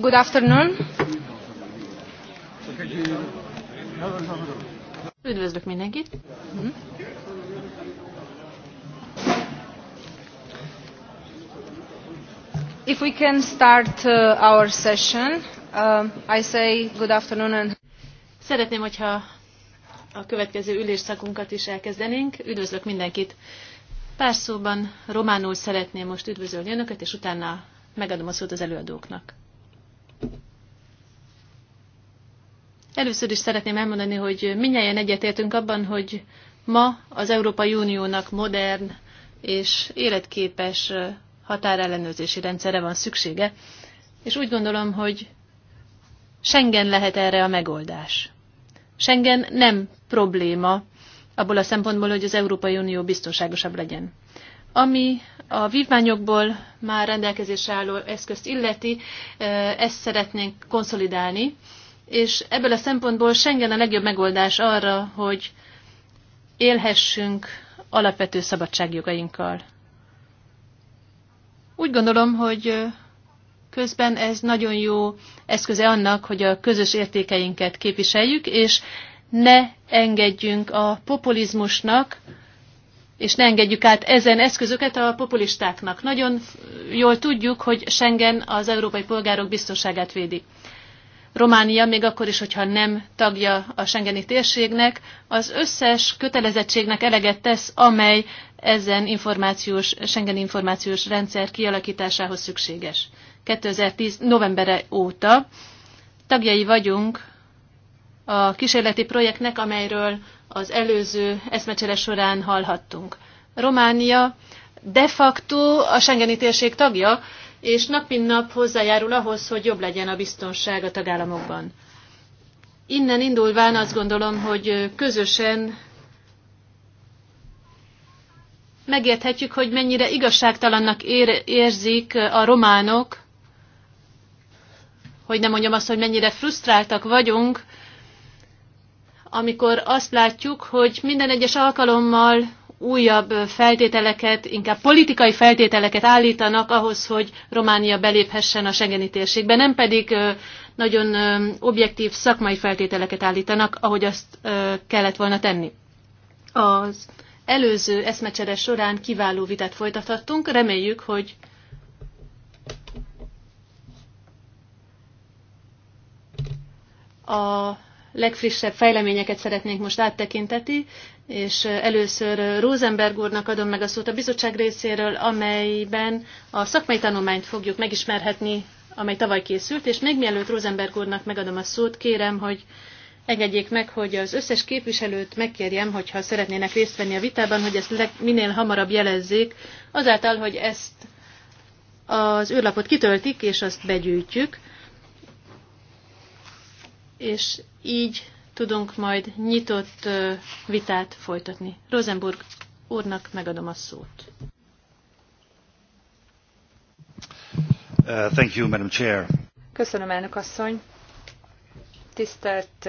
Good afternoon. Üdvözlök mindenkit. Mhm. If we can start uh, our session, uh, I say good afternoon and Szeretném, hogyha a következő ülésszakunkat is elkezdenénk. Üdvözlök mindenkit. Pár szóban románul szeretném most üdvözölni önöket, és utána megadom a szót az előadóknak. Először is szeretném elmondani, hogy minnyáján egyetértünk abban, hogy ma az Európai Uniónak modern és életképes határellenőrzési rendszerre van szüksége, és úgy gondolom, hogy Schengen lehet erre a megoldás. Schengen nem probléma abból a szempontból, hogy az Európai Unió biztonságosabb legyen. Ami a vívmányokból már rendelkezésre álló eszközt illeti, eh, ezt szeretnénk konszolidálni, és ebből a szempontból Schengen a legjobb megoldás arra, hogy élhessünk alapvető szabadságjogainkkal. Úgy gondolom, hogy közben ez nagyon jó eszköze annak, hogy a közös értékeinket képviseljük, és ne engedjünk a populizmusnak, és ne engedjük át ezen eszközöket a populistáknak. Nagyon jól tudjuk, hogy Schengen az európai polgárok biztonságát védi. Románia még akkor is, hogyha nem tagja a Schengeni térségnek, az összes kötelezettségnek eleget tesz, amely ezen információs, Schengeni információs rendszer kialakításához szükséges. 2010. novembere óta tagjai vagyunk a kísérleti projektnek, amelyről az előző eszmecsere során hallhattunk. Románia de facto a Schengeni térség tagja, és nap mint nap hozzájárul ahhoz, hogy jobb legyen a biztonság a tagállamokban. Innen indulván azt gondolom, hogy közösen megérthetjük, hogy mennyire igazságtalannak ér- érzik a románok, hogy nem mondjam azt, hogy mennyire frusztráltak vagyunk, amikor azt látjuk, hogy minden egyes alkalommal újabb feltételeket, inkább politikai feltételeket állítanak ahhoz, hogy Románia beléphessen a Schengeni térségbe, nem pedig nagyon objektív szakmai feltételeket állítanak, ahogy azt kellett volna tenni. Az előző eszmecsere során kiváló vitát folytathattunk, reméljük, hogy a legfrissebb fejleményeket szeretnénk most áttekinteti és először Rosenberg úrnak adom meg a szót a bizottság részéről, amelyben a szakmai tanulmányt fogjuk megismerhetni, amely tavaly készült, és még mielőtt Rosenberg úrnak megadom a szót, kérem, hogy engedjék meg, hogy az összes képviselőt megkérjem, hogyha szeretnének részt venni a vitában, hogy ezt leg, minél hamarabb jelezzék, azáltal, hogy ezt az űrlapot kitöltik, és azt begyűjtjük, és így tudunk majd nyitott vitát folytatni. Rosenburg úrnak megadom a szót. Uh, thank you, Madam Chair. Köszönöm, elnök asszony. Tisztelt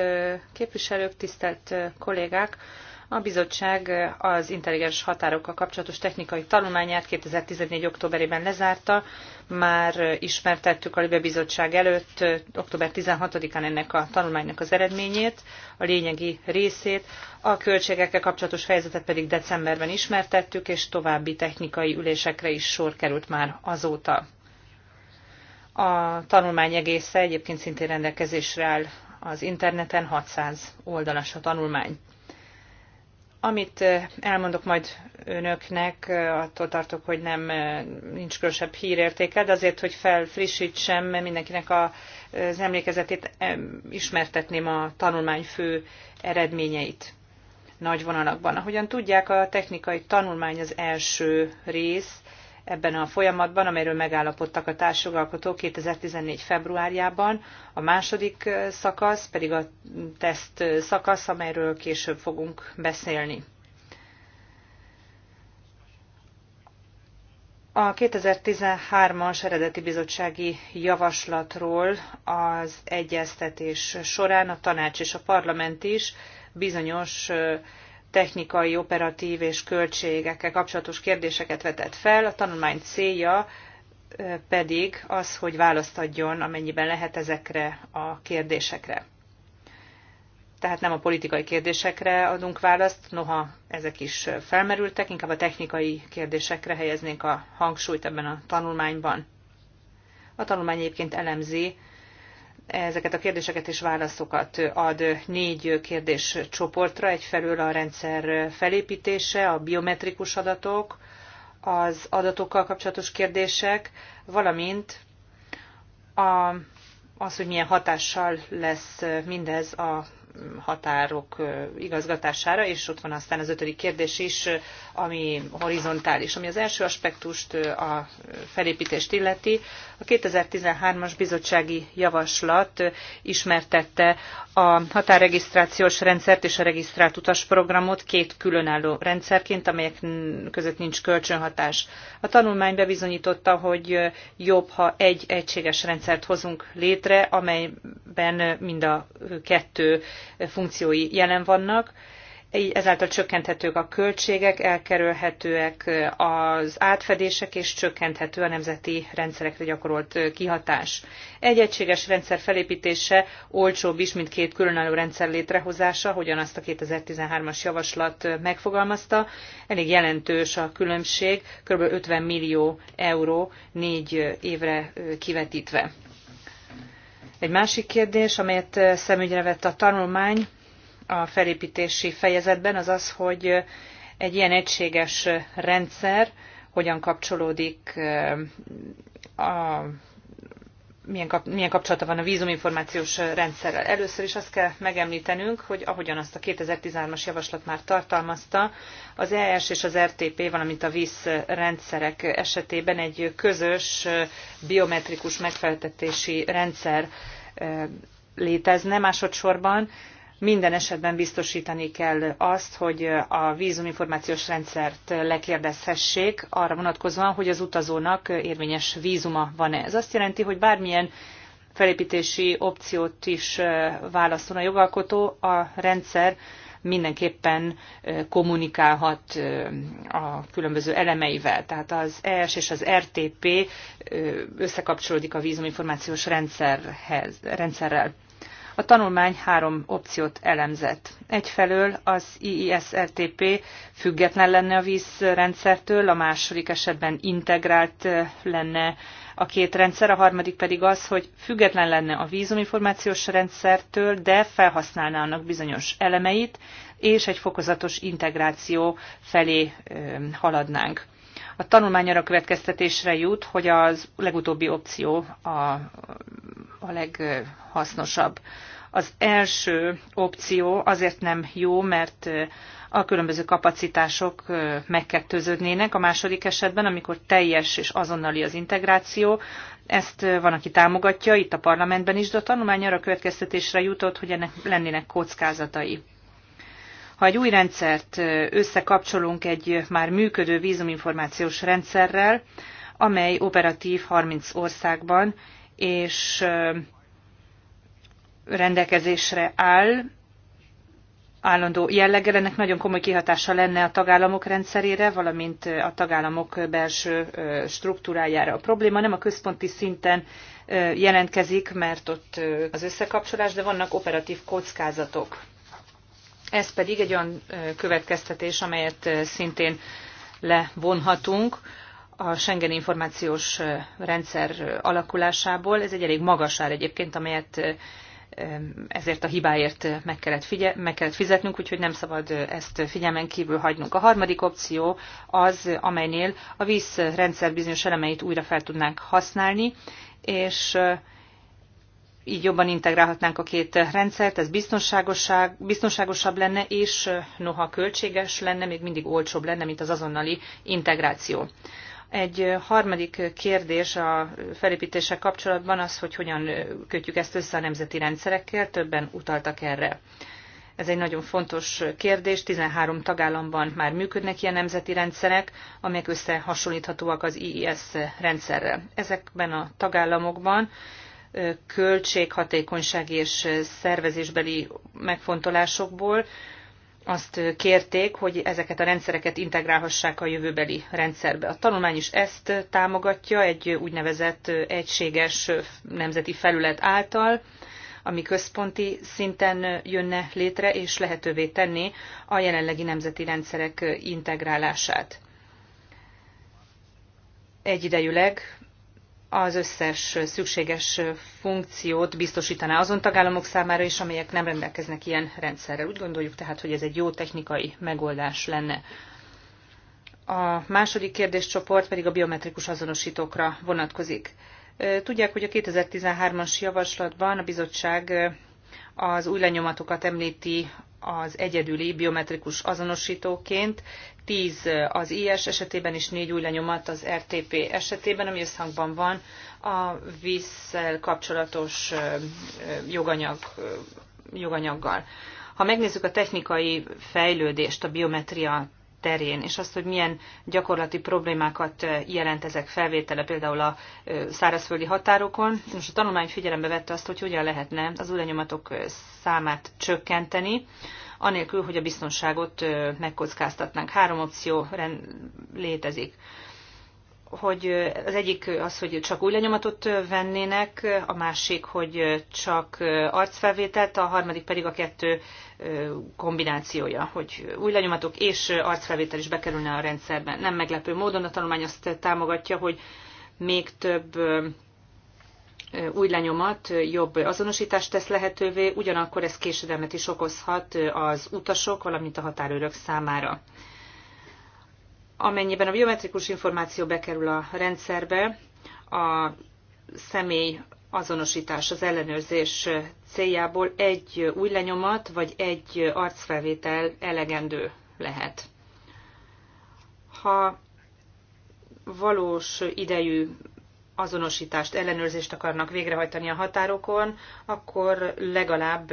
képviselők, tisztelt kollégák! A bizottság az intelligens határokkal kapcsolatos technikai tanulmányát 2014. októberében lezárta. Már ismertettük a Libe Bizottság előtt október 16-án ennek a tanulmánynak az eredményét, a lényegi részét. A költségekkel kapcsolatos fejezetet pedig decemberben ismertettük, és további technikai ülésekre is sor került már azóta. A tanulmány egésze egyébként szintén rendelkezésre áll az interneten 600 oldalas a tanulmány. Amit eh, elmondok majd önöknek, eh, attól tartok, hogy nem eh, nincs különösebb hírértéke, de azért, hogy felfrissítsem mindenkinek a, az emlékezetét, ismertetném a tanulmány fő eredményeit nagy vonalakban. Ahogyan tudják, a technikai tanulmány az első rész, ebben a folyamatban, amelyről megállapodtak a társjogalkotók 2014. februárjában. A második szakasz pedig a teszt szakasz, amelyről később fogunk beszélni. A 2013-as eredeti bizottsági javaslatról az egyeztetés során a tanács és a parlament is bizonyos technikai, operatív és költségekkel kapcsolatos kérdéseket vetett fel. A tanulmány célja pedig az, hogy választ adjon, amennyiben lehet ezekre a kérdésekre. Tehát nem a politikai kérdésekre adunk választ, noha ezek is felmerültek, inkább a technikai kérdésekre helyeznénk a hangsúlyt ebben a tanulmányban. A tanulmány egyébként elemzi ezeket a kérdéseket és válaszokat ad négy kérdéscsoportra. Egyfelől a rendszer felépítése, a biometrikus adatok, az adatokkal kapcsolatos kérdések, valamint a, az, hogy milyen hatással lesz mindez a határok igazgatására, és ott van aztán az ötödik kérdés is, ami horizontális. Ami az első aspektust, a felépítést illeti, a 2013-as bizottsági javaslat ismertette a határregisztrációs rendszert és a regisztrált utasprogramot két különálló rendszerként, amelyek között nincs kölcsönhatás. A tanulmány bebizonyította, hogy jobb, ha egy egységes rendszert hozunk létre, amelyben mind a kettő funkciói jelen vannak, így ezáltal csökkenthetők a költségek, elkerülhetőek az átfedések, és csökkenthető a nemzeti rendszerekre gyakorolt kihatás. Egy egységes rendszer felépítése olcsóbb is, mint két különálló rendszer létrehozása, hogyan azt a 2013-as javaslat megfogalmazta. Elég jelentős a különbség, kb. 50 millió euró négy évre kivetítve. Egy másik kérdés, amelyet szemügyre vett a tanulmány a felépítési fejezetben, az az, hogy egy ilyen egységes rendszer hogyan kapcsolódik a milyen, kap, milyen kapcsolata van a vízuminformációs rendszerrel. Először is azt kell megemlítenünk, hogy ahogyan azt a 2013-as javaslat már tartalmazta, az ES és az RTP, valamint a víz rendszerek esetében egy közös biometrikus megfeleltetési rendszer eh, létezne másodszorban, minden esetben biztosítani kell azt, hogy a vízuminformációs rendszert lekérdezhessék arra vonatkozóan, hogy az utazónak érvényes vízuma van-e. Ez azt jelenti, hogy bármilyen felépítési opciót is válaszol a jogalkotó, a rendszer mindenképpen kommunikálhat a különböző elemeivel. Tehát az ES és az RTP összekapcsolódik a vízuminformációs rendszerhez, rendszerrel. A tanulmány három opciót elemzett. Egyfelől az IISRTP független lenne a vízrendszertől, a második esetben integrált eh, lenne a két rendszer, a harmadik pedig az, hogy független lenne a vízuminformációs rendszertől, de felhasználná annak bizonyos elemeit, és egy fokozatos integráció felé eh, haladnánk. A tanulmány arra következtetésre jut, hogy az legutóbbi opció a, a leghasznosabb. Az első opció azért nem jó, mert a különböző kapacitások megkettőződnének. A második esetben, amikor teljes és azonnali az integráció, ezt van, aki támogatja, itt a parlamentben is, de a tanulmány arra következtetésre jutott, hogy ennek lennének kockázatai. Ha egy új rendszert összekapcsolunk egy már működő vízuminformációs rendszerrel, amely operatív 30 országban, és rendelkezésre áll, állandó jelleggel, ennek nagyon komoly kihatása lenne a tagállamok rendszerére, valamint a tagállamok belső struktúrájára. A probléma nem a központi szinten jelentkezik, mert ott az összekapcsolás, de vannak operatív kockázatok. Ez pedig egy olyan következtetés, amelyet szintén levonhatunk a Schengen információs rendszer alakulásából. Ez egy elég magas ár egyébként, amelyet ezért a hibáért meg kellett, figye- meg kellett fizetnünk, úgyhogy nem szabad ezt figyelmen kívül hagynunk. A harmadik opció az, amelynél a vízrendszer bizonyos elemeit újra fel tudnánk használni, és így jobban integrálhatnánk a két rendszert, ez biztonságosabb lenne, és noha költséges lenne, még mindig olcsóbb lenne, mint az azonnali integráció. Egy harmadik kérdés a felépítéssel kapcsolatban az, hogy hogyan kötjük ezt össze a nemzeti rendszerekkel, többen utaltak erre. Ez egy nagyon fontos kérdés. 13 tagállamban már működnek ilyen nemzeti rendszerek, amelyek összehasonlíthatóak az IIS e rendszerrel. Ezekben a tagállamokban költséghatékonysági és szervezésbeli megfontolásokból azt kérték, hogy ezeket a rendszereket integrálhassák a jövőbeli rendszerbe. A tanulmány is ezt támogatja egy úgynevezett egységes nemzeti felület által, ami központi szinten jönne létre, és lehetővé tenni a jelenlegi nemzeti rendszerek integrálását. Egyidejűleg az összes szükséges funkciót biztosítaná azon tagállamok számára is, amelyek nem rendelkeznek ilyen rendszerrel. Úgy gondoljuk tehát, hogy ez egy jó technikai megoldás lenne. A második kérdéscsoport pedig a biometrikus azonosítókra vonatkozik. Tudják, hogy a 2013-as javaslatban a bizottság az új lenyomatokat említi az egyedüli biometrikus azonosítóként, 10 az IS esetében és 4 új lenyomat az RTP esetében, ami összhangban van a vízzel kapcsolatos joganyag, joganyaggal. Ha megnézzük a technikai fejlődést a biometria terén, és azt, hogy milyen gyakorlati problémákat jelent ezek felvétele, például a szárazföldi határokon. Most a tanulmány figyelembe vette azt, hogy hogyan lehetne az ulenyomatok számát csökkenteni, anélkül, hogy a biztonságot megkockáztatnánk. Három opció létezik hogy az egyik az, hogy csak új lenyomatot vennének, a másik, hogy csak arcfelvételt, a harmadik pedig a kettő kombinációja, hogy új lenyomatok és arcfelvétel is bekerülne a rendszerbe. Nem meglepő módon a tanulmány azt támogatja, hogy még több új lenyomat jobb azonosítást tesz lehetővé, ugyanakkor ez késedelmet is okozhat az utasok, valamint a határőrök számára amennyiben a biometrikus információ bekerül a rendszerbe, a személy azonosítás az ellenőrzés céljából egy új lenyomat vagy egy arcfelvétel elegendő lehet. Ha valós idejű azonosítást, ellenőrzést akarnak végrehajtani a határokon, akkor legalább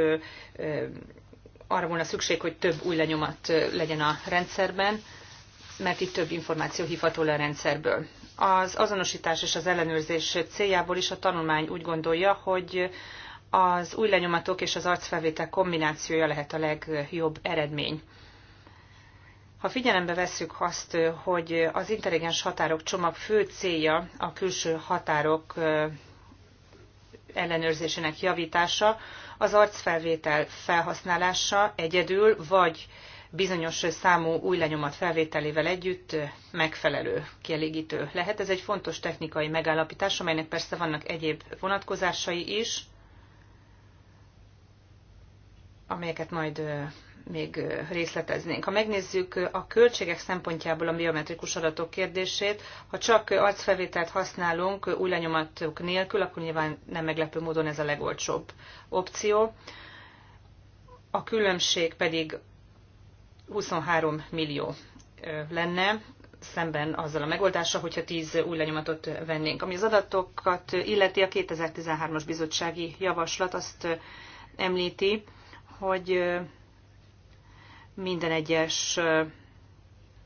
arra volna szükség, hogy több új lenyomat legyen a rendszerben, mert itt több információ hívható le a rendszerből. Az azonosítás és az ellenőrzés céljából is a tanulmány úgy gondolja, hogy az új lenyomatok és az arcfelvétel kombinációja lehet a legjobb eredmény. Ha figyelembe vesszük azt, hogy az intelligens határok csomag fő célja a külső határok ellenőrzésének javítása, az arcfelvétel felhasználása egyedül vagy bizonyos számú új lenyomat felvételével együtt megfelelő, kielégítő lehet. Ez egy fontos technikai megállapítás, amelynek persze vannak egyéb vonatkozásai is, amelyeket majd még részleteznénk. Ha megnézzük a költségek szempontjából a biometrikus adatok kérdését, ha csak arcfelvételt használunk új lenyomatok nélkül, akkor nyilván nem meglepő módon ez a legolcsóbb opció. A különbség pedig 23 millió lenne, szemben azzal a megoldással, hogyha 10 új lenyomatot vennénk. Ami az adatokat illeti, a 2013-as bizottsági javaslat azt említi, hogy minden egyes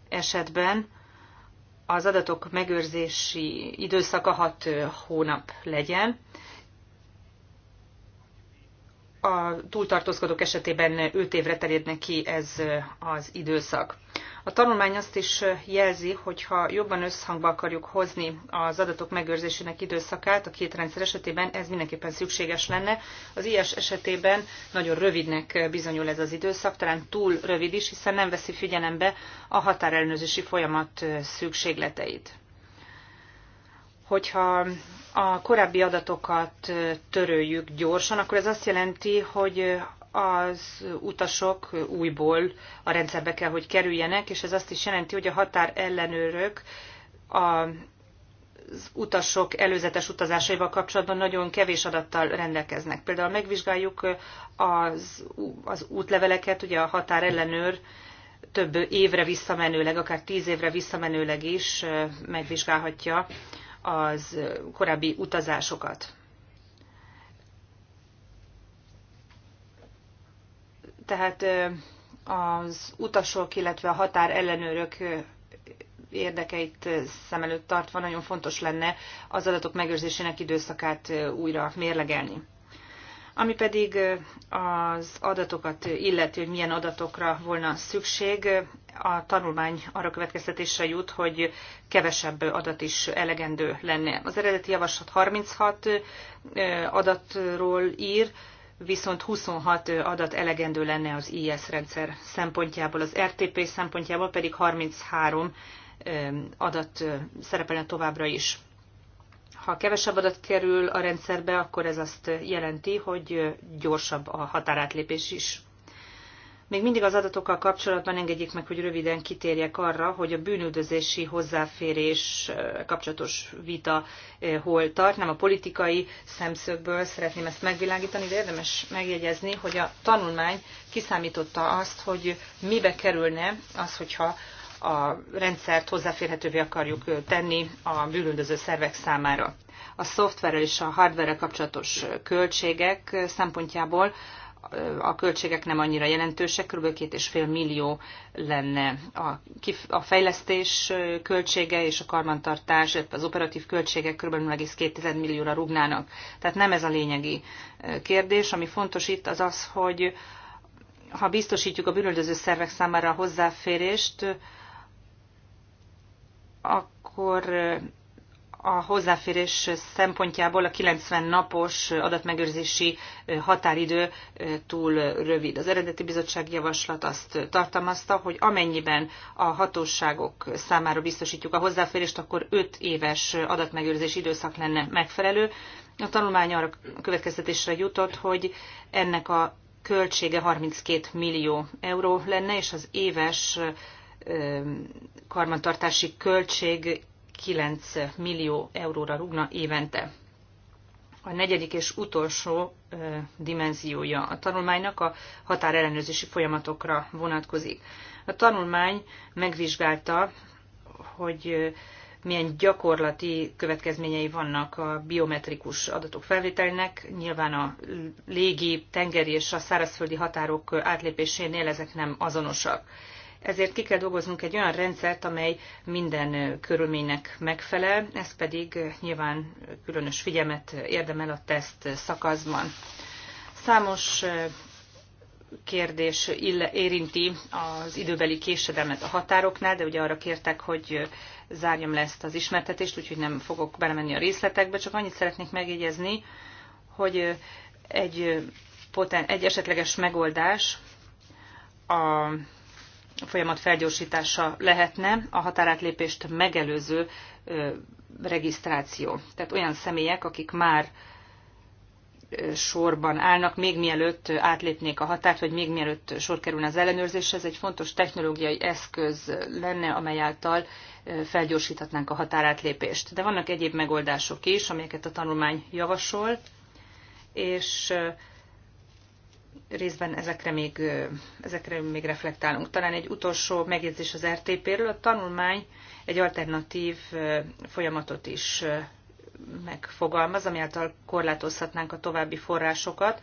esetben az adatok megőrzési időszaka 6 hónap legyen a túltartózkodók esetében 5 évre terjedne ki ez az időszak. A tanulmány azt is jelzi, hogy ha jobban összhangba akarjuk hozni az adatok megőrzésének időszakát, a két rendszer esetében ez mindenképpen szükséges lenne. Az ilyes esetében nagyon rövidnek bizonyul ez az időszak, talán túl rövid is, hiszen nem veszi figyelembe a határellenőrzési folyamat szükségleteit. Hogyha a korábbi adatokat töröljük gyorsan, akkor ez azt jelenti, hogy az utasok újból a rendszerbe kell, hogy kerüljenek, és ez azt is jelenti, hogy a határ ellenőrök a az utasok előzetes utazásaival kapcsolatban nagyon kevés adattal rendelkeznek. Például megvizsgáljuk az, az útleveleket, ugye a határellenőr több évre visszamenőleg, akár tíz évre visszamenőleg is megvizsgálhatja az korábbi utazásokat. Tehát az utasok, illetve a határ ellenőrök érdekeit szem előtt tartva nagyon fontos lenne az adatok megőrzésének időszakát újra mérlegelni. Ami pedig az adatokat illeti, hogy milyen adatokra volna szükség, a tanulmány arra következtetésre jut, hogy kevesebb adat is elegendő lenne. Az eredeti javaslat 36 adatról ír, viszont 26 adat elegendő lenne az IS rendszer szempontjából, az RTP szempontjából pedig 33 adat szerepelne továbbra is ha kevesebb adat kerül a rendszerbe, akkor ez azt jelenti, hogy gyorsabb a határátlépés is. Még mindig az adatokkal kapcsolatban engedjék meg, hogy röviden kitérjek arra, hogy a bűnüldözési hozzáférés eh, kapcsolatos vita eh, hol tart. Nem a politikai szemszögből szeretném ezt megvilágítani, de érdemes megjegyezni, hogy a tanulmány kiszámította azt, hogy mibe kerülne az, hogyha a rendszert hozzáférhetővé akarjuk tenni a bűnöldöző szervek számára. A szoftverrel és a hardverrel kapcsolatos költségek szempontjából a költségek nem annyira jelentősek, kb. 2,5 millió lenne a, kif- a fejlesztés költsége és a karmantartás, az operatív költségek kb. 0,2 millióra rugnának. Tehát nem ez a lényegi kérdés. Ami fontos itt az az, hogy ha biztosítjuk a bűnöldöző szervek számára a hozzáférést, akkor a hozzáférés szempontjából a 90 napos adatmegőrzési határidő túl rövid. Az eredeti bizottsági javaslat azt tartalmazta, hogy amennyiben a hatóságok számára biztosítjuk a hozzáférést, akkor 5 éves adatmegőrzési időszak lenne megfelelő. A tanulmány arra következtetésre jutott, hogy ennek a költsége 32 millió euró lenne, és az éves karmantartási költség 9 millió euróra rúgna évente. A negyedik és utolsó dimenziója a tanulmánynak a határellenőrzési folyamatokra vonatkozik. A tanulmány megvizsgálta, hogy milyen gyakorlati következményei vannak a biometrikus adatok felvételnek. Nyilván a légi, tengeri és a szárazföldi határok átlépésénél ezek nem azonosak ezért ki kell dolgoznunk egy olyan rendszert, amely minden körülménynek megfelel, ez pedig nyilván különös figyelmet érdemel a teszt szakaszban. Számos kérdés érinti az időbeli késedelmet a határoknál, de ugye arra kértek, hogy zárjam le ezt az ismertetést, úgyhogy nem fogok belemenni a részletekbe, csak annyit szeretnék megjegyezni, hogy egy, poten, egy esetleges megoldás a folyamat felgyorsítása lehetne a határátlépést megelőző regisztráció. Tehát olyan személyek, akik már sorban állnak, még mielőtt átlépnék a határt, vagy még mielőtt sor kerülne az ellenőrzéshez, egy fontos technológiai eszköz lenne, amely által felgyorsíthatnánk a határátlépést. De vannak egyéb megoldások is, amelyeket a tanulmány javasol, és részben ezekre még, ezekre még reflektálunk. Talán egy utolsó megjegyzés az RTP-ről. A tanulmány egy alternatív folyamatot is megfogalmaz, ami által korlátozhatnánk a további forrásokat,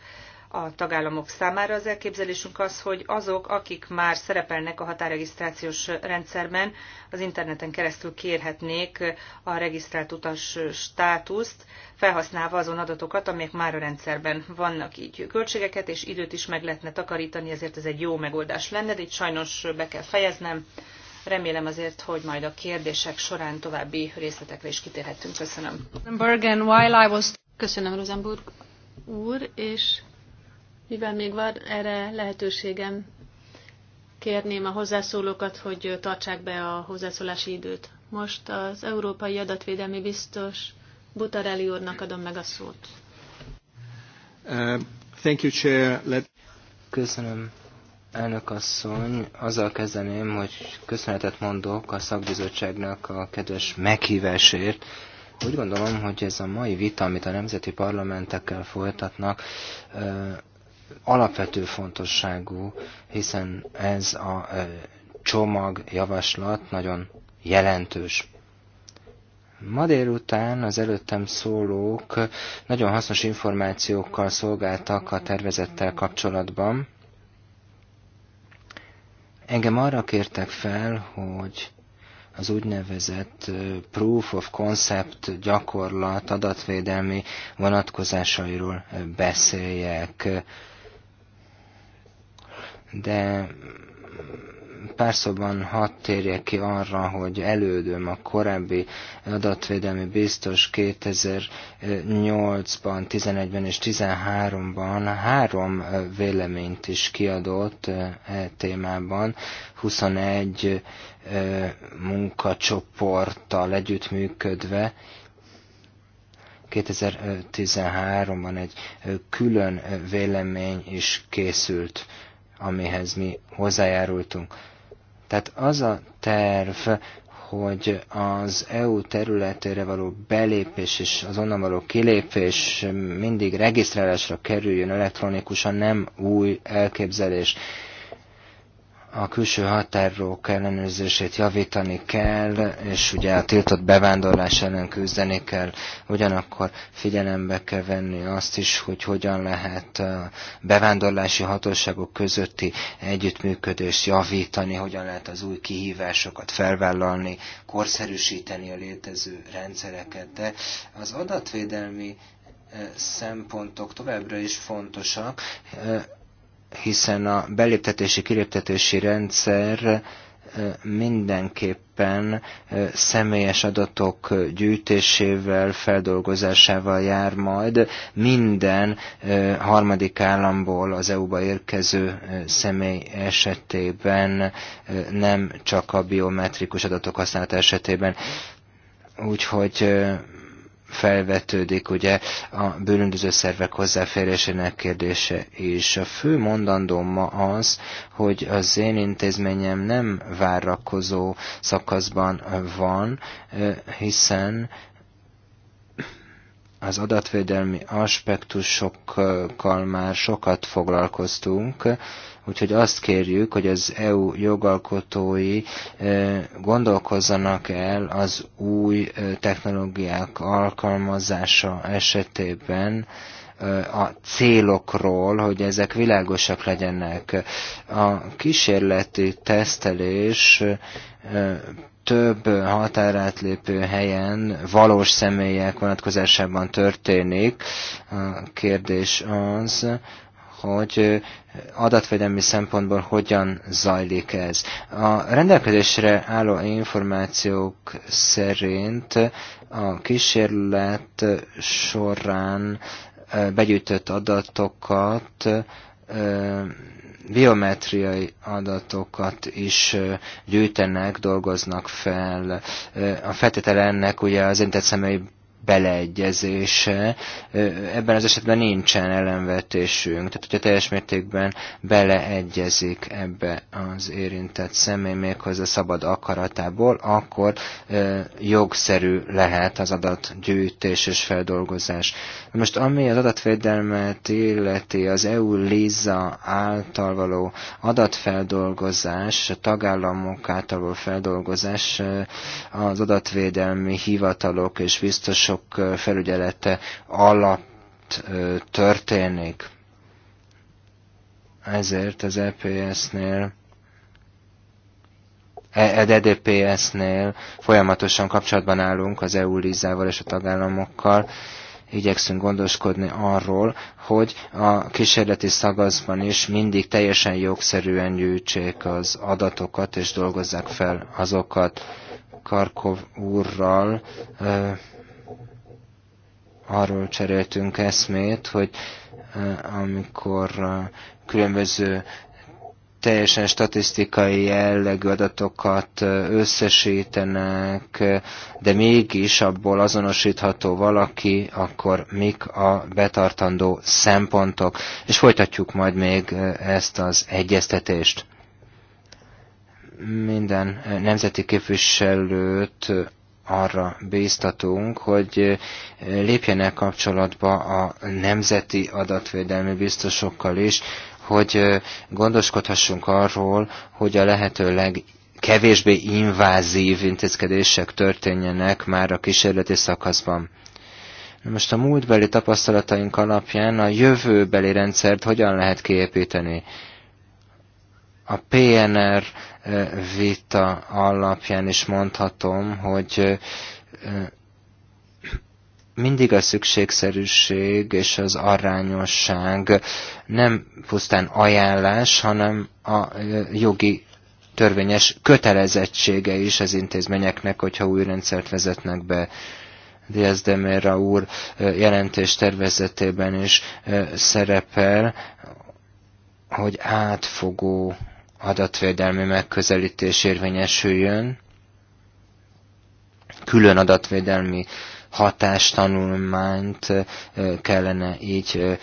a tagállamok számára. Az elképzelésünk az, hogy azok, akik már szerepelnek a határregisztrációs rendszerben, az interneten keresztül kérhetnék a regisztrált utas státuszt, felhasználva azon adatokat, amelyek már a rendszerben vannak így költségeket, és időt is meg lehetne takarítani, ezért ez egy jó megoldás lenne, de itt sajnos be kell fejeznem. Remélem azért, hogy majd a kérdések során további részletekre is kitérhetünk. Köszönöm. Köszönöm, Rosenburg úr, és mivel még van erre lehetőségem, kérném a hozzászólókat, hogy tartsák be a hozzászólási időt. Most az Európai Adatvédelmi Biztos Butarelli úrnak adom meg a szót. Uh, thank you, Chair. Let... Köszönöm, elnök asszony. Azzal kezdeném, hogy köszönetet mondok a szakbizottságnak a kedves meghívásért. Úgy gondolom, hogy ez a mai vita, amit a nemzeti parlamentekkel folytatnak, uh, alapvető fontosságú, hiszen ez a csomag javaslat nagyon jelentős. Ma délután az előttem szólók nagyon hasznos információkkal szolgáltak a tervezettel kapcsolatban. Engem arra kértek fel, hogy az úgynevezett proof of concept gyakorlat adatvédelmi vonatkozásairól beszéljek de pár szóban hadd térjek ki arra, hogy elődöm a korábbi adatvédelmi biztos 2008-ban, 11-ben és 13-ban három véleményt is kiadott e témában, 21 munkacsoporttal együttműködve, 2013-ban egy külön vélemény is készült amihez mi hozzájárultunk. Tehát az a terv, hogy az EU területére való belépés és az onnan való kilépés mindig regisztrálásra kerüljön elektronikusan, nem új elképzelés a külső határok ellenőrzését javítani kell, és ugye a tiltott bevándorlás ellen küzdeni kell, ugyanakkor figyelembe kell venni azt is, hogy hogyan lehet a bevándorlási hatóságok közötti együttműködést javítani, hogyan lehet az új kihívásokat felvállalni, korszerűsíteni a létező rendszereket, de az adatvédelmi eh, szempontok továbbra is fontosak, eh, hiszen a beléptetési-kiléptetési rendszer mindenképpen személyes adatok gyűjtésével, feldolgozásával jár majd minden harmadik államból az EU-ba érkező személy esetében, nem csak a biometrikus adatok használata esetében. Úgyhogy felvetődik ugye a bőröndöző szervek hozzáférésének kérdése is. A fő mondandóm ma az, hogy az én intézményem nem várakozó szakaszban van, hiszen az adatvédelmi aspektusokkal már sokat foglalkoztunk, Úgyhogy azt kérjük, hogy az EU jogalkotói e, gondolkozzanak el az új e, technológiák alkalmazása esetében, e, a célokról, hogy ezek világosak legyenek. A kísérleti tesztelés több határátlépő helyen valós személyek vonatkozásában történik. A kérdés az, hogy adatvédelmi szempontból hogyan zajlik ez. A rendelkezésre álló információk szerint a kísérlet során begyűjtött adatokat, biometriai adatokat is gyűjtenek, dolgoznak fel. A feltétele ennek ugye az intett személy beleegyezése, ebben az esetben nincsen ellenvetésünk. Tehát, hogyha teljes mértékben beleegyezik ebbe az érintett személy méghozzá szabad akaratából, akkor jogszerű lehet az adatgyűjtés és feldolgozás. Most ami az adatvédelmet illeti, az EU-LISA által való adatfeldolgozás, a tagállamok által való feldolgozás, az adatvédelmi hivatalok és biztosok források felügyelete alatt történik. Ezért az EPS-nél EDDPS-nél e folyamatosan kapcsolatban állunk az EU lízával és a tagállamokkal, igyekszünk gondoskodni arról, hogy a kísérleti szagazban is mindig teljesen jogszerűen gyűjtsék az adatokat és dolgozzák fel azokat. Karkov úrral arról cseréltünk eszmét, hogy amikor különböző teljesen statisztikai jellegű adatokat összesítenek, de mégis abból azonosítható valaki, akkor mik a betartandó szempontok. És folytatjuk majd még ezt az egyeztetést. Minden nemzeti képviselőt arra bíztatunk, hogy eh, lépjenek kapcsolatba a nemzeti adatvédelmi biztosokkal is, hogy eh, gondoskodhassunk arról, hogy a lehető legkevésbé invázív intézkedések történjenek már a kísérleti szakaszban. Most a múltbeli tapasztalataink alapján a jövőbeli rendszert hogyan lehet kiépíteni? A PNR vita alapján is mondhatom, hogy mindig a szükségszerűség és az arányosság nem pusztán ajánlás, hanem a jogi törvényes kötelezettsége is az intézményeknek, hogyha új rendszert vezetnek be. Diaz de Mera úr jelentés tervezetében is szerepel, hogy átfogó adatvédelmi megközelítés érvényesüljön, külön adatvédelmi hatástanulmányt kellene így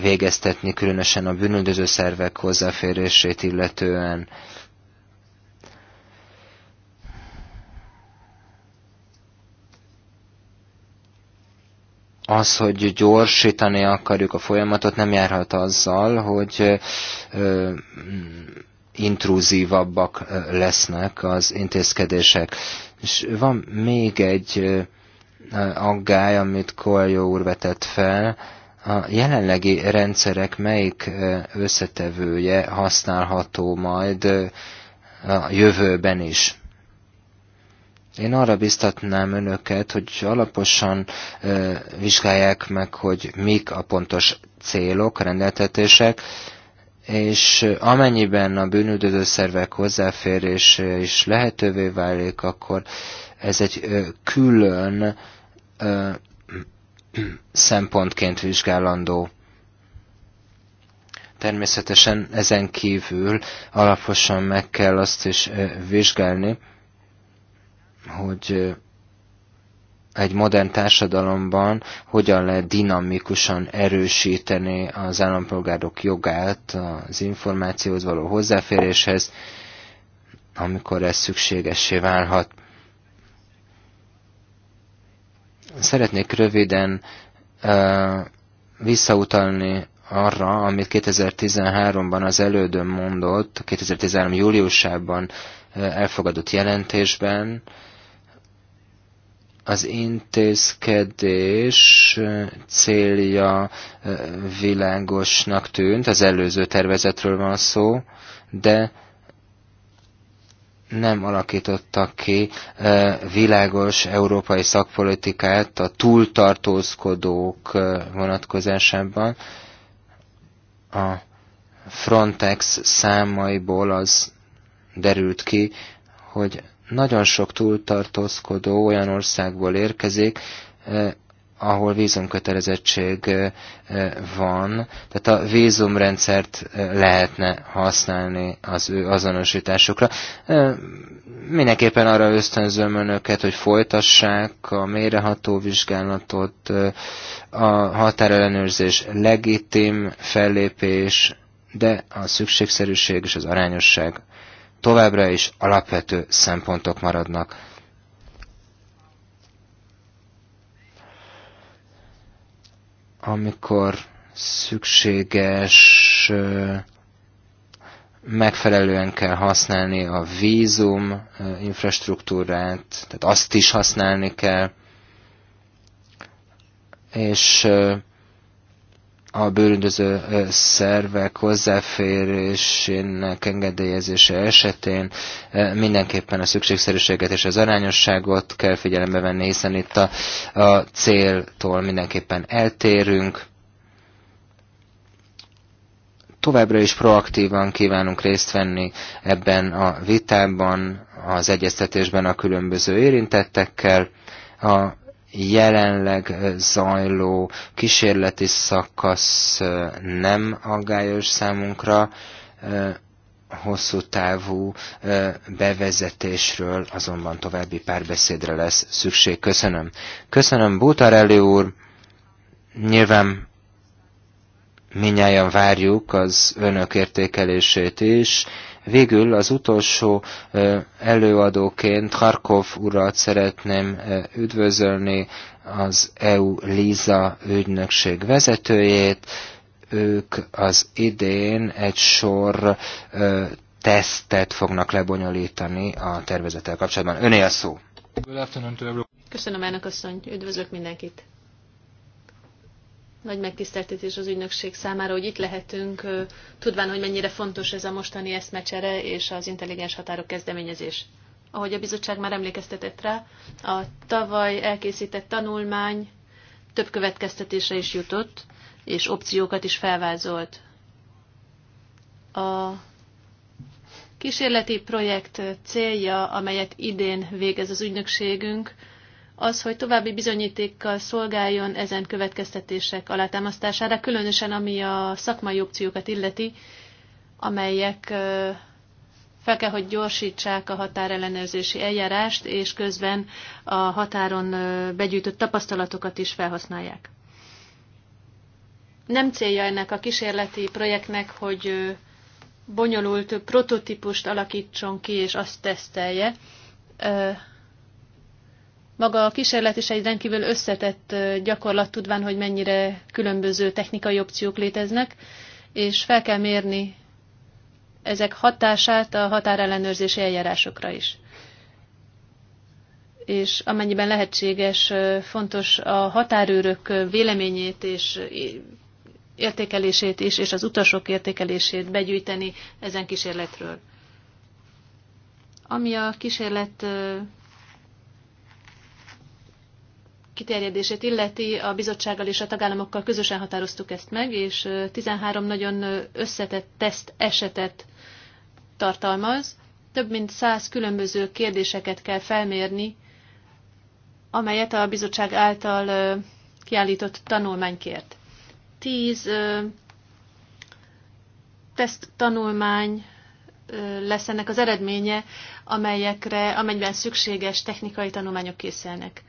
végeztetni, különösen a bűnöldöző szervek hozzáférését illetően. az, hogy gyorsítani akarjuk a folyamatot, nem járhat azzal, hogy intrúzívabbak lesznek az intézkedések. És van még egy aggály, amit Koaljó úr vetett fel, a jelenlegi rendszerek melyik összetevője használható majd a jövőben is. Én arra biztatnám önöket, hogy alaposan vizsgálják meg, hogy mik a pontos célok, rendeltetések, és amennyiben a bűnüldöző szervek hozzáférés is lehetővé válik, akkor ez egy külön szempontként vizsgálandó. Természetesen ezen kívül alaposan meg kell azt is vizsgálni, hogy egy modern társadalomban hogyan lehet dinamikusan erősíteni az állampolgárok jogát az információhoz való hozzáféréshez, amikor ez szükségessé válhat. Szeretnék röviden uh, visszautalni arra, amit 2013-ban az elődöm mondott, 2013. júliusában elfogadott jelentésben, az intézkedés célja világosnak tűnt, az előző tervezetről van szó, de nem alakítottak ki világos európai szakpolitikát a túltartózkodók vonatkozásában. A Frontex számaiból az derült ki, hogy nagyon sok túltartózkodó olyan országból érkezik, eh, ahol vízumkötelezettség eh, eh, van, tehát a vízumrendszert lehetne használni az ő azonosításukra. Mindenképpen arra ösztönzöm önöket, hogy folytassák a méreható vizsgálatot, a határellenőrzés legitim fellépés, de a szükségszerűség és az arányosság továbbra is alapvető szempontok maradnak. Amikor szükséges, megfelelően kell használni a vízum infrastruktúrát, tehát azt is használni kell, és a bőröndöző szervek hozzáférésének engedélyezése esetén mindenképpen a szükségszerűséget és az arányosságot kell figyelembe venni, hiszen itt a, a céltól mindenképpen eltérünk. Továbbra is proaktívan kívánunk részt venni ebben a vitában, az egyeztetésben a különböző érintettekkel. A jelenleg zajló kísérleti szakasz nem aggályos számunkra, hosszú távú bevezetésről azonban további párbeszédre lesz szükség. Köszönöm. Köszönöm, Bútarelli úr. Nyilván minnyáján várjuk az önök értékelését is. Végül az utolsó előadóként Harkov urat szeretném üdvözölni, az eu Liza ügynökség vezetőjét. Ők az idén egy sor tesztet fognak lebonyolítani a tervezettel kapcsolatban. Öné a szó! Köszönöm, elnök asszony! Üdvözlök mindenkit! Nagy megtiszteltetés az ügynökség számára, hogy itt lehetünk, tudván, hogy mennyire fontos ez a mostani eszmecsere és az intelligens határok kezdeményezés. Ahogy a bizottság már emlékeztetett rá, a tavaly elkészített tanulmány több következtetése is jutott, és opciókat is felvázolt. A kísérleti projekt célja, amelyet idén végez az ügynökségünk, az, hogy további bizonyítékkal szolgáljon ezen következtetések alátámasztására, különösen ami a szakmai opciókat illeti, amelyek fel kell, hogy gyorsítsák a határellenőrzési eljárást, és közben a határon begyűjtött tapasztalatokat is felhasználják. Nem célja ennek a kísérleti projektnek, hogy bonyolult prototípust alakítson ki, és azt tesztelje, maga a kísérlet is egy rendkívül összetett gyakorlat, tudván, hogy mennyire különböző technikai opciók léteznek, és fel kell mérni ezek hatását a határellenőrzési eljárásokra is. És amennyiben lehetséges, fontos a határőrök véleményét és értékelését is, és az utasok értékelését begyűjteni ezen kísérletről. Ami a kísérlet kiterjedését illeti, a bizottsággal és a tagállamokkal közösen határoztuk ezt meg, és 13 nagyon összetett teszt esetet tartalmaz. Több mint 100 különböző kérdéseket kell felmérni, amelyet a bizottság által kiállított tanulmány kért. 10 teszt tanulmány lesz ennek az eredménye, amelyekre, amelyben szükséges technikai tanulmányok készülnek.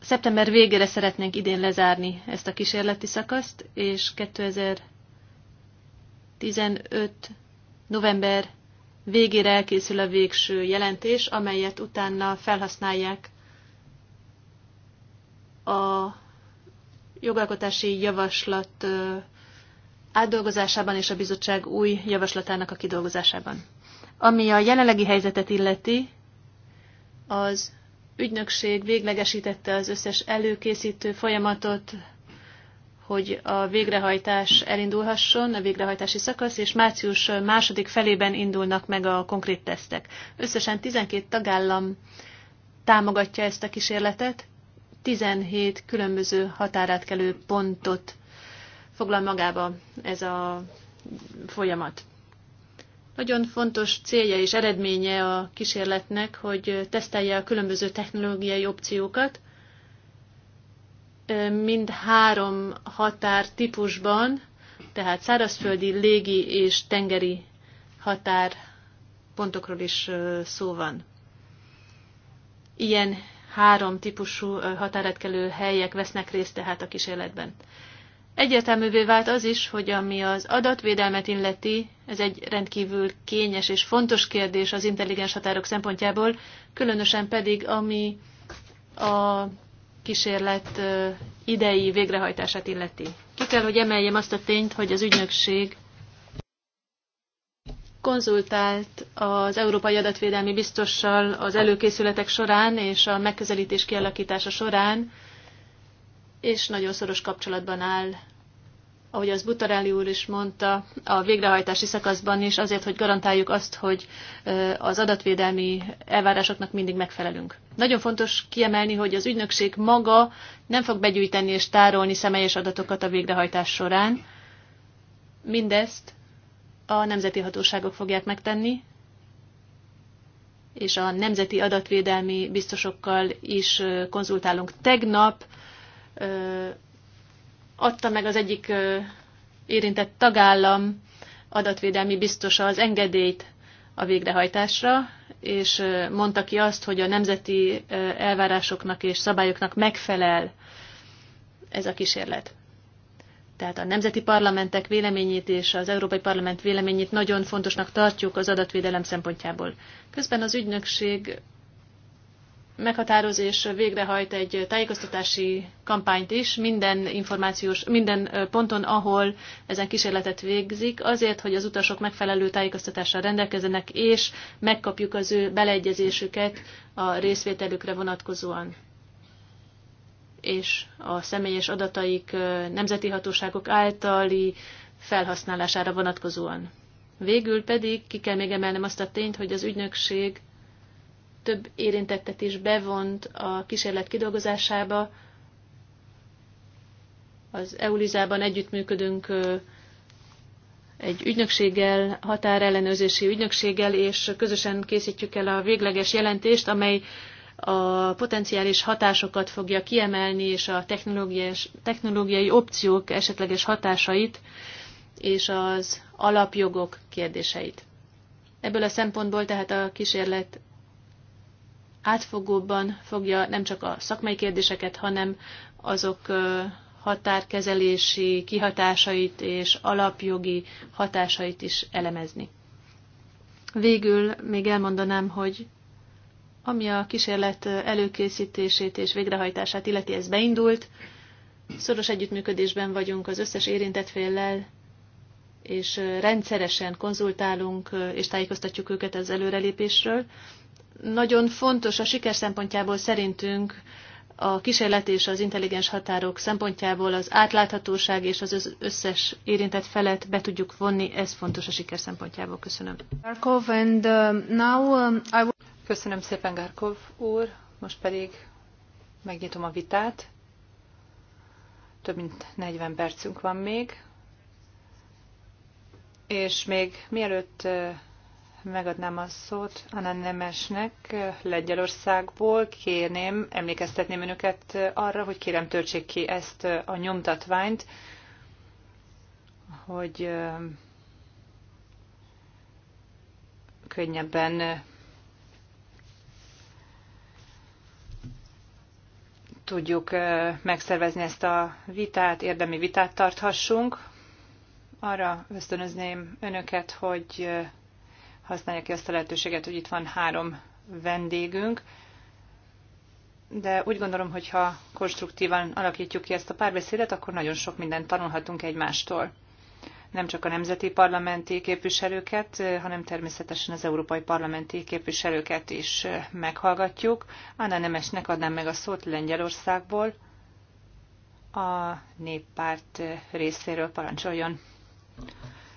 Szeptember végére szeretnénk idén lezárni ezt a kísérleti szakaszt, és 2015. november végére elkészül a végső jelentés, amelyet utána felhasználják a jogalkotási javaslat átdolgozásában és a bizottság új javaslatának a kidolgozásában. Ami a jelenlegi helyzetet illeti, az ügynökség véglegesítette az összes előkészítő folyamatot, hogy a végrehajtás elindulhasson, a végrehajtási szakasz, és március második felében indulnak meg a konkrét tesztek. Összesen 12 tagállam támogatja ezt a kísérletet, 17 különböző határátkelő pontot foglal magába ez a folyamat. Nagyon fontos célja és eredménye a kísérletnek, hogy tesztelje a különböző technológiai opciókat, mind három határ típusban, tehát szárazföldi, légi és tengeri határ pontokról is szó van. Ilyen három típusú határátkelő helyek vesznek részt tehát a kísérletben. Egyértelművé vált az is, hogy ami az adatvédelmet illeti, ez egy rendkívül kényes és fontos kérdés az intelligens határok szempontjából, különösen pedig ami a kísérlet idei végrehajtását illeti. Ki kell, hogy emeljem azt a tényt, hogy az ügynökség konzultált az Európai Adatvédelmi Biztossal az előkészületek során és a megközelítés kialakítása során, és nagyon szoros kapcsolatban áll ahogy az Butarelli úr is mondta, a végrehajtási szakaszban is azért, hogy garantáljuk azt, hogy az adatvédelmi elvárásoknak mindig megfelelünk. Nagyon fontos kiemelni, hogy az ügynökség maga nem fog begyűjteni és tárolni személyes adatokat a végrehajtás során. Mindezt a nemzeti hatóságok fogják megtenni, és a nemzeti adatvédelmi biztosokkal is konzultálunk. Tegnap adta meg az egyik érintett tagállam adatvédelmi biztosa az engedélyt a végrehajtásra, és mondta ki azt, hogy a nemzeti elvárásoknak és szabályoknak megfelel ez a kísérlet. Tehát a nemzeti parlamentek véleményét és az Európai Parlament véleményét nagyon fontosnak tartjuk az adatvédelem szempontjából. Közben az ügynökség meghatároz és végrehajt egy tájékoztatási kampányt is minden információs, minden ponton, ahol ezen kísérletet végzik, azért, hogy az utasok megfelelő tájékoztatással rendelkezzenek, és megkapjuk az ő beleegyezésüket a részvételükre vonatkozóan és a személyes adataik nemzeti hatóságok általi felhasználására vonatkozóan. Végül pedig ki kell még emelnem azt a tényt, hogy az ügynökség több érintettet is bevont a kísérlet kidolgozásába. Az EULIZában együttműködünk egy ügynökséggel, határellenőrzési ügynökséggel, és közösen készítjük el a végleges jelentést, amely a potenciális hatásokat fogja kiemelni, és a technológiai opciók esetleges hatásait, és az alapjogok kérdéseit. Ebből a szempontból tehát a kísérlet átfogóban fogja nem csak a szakmai kérdéseket, hanem azok határkezelési kihatásait és alapjogi hatásait is elemezni. Végül még elmondanám, hogy ami a kísérlet előkészítését és végrehajtását illeti, ez beindult. Szoros együttműködésben vagyunk az összes érintett féllel, és rendszeresen konzultálunk és tájékoztatjuk őket az előrelépésről nagyon fontos a siker szempontjából szerintünk a kísérlet és az intelligens határok szempontjából az átláthatóság és az összes érintett felet be tudjuk vonni, ez fontos a siker szempontjából. Köszönöm. and, uh, now, um, I... Köszönöm szépen, Garkov úr. Most pedig megnyitom a vitát. Több mint 40 percünk van még. És még mielőtt uh, megadnám a szót Anna Nemesnek Lengyelországból. Kérném, emlékeztetném önöket arra, hogy kérem töltsék ki ezt a nyomtatványt, hogy könnyebben tudjuk megszervezni ezt a vitát, érdemi vitát tarthassunk. Arra ösztönözném önöket, hogy használja ki azt a lehetőséget, hogy itt van három vendégünk. De úgy gondolom, hogy ha konstruktívan alakítjuk ki ezt a párbeszédet, akkor nagyon sok mindent tanulhatunk egymástól. Nem csak a nemzeti parlamenti képviselőket, hanem természetesen az európai parlamenti képviselőket is meghallgatjuk. Anna Nemesnek adnám meg a szót Lengyelországból a néppárt részéről parancsoljon.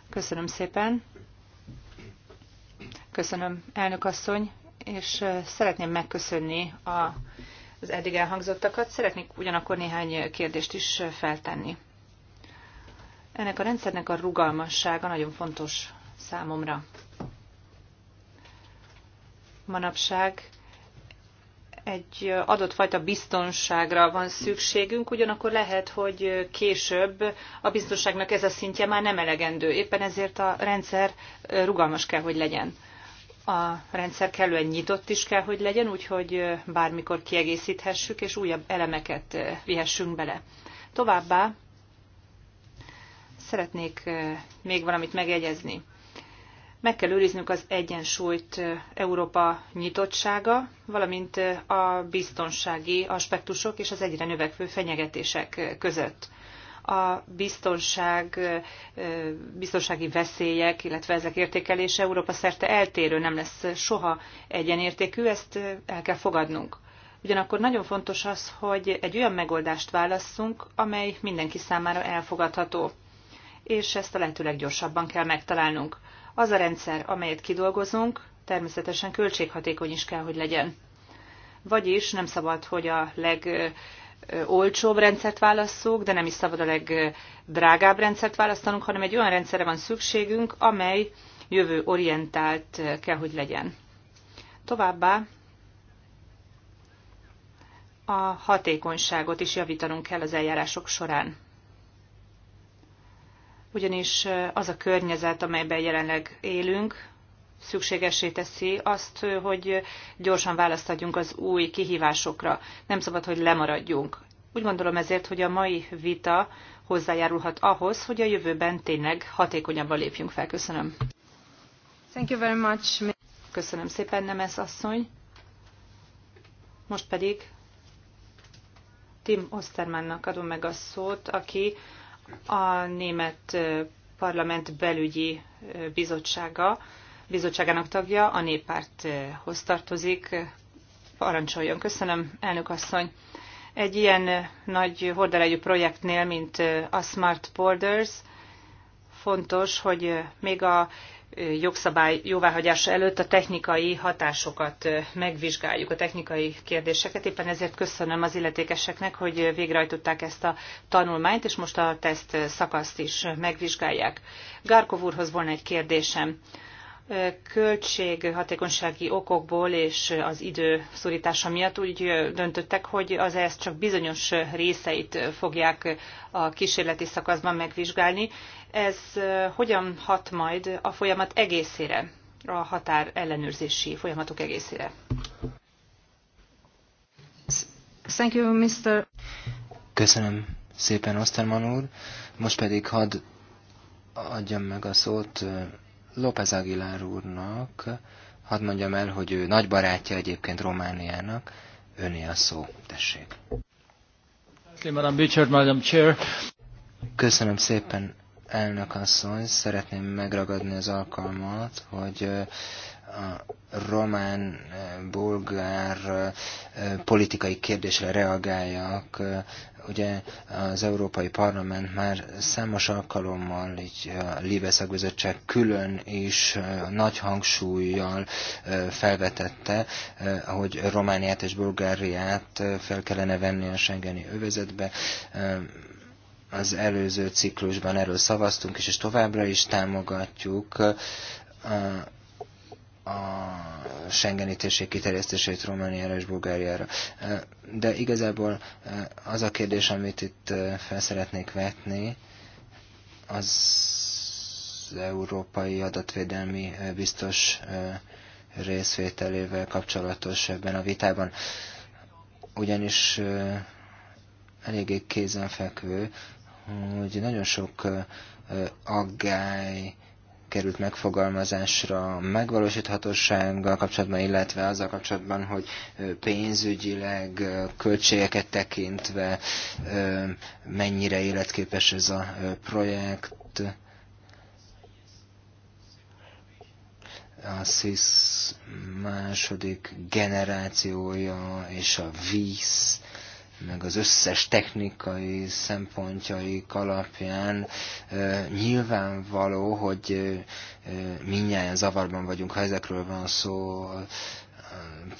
Köszönöm szépen. Köszönöm, elnök asszony, és szeretném megköszönni a, az eddig elhangzottakat. Szeretnék ugyanakkor néhány kérdést is feltenni. Ennek a rendszernek a rugalmassága nagyon fontos számomra. Manapság egy adott fajta biztonságra van szükségünk, ugyanakkor lehet, hogy később a biztonságnak ez a szintje már nem elegendő. Éppen ezért a rendszer rugalmas kell, hogy legyen. A rendszer kellően nyitott is kell, hogy legyen, úgyhogy bármikor kiegészíthessük, és újabb elemeket vihessünk bele. Továbbá szeretnék még valamit megjegyezni. Meg kell őriznünk az egyensúlyt Európa nyitottsága, valamint a biztonsági aspektusok és az egyre növekvő fenyegetések között a biztonság, biztonsági veszélyek, illetve ezek értékelése Európa szerte eltérő, nem lesz soha egyenértékű, ezt el kell fogadnunk. Ugyanakkor nagyon fontos az, hogy egy olyan megoldást válasszunk, amely mindenki számára elfogadható, és ezt a lehető leggyorsabban kell megtalálnunk. Az a rendszer, amelyet kidolgozunk, természetesen költséghatékony is kell, hogy legyen. Vagyis nem szabad, hogy a legolcsóbb rendszert válasszuk, de nem is szabad a legdrágább rendszert választanunk, hanem egy olyan rendszerre van szükségünk, amely jövőorientált kell, hogy legyen. Továbbá a hatékonyságot is javítanunk kell az eljárások során ugyanis az a környezet, amelyben jelenleg élünk, szükségesé teszi azt, hogy gyorsan választ adjunk az új kihívásokra. Nem szabad, hogy lemaradjunk. Úgy gondolom ezért, hogy a mai vita hozzájárulhat ahhoz, hogy a jövőben tényleg hatékonyabban lépjünk fel. Köszönöm. Thank you very much. Köszönöm szépen, Nemes asszony. Most pedig Tim Ostermannak adom meg a szót, aki a német parlament belügyi bizottsága, bizottságának tagja, a néppárthoz tartozik. Parancsoljon, köszönöm, elnök asszony. Egy ilyen nagy hordalegyű projektnél, mint a Smart Borders, fontos, hogy még a jogszabály jóváhagyása előtt a technikai hatásokat megvizsgáljuk, a technikai kérdéseket. Éppen ezért köszönöm az illetékeseknek, hogy végrehajtották ezt a tanulmányt, és most a teszt szakaszt is megvizsgálják. Gárkov úrhoz volna egy kérdésem költséghatékonysági okokból és az idő szorítása miatt úgy döntöttek, hogy az ESZ csak bizonyos részeit fogják a kísérleti szakaszban megvizsgálni. Ez hogyan hat majd a folyamat egészére, a határ ellenőrzési folyamatok egészére? Thank you, Mr. Köszönöm szépen, Osterman úr. Most pedig hadd adjam meg a szót López Aguilar úrnak, hadd mondjam el, hogy ő nagy barátja egyébként Romániának, öné a szó, tessék. Köszönöm szépen, elnök asszony, szeretném megragadni az alkalmat, hogy a román, e, bulgár e, politikai kérdésre reagáljak. E, ugye az Európai Parlament már számos alkalommal, így a Libe szakbizottság külön is nagy hangsúlyjal felvetette, hogy Romániát és Bulgáriát fel kellene venni a Schengeni övezetbe az előző ciklusban erről szavaztunk, és, és továbbra is támogatjuk a Schengen kiterjesztését Romániára és Bulgáriára. De igazából az a kérdés, amit itt fel szeretnék vetni, az európai adatvédelmi biztos részvételével kapcsolatos ebben a vitában. Ugyanis eléggé kézenfekvő, hogy nagyon sok aggály került megfogalmazásra a megvalósíthatósággal kapcsolatban, illetve azzal kapcsolatban, hogy pénzügyileg, költségeket tekintve mennyire életképes ez a projekt. A SIS második generációja és a víz meg az összes technikai szempontjaik alapján e, nyilvánvaló, hogy e, minnyáján zavarban vagyunk, ha ezekről van szó,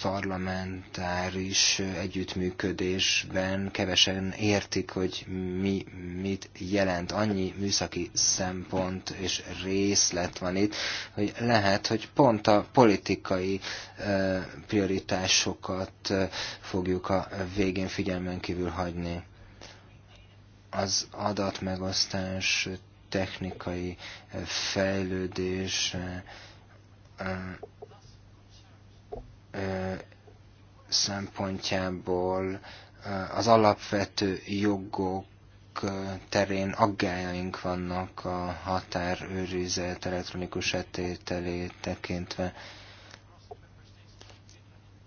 parlamentáris együttműködésben kevesen értik, hogy mi mit jelent. Annyi műszaki szempont és részlet van itt, hogy lehet, hogy pont a politikai prioritásokat fogjuk a végén figyelmen kívül hagyni. Az adatmegosztás technikai fejlődés szempontjából az alapvető jogok terén aggájaink vannak a határőrizet elektronikus etételét tekintve.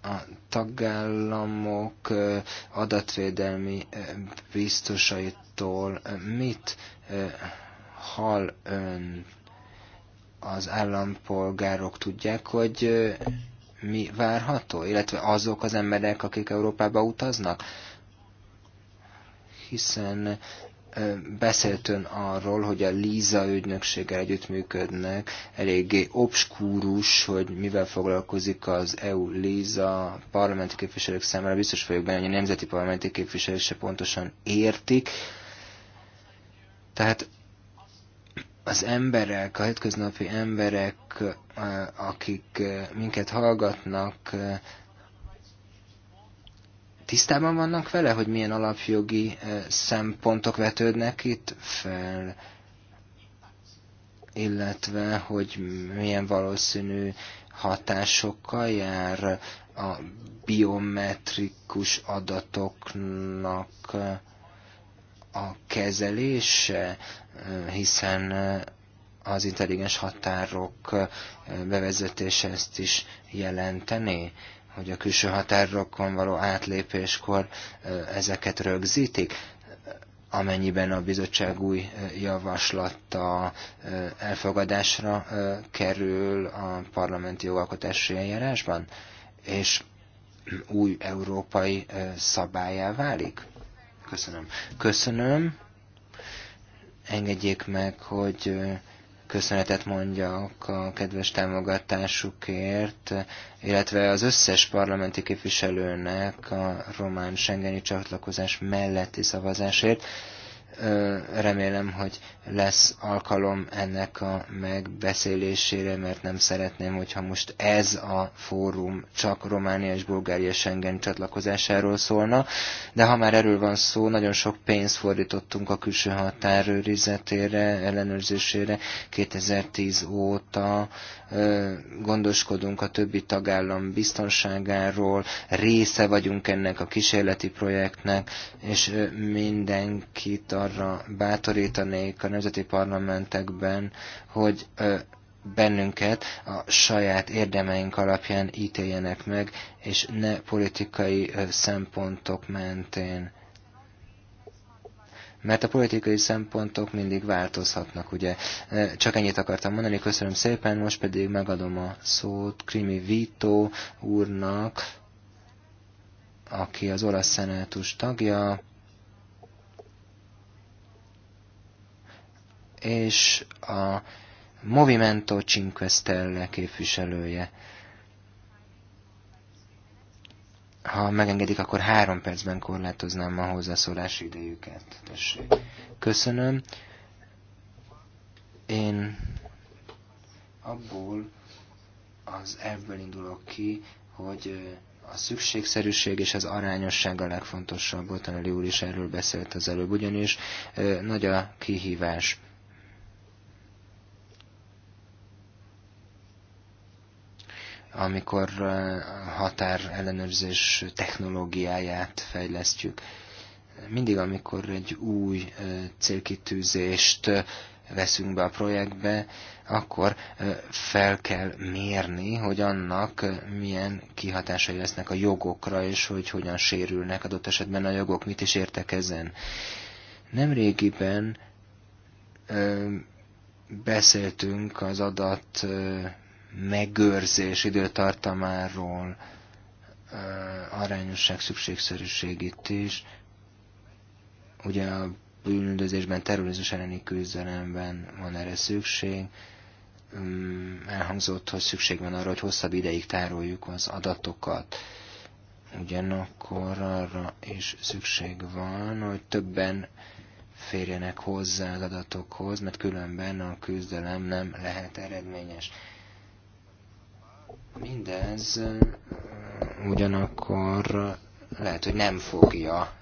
A tagállamok adatvédelmi biztosaitól mit hal ön? Az állampolgárok tudják, hogy mi várható, illetve azok az emberek, akik Európába utaznak? Hiszen beszélt ön arról, hogy a Líza ügynökséggel együttműködnek, eléggé obskúrus, hogy mivel foglalkozik az EU Líza parlamenti képviselők számára, biztos vagyok benne, hogy a nemzeti parlamenti képviselők se pontosan értik. Tehát az emberek, a hétköznapi emberek, eh, akik eh, minket hallgatnak, eh, tisztában vannak vele, hogy milyen alapjogi szempontok vetődnek itt fel, illetve hogy milyen valószínű hatásokkal jár a biometrikus adatoknak a kezelése, hiszen az intelligens határok bevezetése ezt is jelenteni, hogy a külső határokon való átlépéskor ezeket rögzítik, amennyiben a bizottság új javaslata elfogadásra kerül a parlamenti jogalkotási eljárásban, és új európai szabályá válik. Köszönöm. Köszönöm. Engedjék meg, hogy köszönetet mondjak a kedves támogatásukért, illetve az összes parlamenti képviselőnek a román Schengeni csatlakozás melletti szavazásért. Remélem, hogy lesz alkalom ennek a megbeszélésére, mert nem szeretném, hogyha most ez a fórum csak Románia és Bulgária Schengen csatlakozásáról szólna, de ha már erről van szó, nagyon sok pénzt fordítottunk a külső határőrizetére, ellenőrzésére 2010 óta gondoskodunk a többi tagállam biztonságáról, része vagyunk ennek a kísérleti projektnek, és mindenkit arra bátorítanék a nemzeti parlamentekben, hogy bennünket a saját érdemeink alapján ítéljenek meg, és ne politikai szempontok mentén mert a politikai szempontok mindig változhatnak, ugye. Csak ennyit akartam mondani, köszönöm szépen, most pedig megadom a szót Krimi Vito úrnak, aki az olasz szenátus tagja, és a Movimento Cinque Stelle képviselője. Ha megengedik, akkor három percben korlátoznám a hozzászólási idejüket. Tessék. Köszönöm. Én abból az ebből indulok ki, hogy a szükségszerűség és az arányosság a legfontosabb, volt a úr is erről beszélt az előbb, ugyanis nagy a kihívás. amikor határellenőrzés technológiáját fejlesztjük. Mindig, amikor egy új célkitűzést veszünk be a projektbe, akkor fel kell mérni, hogy annak milyen kihatásai lesznek a jogokra, és hogy hogyan sérülnek adott esetben a jogok, mit is értek ezen. Nemrégiben beszéltünk az adat megőrzés időtartamáról, arányosság, szükségszerűség itt is. Ugye a bűnöldözésben, terrorizmus elleni küzdelemben van erre szükség. Mm, elhangzott, hogy szükség van arra, hogy hosszabb ideig tároljuk az adatokat. Ugyanakkor arra is szükség van, hogy többen férjenek hozzá az adatokhoz, mert különben a küzdelem nem lehet eredményes. Mindez ugyanakkor lehet, hogy nem fogja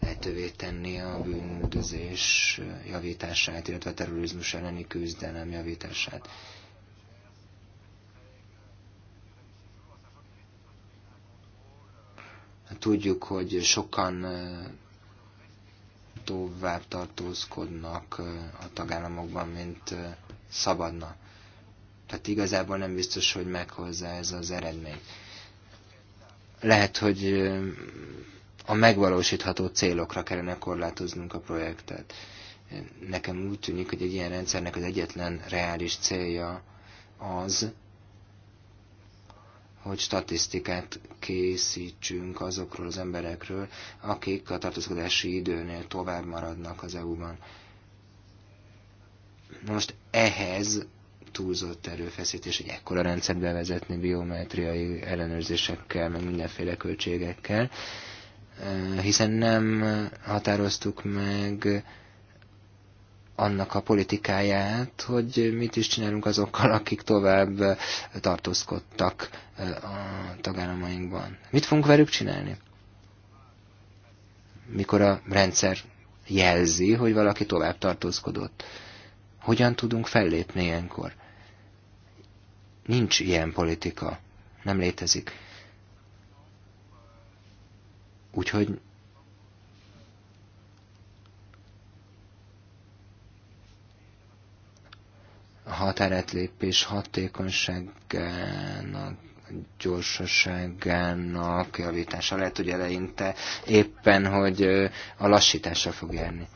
lehetővé tenni a bűnözés javítását, illetve a terrorizmus elleni küzdelem javítását. Tudjuk, hogy sokan tovább tartózkodnak a tagállamokban, mint szabadna. Tehát igazából nem biztos, hogy meghozza ez az eredmény. Lehet, hogy a megvalósítható célokra kellene korlátoznunk a projektet. Nekem úgy tűnik, hogy egy ilyen rendszernek az egyetlen reális célja az, hogy statisztikát készítsünk azokról az emberekről, akik a tartózkodási időnél tovább maradnak az EU-ban. Most ehhez túlzott erőfeszítés, hogy ekkora rendszert bevezetni biometriai ellenőrzésekkel, meg mindenféle költségekkel, hiszen nem határoztuk meg annak a politikáját, hogy mit is csinálunk azokkal, akik tovább tartózkodtak a tagállamainkban. Mit fogunk velük csinálni? Mikor a rendszer jelzi, hogy valaki tovább tartózkodott. Hogyan tudunk fellépni ilyenkor? Nincs ilyen politika. Nem létezik. Úgyhogy a határátlépés hatékonyságának gyorsaságának javítása. Lehet, hogy eleinte éppen, hogy a lassításra fog járni.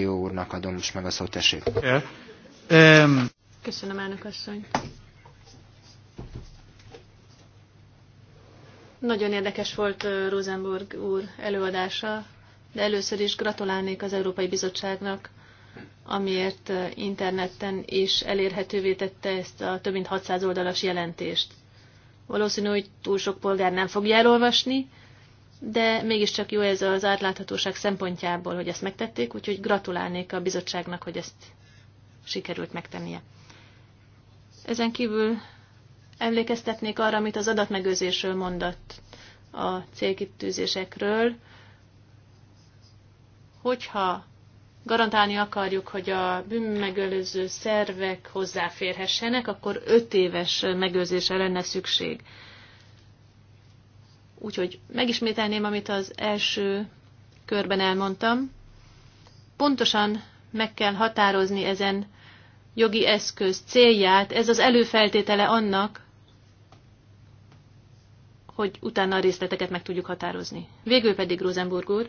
jó úrnak adom most meg a szót, tessék. Yeah. Um... Köszönöm, elnök asszony. Nagyon érdekes volt Rosenborg úr előadása, de először is gratulálnék az Európai Bizottságnak, amiért interneten is elérhetővé tette ezt a több mint 600 oldalas jelentést. Valószínű, hogy túl sok polgár nem fogja elolvasni, de mégiscsak jó ez az átláthatóság szempontjából, hogy ezt megtették, úgyhogy gratulálnék a bizottságnak, hogy ezt sikerült megtennie. Ezen kívül emlékeztetnék arra, amit az adatmegőzésről mondott a célkitűzésekről, hogyha garantálni akarjuk, hogy a bűnmegőző szervek hozzáférhessenek, akkor öt éves megőzésre lenne szükség. Úgyhogy megismételném, amit az első körben elmondtam. Pontosan meg kell határozni ezen jogi eszköz célját, ez az előfeltétele annak, hogy utána a részleteket meg tudjuk határozni. Végül pedig Rosenburg úr,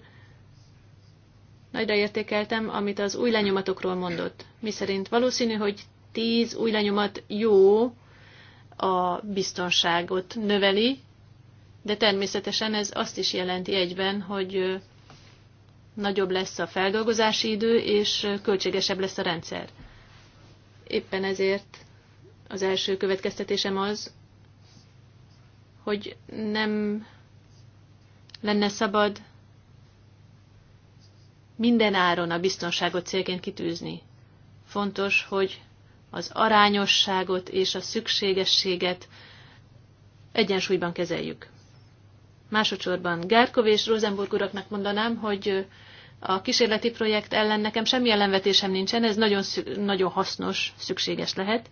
nagyra értékeltem, amit az új lenyomatokról mondott. Miszerint valószínű, hogy tíz új lenyomat jó, a biztonságot növeli, de természetesen ez azt is jelenti egyben, hogy nagyobb lesz a feldolgozási idő, és költségesebb lesz a rendszer éppen ezért az első következtetésem az, hogy nem lenne szabad minden áron a biztonságot célként kitűzni. Fontos, hogy az arányosságot és a szükségességet egyensúlyban kezeljük. Másodszorban Gárkov és Rosenburg uraknak mondanám, hogy a kísérleti projekt ellen nekem semmi ellenvetésem nincsen, ez nagyon, nagyon hasznos, szükséges lehet.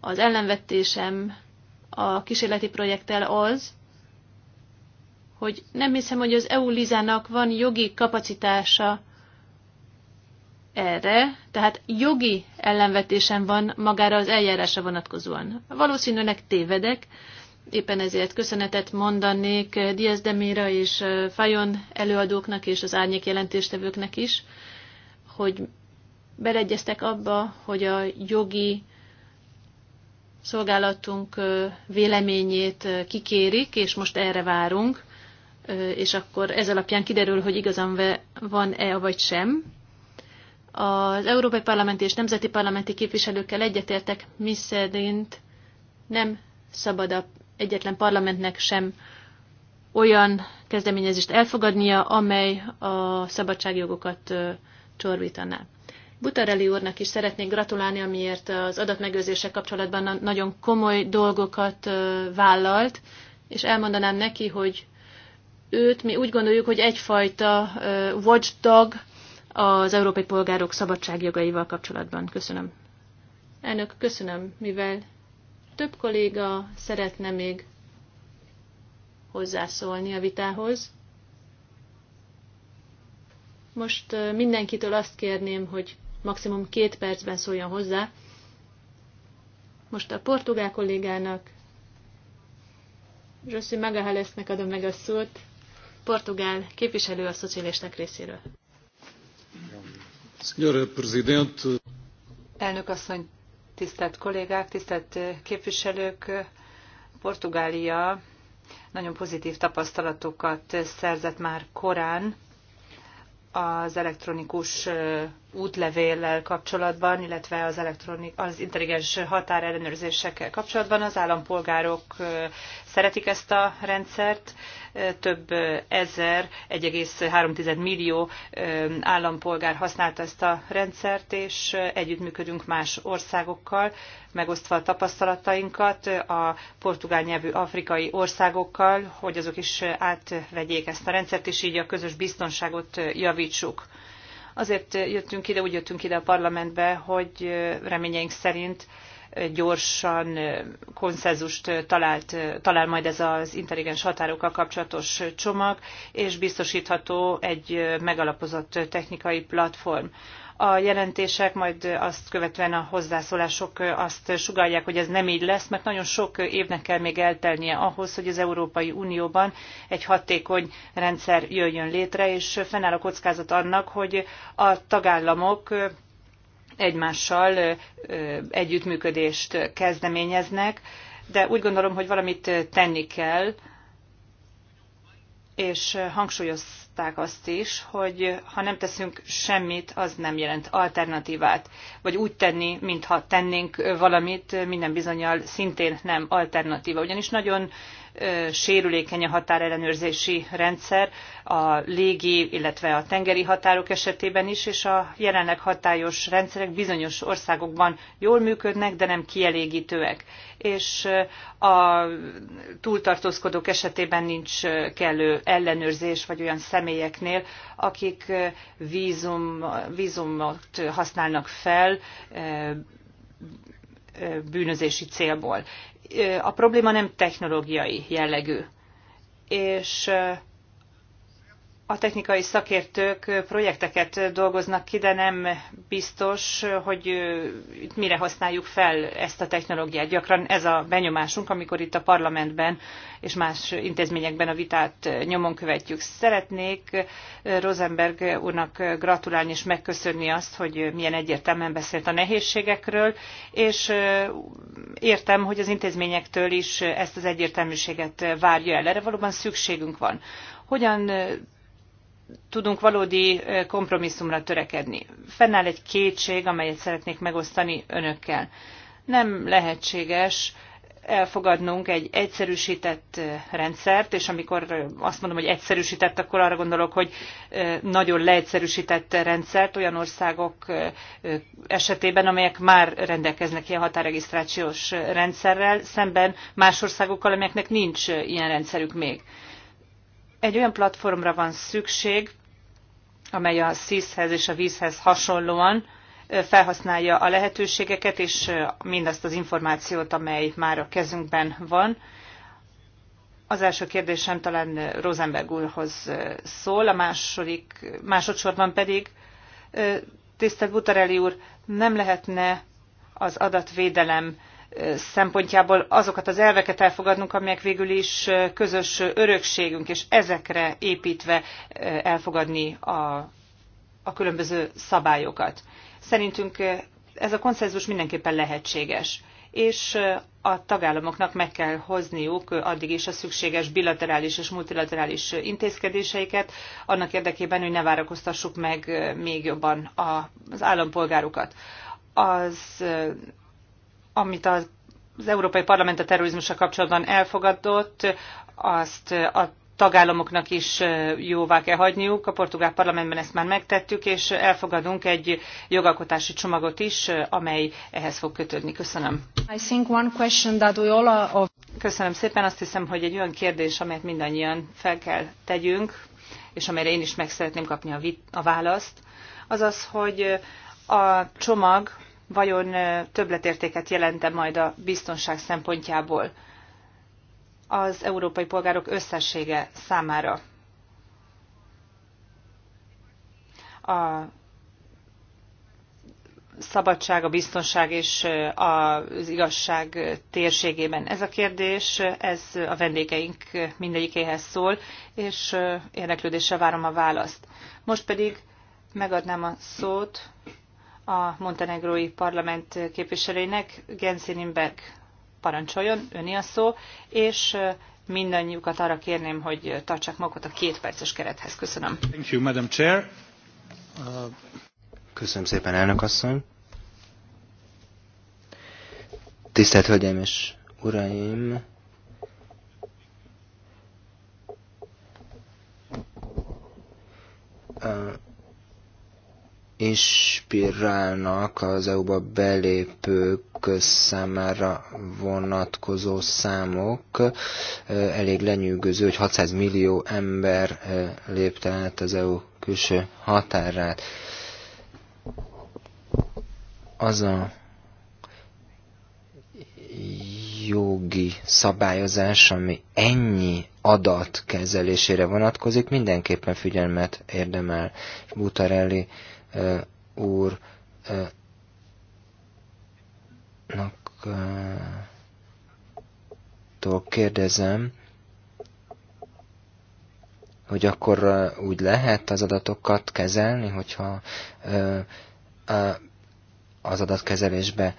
Az ellenvetésem a kísérleti projekttel az, hogy nem hiszem, hogy az EU-lizának van jogi kapacitása erre, tehát jogi ellenvetésem van magára az eljárásra vonatkozóan. Valószínűleg tévedek, Éppen ezért köszönetet mondanék Diaz Demira és Fajon előadóknak és az árnyék jelentéstevőknek is, hogy beleegyeztek abba, hogy a jogi szolgálatunk véleményét kikérik, és most erre várunk, és akkor ez alapján kiderül, hogy igazán van-e vagy sem. Az Európai Parlamenti és Nemzeti Parlamenti képviselőkkel egyetértek, mi szerint nem szabad a egyetlen parlamentnek sem olyan kezdeményezést elfogadnia, amely a szabadságjogokat csorbítaná. Butareli úrnak is szeretnék gratulálni, amiért az adatmegőrzések kapcsolatban nagyon komoly dolgokat vállalt, és elmondanám neki, hogy őt mi úgy gondoljuk, hogy egyfajta watchdog az európai polgárok szabadságjogaival kapcsolatban. Köszönöm. Elnök, köszönöm, mivel több kolléga szeretne még hozzászólni a vitához. Most mindenkitől azt kérném, hogy maximum két percben szóljon hozzá. Most a portugál kollégának, Zsöszi Magahalesznek adom meg a szót, portugál képviselő a szocialisták részéről. Elnök asszony, tisztelt kollégák, tisztelt eh, képviselők, eh, Portugália nagyon pozitív tapasztalatokat eh, szerzett már korán az elektronikus útlevéllel kapcsolatban, illetve az, elektronik, az intelligens határellenőrzésekkel kapcsolatban az állampolgárok szeretik ezt a rendszert. Több ezer, 1,3 millió állampolgár használta ezt a rendszert, és együttműködünk más országokkal, megosztva a tapasztalatainkat a portugál nyelvű afrikai országokkal, hogy azok is átvegyék ezt a rendszert, és így a közös biztonságot javítsuk. Azért jöttünk ide, úgy jöttünk ide a parlamentbe, hogy reményeink szerint gyorsan konszenzust talált, talál majd ez az intelligens határokkal kapcsolatos csomag, és biztosítható egy megalapozott technikai platform a jelentések, majd azt követően a hozzászólások azt sugallják, hogy ez nem így lesz, mert nagyon sok évnek kell még eltelnie ahhoz, hogy az Európai Unióban egy hatékony rendszer jöjjön létre, és fennáll a kockázat annak, hogy a tagállamok egymással együttműködést kezdeményeznek, de úgy gondolom, hogy valamit tenni kell, és hangsúlyoz mondták azt is, hogy ha nem teszünk semmit, az nem jelent alternatívát. Vagy úgy tenni, mintha tennénk valamit, minden bizonyal szintén nem alternatíva. Ugyanis nagyon sérülékeny a határellenőrzési rendszer a légi, illetve a tengeri határok esetében is, és a jelenleg hatályos rendszerek bizonyos országokban jól működnek, de nem kielégítőek. És a túltartózkodók esetében nincs kellő ellenőrzés, vagy olyan személyeknél, akik vízum, vízumot használnak fel bűnözési célból a probléma nem technológiai jellegű. És a technikai szakértők projekteket dolgoznak ki, de nem biztos, hogy mire használjuk fel ezt a technológiát. Gyakran ez a benyomásunk, amikor itt a parlamentben és más intézményekben a vitát nyomon követjük. Szeretnék Rosenberg úrnak gratulálni és megköszönni azt, hogy milyen egyértelműen beszélt a nehézségekről, és értem, hogy az intézményektől is ezt az egyértelműséget várja el. Erre valóban szükségünk van. Hogyan tudunk valódi kompromisszumra törekedni. Fennáll egy kétség, amelyet szeretnék megosztani önökkel. Nem lehetséges elfogadnunk egy egyszerűsített rendszert, és amikor azt mondom, hogy egyszerűsített, akkor arra gondolok, hogy nagyon leegyszerűsített rendszert olyan országok esetében, amelyek már rendelkeznek ilyen határregisztrációs rendszerrel, szemben más országokkal, amelyeknek nincs ilyen rendszerük még. Egy olyan platformra van szükség, amely a szízhez és a vízhez hasonlóan felhasználja a lehetőségeket és mindazt az információt, amely már a kezünkben van. Az első kérdésem talán Rosenberg úrhoz szól, a második, másodszorban pedig, tisztelt Butareli úr, nem lehetne az adatvédelem szempontjából azokat az elveket elfogadnunk, amelyek végül is közös örökségünk, és ezekre építve elfogadni a, a különböző szabályokat. Szerintünk ez a konszenzus mindenképpen lehetséges és a tagállamoknak meg kell hozniuk addig is a szükséges bilaterális és multilaterális intézkedéseiket, annak érdekében, hogy ne várakoztassuk meg még jobban az állampolgárokat. Az amit az, az Európai Parlament a terrorizmusra kapcsolatban elfogadott, azt a tagállamoknak is jóvá kell hagyniuk. A portugál parlamentben ezt már megtettük, és elfogadunk egy jogalkotási csomagot is, amely ehhez fog kötődni. Köszönöm. I think one question that we all are of... Köszönöm szépen. Azt hiszem, hogy egy olyan kérdés, amelyet mindannyian fel kell tegyünk, és amelyre én is meg szeretném kapni a, vit- a választ, az az, hogy a csomag vajon többletértéket jelente majd a biztonság szempontjából az európai polgárok összessége számára. A szabadság, a biztonság és az igazság térségében. Ez a kérdés, ez a vendégeink mindegyikéhez szól, és érdeklődéssel várom a választ. Most pedig megadnám a szót a montenegrói parlament képviselőinek, Gensininberg parancsoljon, öni a szó, és mindannyiukat arra kérném, hogy tartsák magukat a két perces kerethez. Köszönöm. Thank you, Madam Chair. Uh... Köszönöm szépen, elnök asszony. Tisztelt Hölgyeim és Uraim! Uh inspirálnak az EU-ba belépők számára vonatkozó számok. Elég lenyűgöző, hogy 600 millió ember lépte át az EU külső határát. Az a jogi szabályozás, ami ennyi adat kezelésére vonatkozik, mindenképpen figyelmet érdemel. Butarelli úr tól kérdezem, hogy akkor úgy lehet az adatokat kezelni, hogyha az adatkezelésbe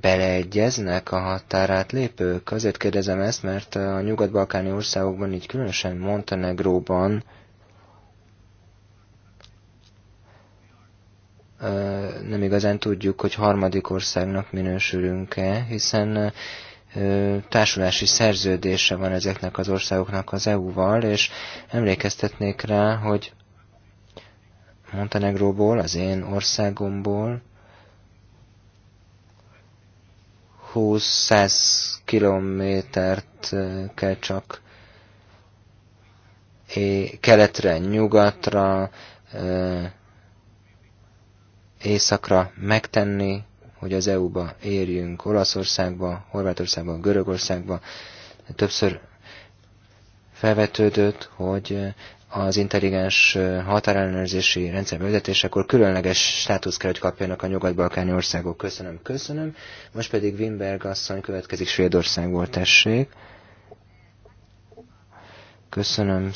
beleegyeznek a határát lépők? Azért kérdezem ezt, mert a nyugat-balkáni országokban, így különösen Montenegróban nem igazán tudjuk, hogy harmadik országnak minősülünk-e, hiszen társulási szerződése van ezeknek az országoknak az EU-val, és emlékeztetnék rá, hogy Montenegróból, az én országomból 20-100 kilométert kell csak keletre, nyugatra, éjszakra megtenni, hogy az EU-ba érjünk, Olaszországba, Horvátországba, Görögországba. Többször felvetődött, hogy az intelligens határellenőrzési rendszer bevezetésekor különleges státusz kell, hogy kapjanak a nyugat-balkáni országok. Köszönöm, köszönöm. Most pedig Wimberg asszony következik Svédországból, tessék. Köszönöm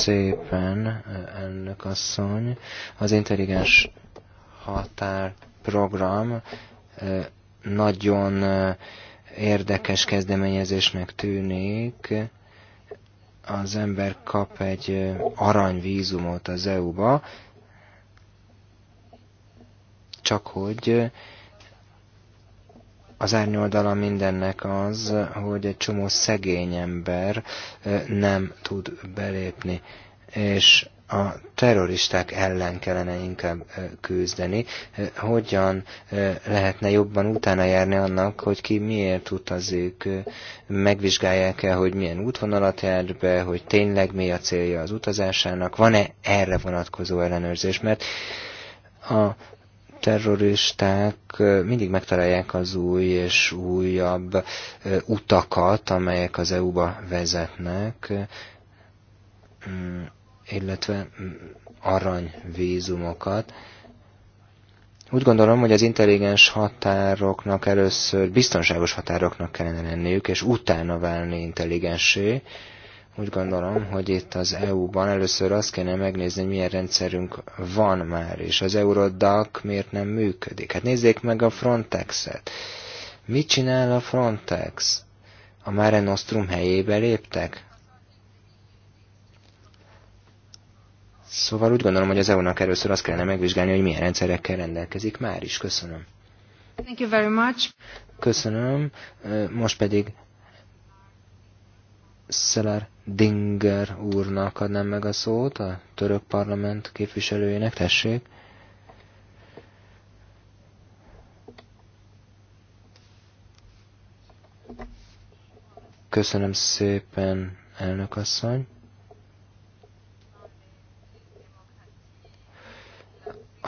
szépen, elnök asszony. Az intelligens határprogram nagyon érdekes kezdeményezésnek tűnik. Az ember kap egy aranyvízumot az EU-ba, csak hogy az árnyoldala mindennek az, hogy egy csomó szegény ember nem tud belépni. És a terroristák ellen kellene inkább küzdeni. Hogyan lehetne jobban utána járni annak, hogy ki miért utazik, megvizsgálják el, hogy milyen útvonalat járt be, hogy tényleg mi a célja az utazásának, van-e erre vonatkozó ellenőrzés, mert a terroristák mindig megtalálják az új és újabb utakat, amelyek az EU-ba vezetnek mm illetve aranyvízumokat. Úgy gondolom, hogy az intelligens határoknak először biztonságos határoknak kellene lenniük, és utána válni intelligensé. Úgy gondolom, hogy itt az EU-ban először azt kéne megnézni, hogy milyen rendszerünk van már, és az Eurodac miért nem működik. Hát nézzék meg a Frontex-et. Mit csinál a Frontex? A Mare Nostrum helyébe léptek? Szóval úgy gondolom, hogy az EU-nak először azt kellene megvizsgálni, hogy milyen rendszerekkel rendelkezik már is. Köszönöm. Thank you very much. Köszönöm. Most pedig Szelár Dinger úrnak adnám meg a szót, a török parlament képviselőjének. Tessék. Köszönöm szépen, elnök asszony.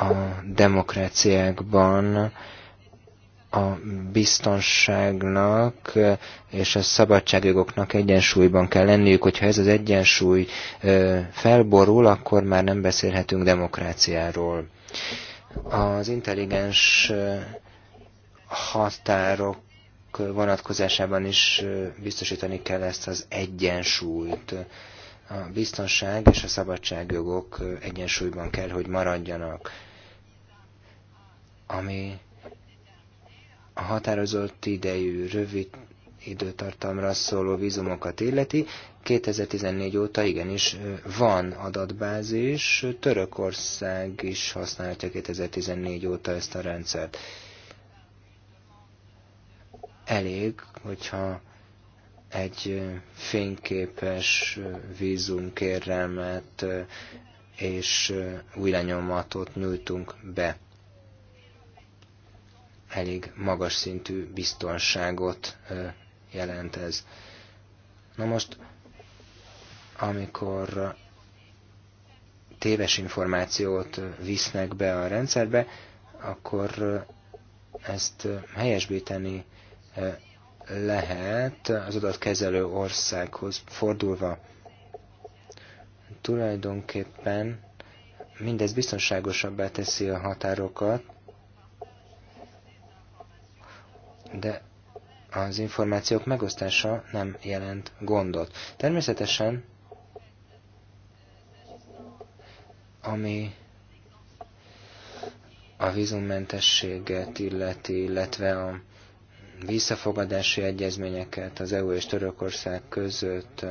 a demokráciákban a biztonságnak és a szabadságjogoknak egyensúlyban kell lenniük. Hogyha ez az egyensúly felborul, akkor már nem beszélhetünk demokráciáról. Az intelligens határok vonatkozásában is biztosítani kell ezt az egyensúlyt. A biztonság és a szabadságjogok egyensúlyban kell, hogy maradjanak ami a határozott idejű, rövid időtartamra szóló vízumokat illeti. 2014 óta igenis van adatbázis, Törökország is használhatja 2014 óta ezt a rendszert. Elég, hogyha egy fényképes vízum kérelmet és lenyomatot nyújtunk be elég magas szintű biztonságot jelent ez. Na most, amikor téves információt visznek be a rendszerbe, akkor ezt helyesbíteni lehet az adatkezelő országhoz fordulva. Tulajdonképpen mindez biztonságosabbá teszi a határokat, de az információk megosztása nem jelent gondot. Természetesen, ami a vízummentességet illeti, illetve a visszafogadási egyezményeket az EU és Törökország között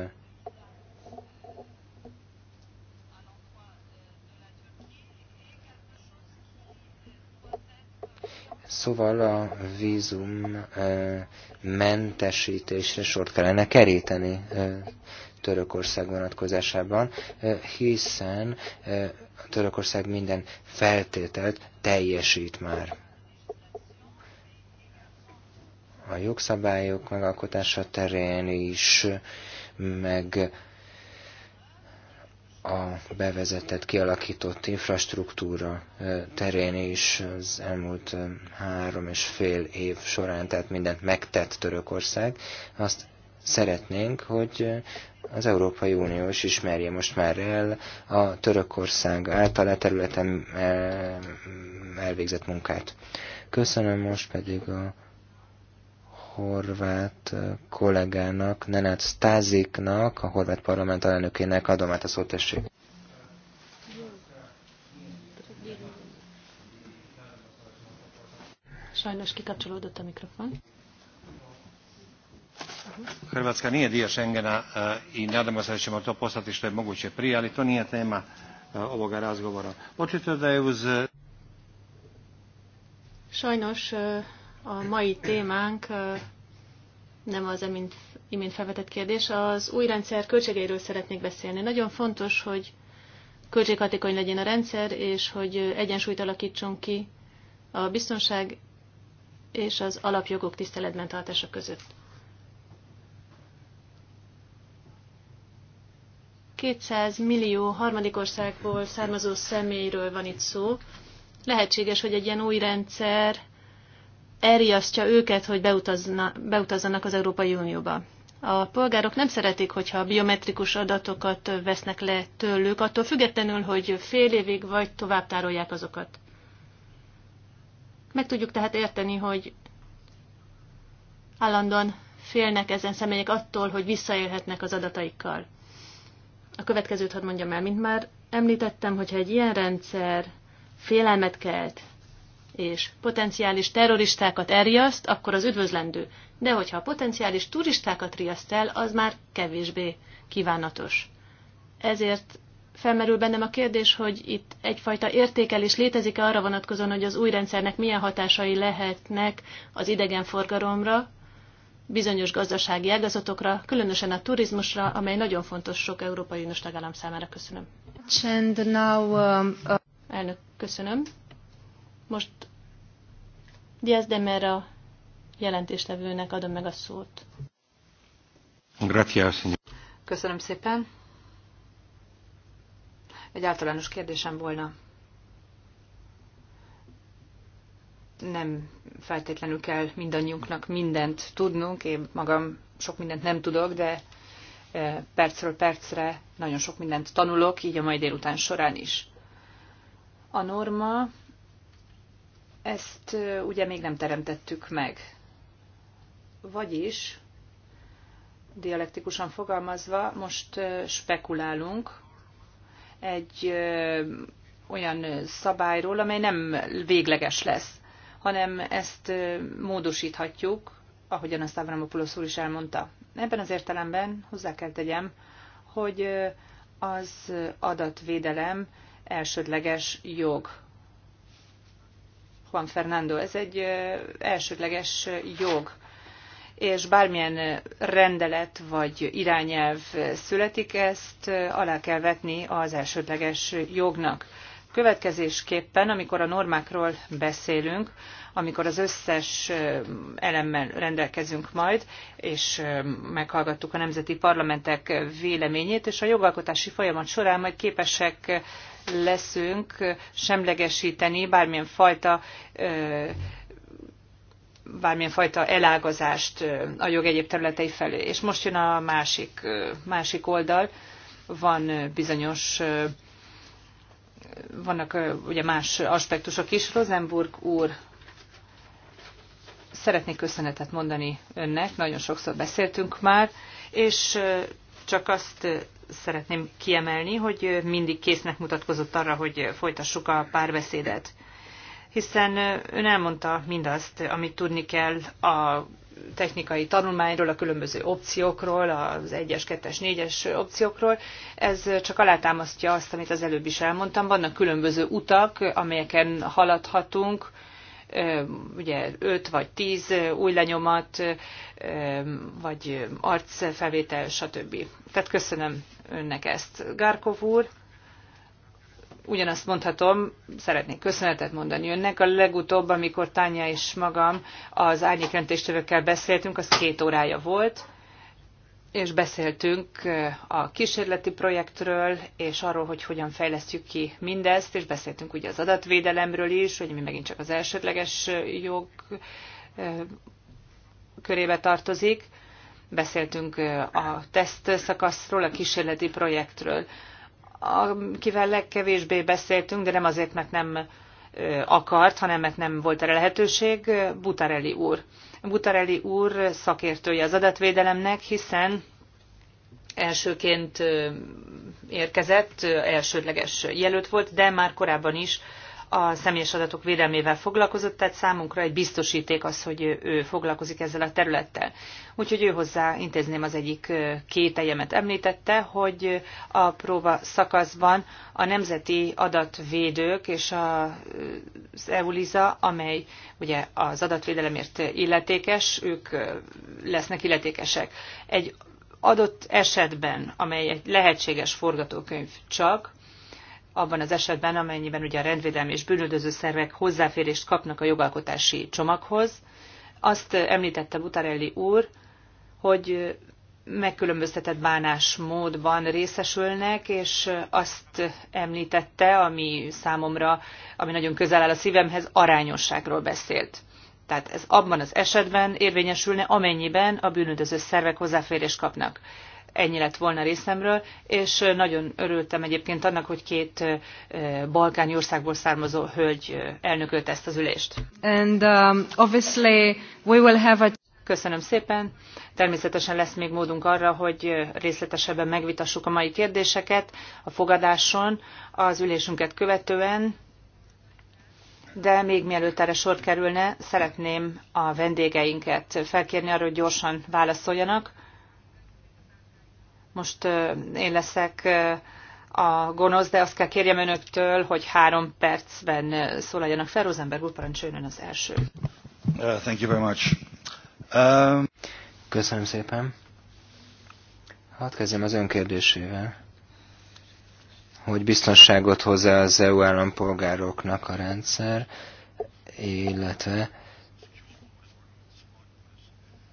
Szóval a vízum mentesítésre sort kellene keríteni Törökország vonatkozásában, hiszen a Törökország minden feltételt teljesít már. A jogszabályok megalkotása terén is, meg a bevezetett, kialakított infrastruktúra terén is az elmúlt három és fél év során, tehát mindent megtett Törökország, azt szeretnénk, hogy az Európai Unió is ismerje most már el a Törökország által a e területen elvégzett munkát. Köszönöm most pedig a horvát kollégának, Nenad Stáziknak, a horvát parlament alelnökének adom át a szót, tessék. Sajnos kikapcsolódott a mikrofon. Hrvatska nije dio Schengena e, i nadamo se da ćemo to postati što je moguće prije, ali to nije tema e, ovoga razgovora. Očito da je uz... E, Sajnos a mai témánk nem az emint, imént felvetett kérdés, az új rendszer költségeiről szeretnék beszélni. Nagyon fontos, hogy költséghatékony legyen a rendszer, és hogy egyensúlyt alakítson ki a biztonság és az alapjogok tiszteletben tartása között. 200 millió harmadik országból származó személyről van itt szó. Lehetséges, hogy egy ilyen új rendszer elriasztja őket, hogy beutazzanak az Európai Unióba. A polgárok nem szeretik, hogyha biometrikus adatokat vesznek le tőlük, attól függetlenül, hogy fél évig vagy tovább tárolják azokat. Meg tudjuk tehát érteni, hogy állandóan félnek ezen személyek attól, hogy visszaélhetnek az adataikkal. A következőt hadd mondjam el, mint már említettem, hogyha egy ilyen rendszer félelmet kelt, és potenciális terroristákat elriaszt, akkor az üdvözlendő. De hogyha a potenciális turistákat riaszt el, az már kevésbé kívánatos. Ezért felmerül bennem a kérdés, hogy itt egyfajta értékelés létezik-e arra vonatkozóan, hogy az új rendszernek milyen hatásai lehetnek az idegenforgalomra, bizonyos gazdasági ágazatokra, különösen a turizmusra, amely nagyon fontos sok Európai Uniós tagállam számára. Köszönöm. now, um, uh... Elnök, köszönöm. Most Diaz de Mera jelentéstevőnek adom meg a szót. Gracias. Köszönöm szépen. Egy általános kérdésem volna. Nem feltétlenül kell mindannyiunknak mindent tudnunk, én magam sok mindent nem tudok, de e, percről percre nagyon sok mindent tanulok, így a mai délután során is. A norma ezt ugye még nem teremtettük meg. Vagyis, dialektikusan fogalmazva, most spekulálunk egy olyan szabályról, amely nem végleges lesz, hanem ezt módosíthatjuk, ahogyan azt Avramopoulos úr is elmondta. Ebben az értelemben hozzá kell tegyem, hogy az adatvédelem elsődleges jog. Juan Fernando, ez egy elsődleges jog és bármilyen rendelet vagy irányelv születik, ezt alá kell vetni az elsődleges jognak. Következésképpen, amikor a normákról beszélünk, amikor az összes elemmel rendelkezünk majd, és meghallgattuk a nemzeti parlamentek véleményét, és a jogalkotási folyamat során majd képesek leszünk semlegesíteni bármilyen fajta bármilyen fajta elágazást a jog egyéb területei felé. És most jön a másik, másik oldal, van bizonyos vannak ugye más aspektusok is. Rosenburg úr szeretnék köszönetet mondani önnek, nagyon sokszor beszéltünk már, és csak azt szeretném kiemelni, hogy mindig késznek mutatkozott arra, hogy folytassuk a párbeszédet. Hiszen ön elmondta mindazt, amit tudni kell a technikai tanulmányról, a különböző opciókról, az 1-es, 2-es, 4-es opciókról. Ez csak alátámasztja azt, amit az előbb is elmondtam. Vannak különböző utak, amelyeken haladhatunk, ugye 5 vagy 10 új lenyomat, vagy arcfelvétel, stb. Tehát köszönöm önnek ezt, Gárkov úr. Ugyanazt mondhatom, szeretnék köszönetet mondani önnek. A legutóbb, amikor Tánya és magam az árnyékrendtéstövökkel beszéltünk, az két órája volt és beszéltünk a kísérleti projektről, és arról, hogy hogyan fejlesztjük ki mindezt, és beszéltünk ugye az adatvédelemről is, hogy mi megint csak az elsődleges jog körébe tartozik. Beszéltünk a teszt szakaszról, a kísérleti projektről, akivel legkevésbé beszéltünk, de nem azért, mert nem akart, hanem mert nem volt erre lehetőség, Butareli úr Butarelli úr szakértője az adatvédelemnek, hiszen elsőként érkezett, elsődleges jelölt volt, de már korábban is a személyes adatok védelmével foglalkozott, tehát számunkra egy biztosíték az, hogy ő foglalkozik ezzel a területtel. Úgyhogy ő hozzá intézném az egyik két kételjemet. Említette, hogy a próba szakaszban a nemzeti adatvédők és az EULISA, amely ugye az adatvédelemért illetékes, ők lesznek illetékesek. Egy adott esetben, amely egy lehetséges forgatókönyv csak, abban az esetben, amennyiben ugye a rendvédelmi és bűnöldöző szervek hozzáférést kapnak a jogalkotási csomaghoz. Azt említette Butarelli úr, hogy megkülönböztetett bánásmódban részesülnek, és azt említette, ami számomra, ami nagyon közel áll a szívemhez, arányosságról beszélt. Tehát ez abban az esetben érvényesülne, amennyiben a bűnöldöző szervek hozzáférést kapnak. Ennyi lett volna részemről, és nagyon örültem egyébként annak, hogy két balkáni országból származó hölgy elnökölt ezt az ülést. And, um, obviously we will have a... Köszönöm szépen. Természetesen lesz még módunk arra, hogy részletesebben megvitassuk a mai kérdéseket a fogadáson, az ülésünket követően. De még mielőtt erre sor kerülne, szeretném a vendégeinket felkérni arra, hogy gyorsan válaszoljanak. Most én leszek a gonosz, de azt kell kérjem önöktől, hogy három percben szólaljanak fel. Rosenberg úr, parancsoljon ön az első. Uh, thank you very much. Um... Köszönöm szépen. Hát kezdjem az önkérdésével. Hogy biztonságot hozzá az EU állampolgároknak a rendszer, illetve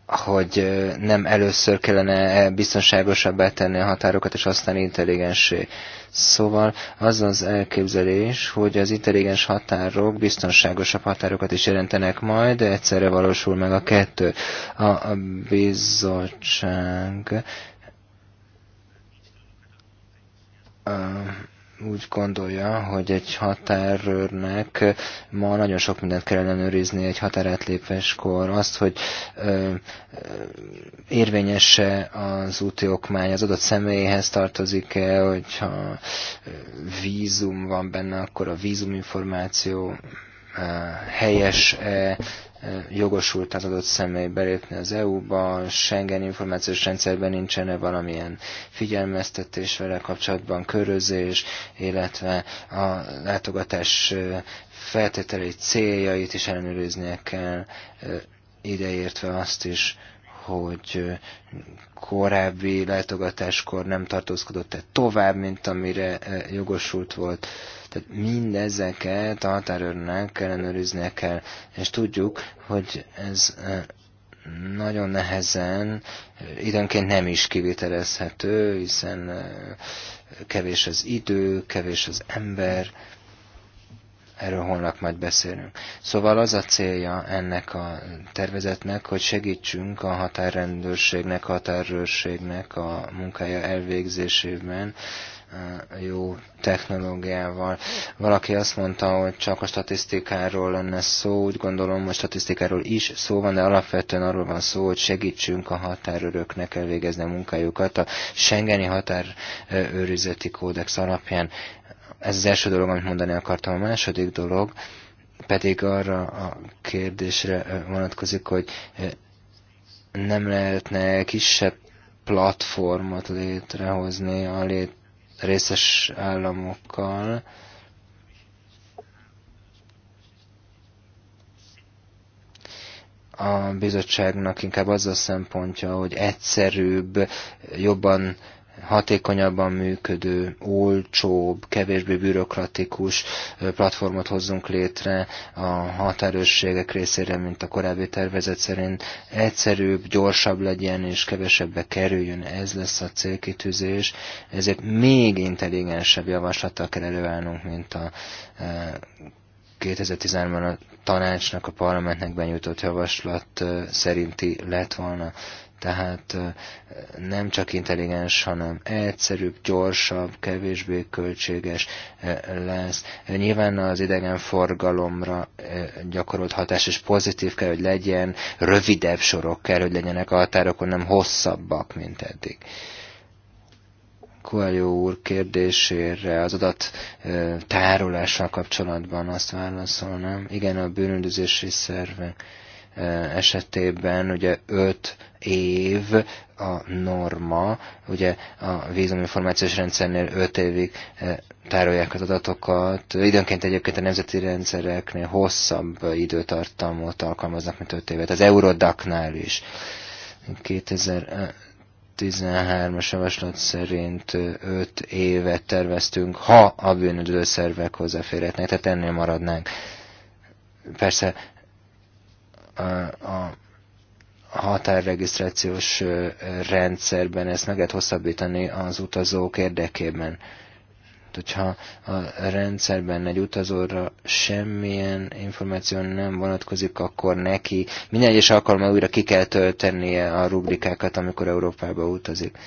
hogy nem először kellene e, biztonságosabbá tenni a határokat, és aztán intelligensé. Szóval az az elképzelés, hogy az intelligens határok biztonságosabb határokat is jelentenek majd, de egyszerre valósul meg a kettő. A, bizottság... A, úgy gondolja, hogy egy határőrnek ma nagyon sok mindent kell ellenőrizni egy határátlépéskor. Azt, hogy ö, érvényese az úti okmány, az adott személyhez tartozik-e, hogyha vízum van benne, akkor a vízuminformáció helyes-e, jogosult az adott személy belépni az EU-ba, Schengen információs rendszerben nincsen-e valamilyen figyelmeztetés vele kapcsolatban, körözés, illetve a látogatás feltételei céljait is ellenőriznie kell, ideértve azt is, hogy korábbi látogatáskor nem tartózkodott-e tovább, mint amire jogosult volt. Tehát mindezeket a határőrnek ellenőriznie kell, és tudjuk, hogy ez nagyon nehezen, időnként nem is kivitelezhető, hiszen kevés az idő, kevés az ember, erről holnap majd beszélünk. Szóval az a célja ennek a tervezetnek, hogy segítsünk a határrendőrségnek, határőrségnek a munkája elvégzésében, E, jó technológiával. Valaki azt mondta, hogy csak a statisztikáról lenne szó, úgy gondolom, hogy statisztikáról is szó van, de alapvetően arról van szó, hogy segítsünk a határőröknek elvégezni a munkájukat a Schengeni határőrizeti kódex alapján. Ez az első dolog, amit mondani akartam. A második dolog pedig arra a kérdésre e, vonatkozik, hogy e, nem lehetne kisebb platformot létrehozni a lét részes államokkal, a bizottságnak inkább az a szempontja, hogy egyszerűbb, jobban hatékonyabban működő, olcsóbb, kevésbé bürokratikus platformot hozzunk létre a határőrségek részére, mint a korábbi tervezet szerint. Egyszerűbb, gyorsabb legyen és kevesebbe kerüljön, ez lesz a célkitűzés. Ezért még intelligensebb javaslattal kell előállnunk, mint a 2013-ban a tanácsnak, a parlamentnek benyújtott javaslat szerinti lett volna. Tehát nem csak intelligens, hanem egyszerűbb, gyorsabb, kevésbé költséges lesz. Nyilván az idegenforgalomra gyakorolt hatás is pozitív kell, hogy legyen, rövidebb sorok kell, hogy legyenek a határokon, nem hosszabbak, mint eddig. Coelho úr kérdésére az adat tárolással kapcsolatban azt válaszolnám. Igen, a bűnöldözési szervek Eh, esetében ugye 5 év a norma, ugye a vízuminformációs rendszernél 5 évig eh, tárolják az adatokat, időnként egyébként a nemzeti rendszereknél hosszabb időtartamot alkalmaznak, mint 5 évet, az Eurodaknál is. 2013-as javaslat szerint 5 eh, évet terveztünk, ha a bűnöző szervek hozzáférhetnek, tehát ennél maradnánk. Persze a határregisztrációs rendszerben ezt meg lehet hosszabbítani az utazók érdekében. Hogyha a rendszerben egy utazóra semmilyen információ nem vonatkozik, akkor neki minden egyes alkalommal újra ki kell töltenie a rubrikákat, amikor Európába utazik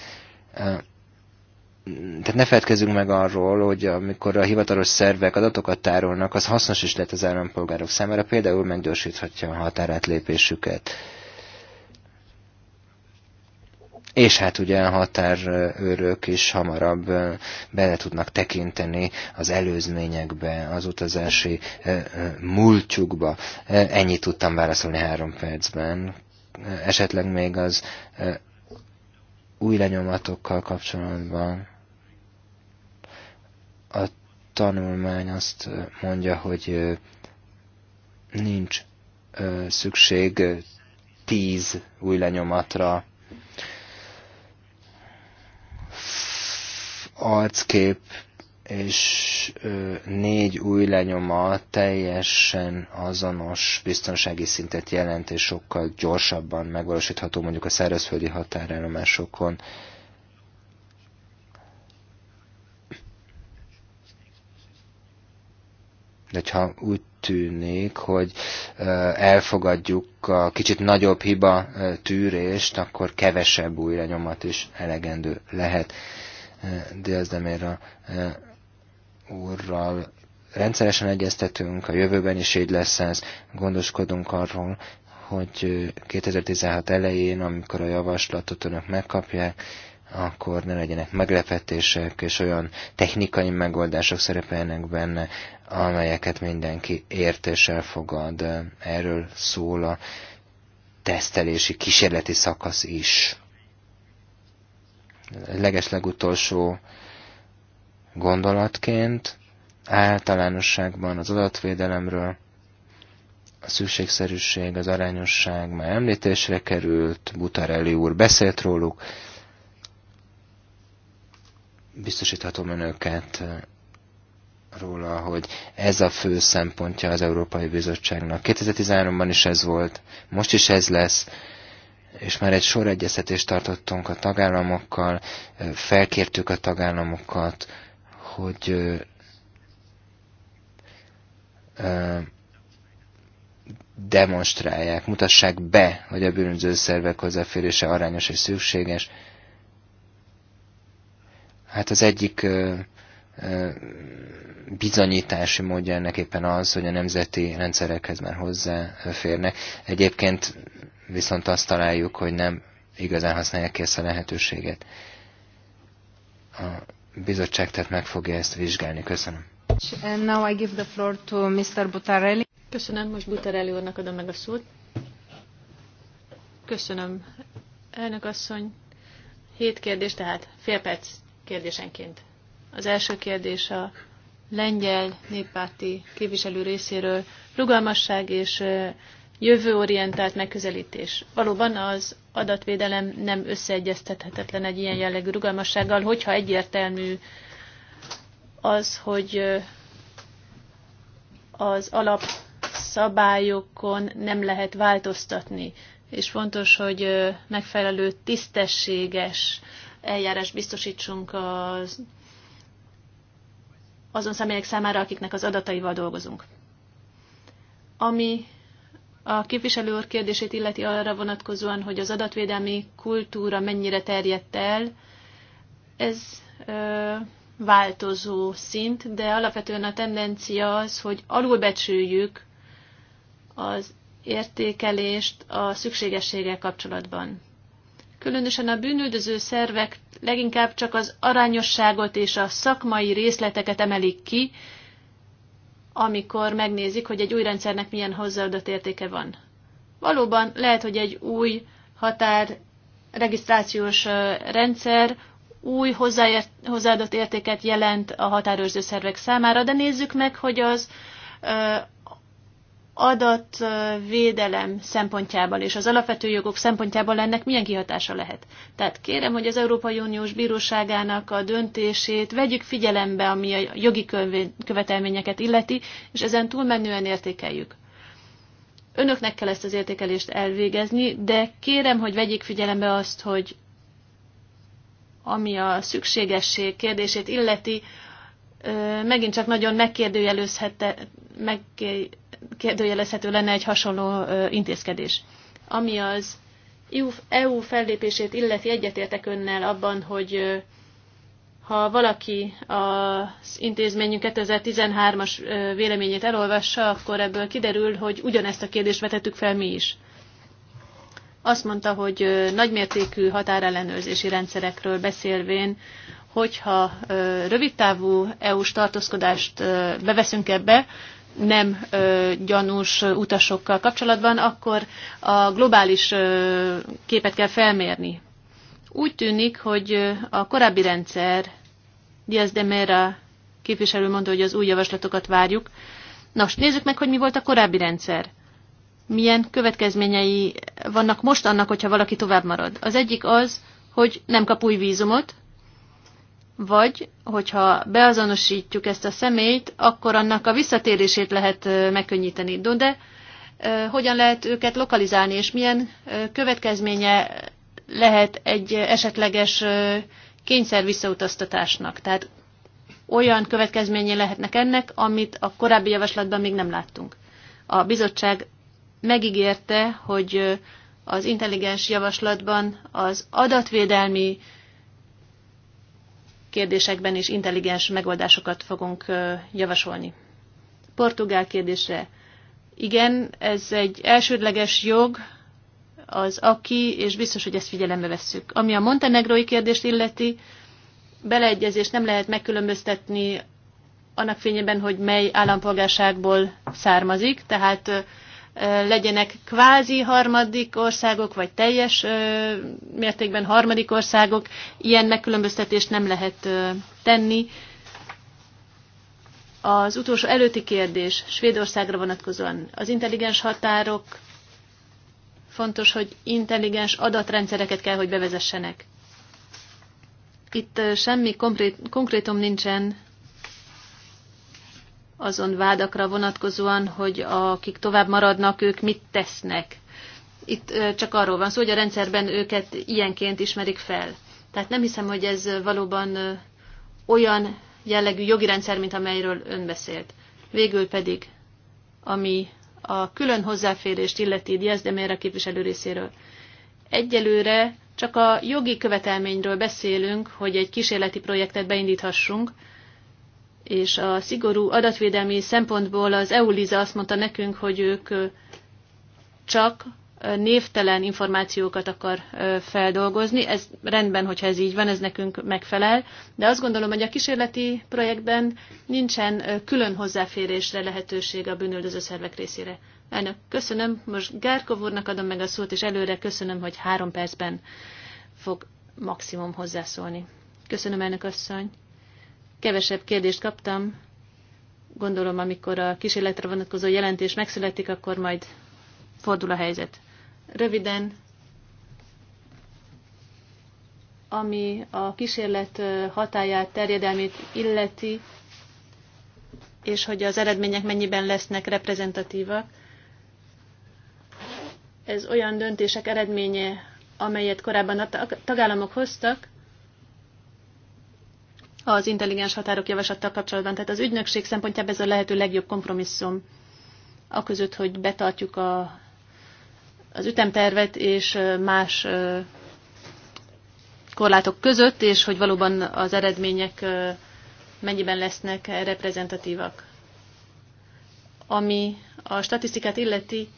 tehát ne feledkezzünk meg arról, hogy amikor a hivatalos szervek adatokat tárolnak, az hasznos is lehet az állampolgárok számára, például meggyorsíthatja a határátlépésüket. És hát ugye a határőrök is hamarabb bele tudnak tekinteni az előzményekbe, az utazási múltjukba. Ennyit tudtam válaszolni három percben. Esetleg még az új lenyomatokkal kapcsolatban. A tanulmány azt mondja, hogy nincs szükség tíz új lenyomatra, arckép és négy új lenyoma teljesen azonos biztonsági szintet jelent, és sokkal gyorsabban megvalósítható mondjuk a szárazföldi határállomásokon. hogyha úgy tűnik, hogy elfogadjuk a kicsit nagyobb hiba tűrést, akkor kevesebb újra nyomat is elegendő lehet. De ez nem ér a úrral rendszeresen egyeztetünk, a jövőben is így lesz ez, gondoskodunk arról, hogy 2016 elején, amikor a javaslatot önök megkapják, akkor ne legyenek meglepetések, és olyan technikai megoldások szerepelnek benne, amelyeket mindenki ért és elfogad. Erről szól a tesztelési kísérleti szakasz is. Legeslegutolsó gondolatként általánosságban az adatvédelemről a szükségszerűség, az arányosság már említésre került, Butarelli úr beszélt róluk, Biztosíthatom önöket róla, hogy ez a fő szempontja az Európai Bizottságnak. 2013-ban is ez volt, most is ez lesz, és már egy sor egyeztetést tartottunk a tagállamokkal, felkértük a tagállamokat, hogy demonstrálják, mutassák be, hogy a bűnöző szervek hozzáférése arányos és szükséges, Hát az egyik bizonyítási módja ennek éppen az, hogy a nemzeti rendszerekhez már hozzáférnek. Egyébként viszont azt találjuk, hogy nem igazán használják ki ezt a lehetőséget. A bizottság tehát meg fogja ezt vizsgálni. Köszönöm. And now I give the floor to Mr. Butarelli. Köszönöm, most Butarelli úrnak adom meg a szót. Köszönöm, elnök asszony. Hét kérdés, tehát fél perc kérdésenként. Az első kérdés a lengyel néppárti képviselő részéről rugalmasság és jövőorientált megközelítés. Valóban az adatvédelem nem összeegyeztethetetlen egy ilyen jellegű rugalmassággal, hogyha egyértelmű az, hogy az alapszabályokon nem lehet változtatni. És fontos, hogy megfelelő tisztességes eljárás biztosítsunk az, azon személyek számára, akiknek az adataival dolgozunk. Ami a képviselő úr kérdését illeti arra vonatkozóan, hogy az adatvédelmi kultúra mennyire terjedt el, ez ö, változó szint, de alapvetően a tendencia az, hogy alulbecsüljük az értékelést a szükségességgel kapcsolatban. Különösen a bűnöldöző szervek leginkább csak az arányosságot és a szakmai részleteket emelik ki, amikor megnézik, hogy egy új rendszernek milyen hozzáadott értéke van. Valóban lehet, hogy egy új határ regisztrációs rendszer új hozzáadott értéket jelent a határőrző szervek számára, de nézzük meg, hogy az adatvédelem szempontjából és az alapvető jogok szempontjából ennek milyen kihatása lehet. Tehát kérem, hogy az Európai Uniós Bíróságának a döntését vegyük figyelembe, ami a jogi követelményeket illeti, és ezen túlmenően értékeljük. Önöknek kell ezt az értékelést elvégezni, de kérem, hogy vegyék figyelembe azt, hogy ami a szükségesség kérdését illeti, megint csak nagyon megkérdőjelezhető, megké, kérdőjelezhető lenne egy hasonló intézkedés. Ami az EU e fellépését illeti egyetértek önnel abban, hogy ha valaki az intézményünk 2013-as véleményét elolvassa, akkor ebből kiderül, hogy ugyanezt a kérdést vetettük fel mi is. Azt mondta, hogy nagymértékű határellenőrzési rendszerekről beszélvén, hogyha rövidtávú EU-s tartózkodást beveszünk ebbe, nem ö, gyanús utasokkal kapcsolatban, akkor a globális ö, képet kell felmérni. Úgy tűnik, hogy a korábbi rendszer, Diaz de Mera képviselő mondta, hogy az új javaslatokat várjuk. Nos, nézzük meg, hogy mi volt a korábbi rendszer. Milyen következményei vannak most annak, hogyha valaki tovább marad. Az egyik az, hogy nem kap új vízumot, vagy hogyha beazonosítjuk ezt a személyt, akkor annak a visszatérését lehet megkönnyíteni. De hogyan lehet őket lokalizálni, és milyen következménye lehet egy esetleges kényszer visszautasztatásnak? Tehát olyan következménye lehetnek ennek, amit a korábbi javaslatban még nem láttunk. A bizottság megígérte, hogy az intelligens javaslatban az adatvédelmi kérdésekben is intelligens megoldásokat fogunk javasolni. Portugál kérdésre. Igen, ez egy elsődleges jog, az aki, és biztos, hogy ezt figyelembe vesszük. Ami a montenegrói kérdést illeti, beleegyezést nem lehet megkülönböztetni annak fényében, hogy mely állampolgárságból származik, tehát legyenek kvázi harmadik országok, vagy teljes mértékben harmadik országok, ilyen megkülönböztetést nem lehet tenni. Az utolsó előtti kérdés Svédországra vonatkozóan. Az intelligens határok fontos, hogy intelligens adatrendszereket kell, hogy bevezessenek. Itt semmi konkrétum nincsen azon vádakra vonatkozóan, hogy akik tovább maradnak, ők mit tesznek. Itt csak arról van szó, hogy a rendszerben őket ilyenként ismerik fel. Tehát nem hiszem, hogy ez valóban olyan jellegű jogi rendszer, mint amelyről ön beszélt. Végül pedig, ami a külön hozzáférést illeti Diaz de Mera képviselő részéről. Egyelőre csak a jogi követelményről beszélünk, hogy egy kísérleti projektet beindíthassunk, és a szigorú adatvédelmi szempontból az EULIZA azt mondta nekünk, hogy ők csak névtelen információkat akar feldolgozni. Ez rendben, hogyha ez így van, ez nekünk megfelel, de azt gondolom, hogy a kísérleti projektben nincsen külön hozzáférésre lehetőség a bűnöldöző szervek részére. Elnök, köszönöm. Most Gárkov úrnak adom meg a szót, és előre köszönöm, hogy három percben fog maximum hozzászólni. Köszönöm, elnök asszony. Kevesebb kérdést kaptam. Gondolom, amikor a kísérletre vonatkozó jelentés megszületik, akkor majd fordul a helyzet. Röviden, ami a kísérlet hatáját, terjedelmét illeti, és hogy az eredmények mennyiben lesznek reprezentatívak. Ez olyan döntések eredménye, amelyet korábban a tagállamok hoztak, az intelligens határok javaslattal kapcsolatban. Tehát az ügynökség szempontjából ez a lehető legjobb kompromisszum, a között, hogy betartjuk a, az ütemtervet és más korlátok között, és hogy valóban az eredmények mennyiben lesznek reprezentatívak. Ami a statisztikát illeti,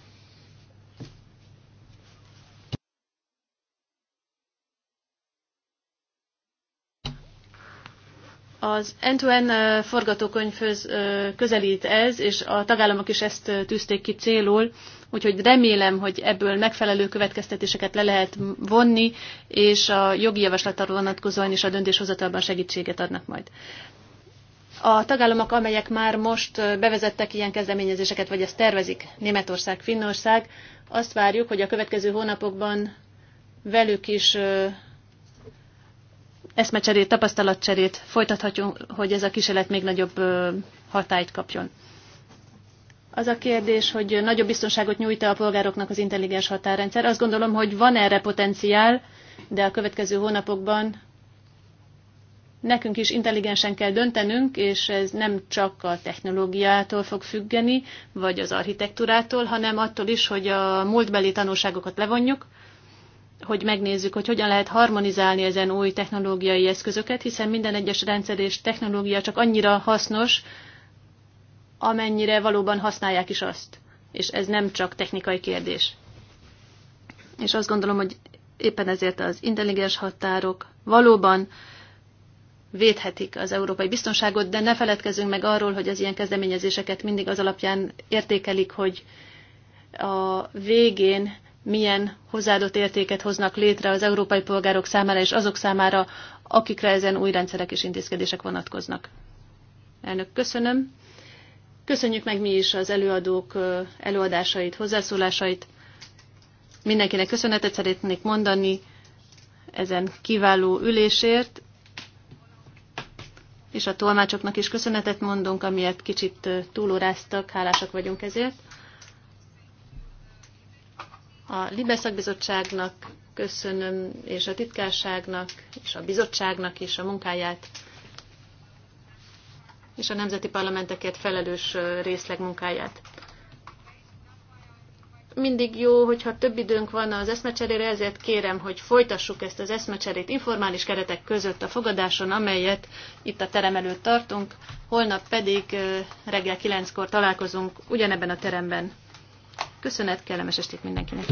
Az end-to-end forgatókönyvhöz közelít ez, és a tagállamok is ezt tűzték ki célul, úgyhogy remélem, hogy ebből megfelelő következtetéseket le lehet vonni, és a jogi javaslatra vonatkozóan is a döntéshozatalban segítséget adnak majd. A tagállamok, amelyek már most bevezettek ilyen kezdeményezéseket, vagy ezt tervezik, Németország, Finnország, azt várjuk, hogy a következő hónapokban velük is eszmecserét, tapasztalatcserét folytathatjunk, hogy ez a kísérlet még nagyobb hatályt kapjon. Az a kérdés, hogy nagyobb biztonságot nyújt-e a polgároknak az intelligens határrendszer. Azt gondolom, hogy van erre potenciál, de a következő hónapokban nekünk is intelligensen kell döntenünk, és ez nem csak a technológiától fog függeni, vagy az architektúrától, hanem attól is, hogy a múltbeli tanulságokat levonjuk, hogy megnézzük, hogy hogyan lehet harmonizálni ezen új technológiai eszközöket, hiszen minden egyes rendszer és technológia csak annyira hasznos, amennyire valóban használják is azt. És ez nem csak technikai kérdés. És azt gondolom, hogy éppen ezért az intelligens határok valóban védhetik az európai biztonságot, de ne feledkezzünk meg arról, hogy az ilyen kezdeményezéseket mindig az alapján értékelik, hogy a végén milyen hozzáadott értéket hoznak létre az európai polgárok számára és azok számára, akikre ezen új rendszerek és intézkedések vonatkoznak. Elnök, köszönöm. Köszönjük meg mi is az előadók előadásait, hozzászólásait. Mindenkinek köszönetet szeretnék mondani ezen kiváló ülésért, és a tolmácsoknak is köszönetet mondunk, amiért kicsit túlóráztak, hálásak vagyunk ezért. A Libeszakbizottságnak köszönöm, és a titkárságnak, és a bizottságnak is a munkáját, és a nemzeti parlamentekért felelős részleg munkáját. Mindig jó, hogyha több időnk van az eszmecserére, ezért kérem, hogy folytassuk ezt az eszmecserét informális keretek között a fogadáson, amelyet itt a terem előtt tartunk, holnap pedig reggel 9-kor találkozunk ugyanebben a teremben. Köszönet, kellemes estét mindenkinek!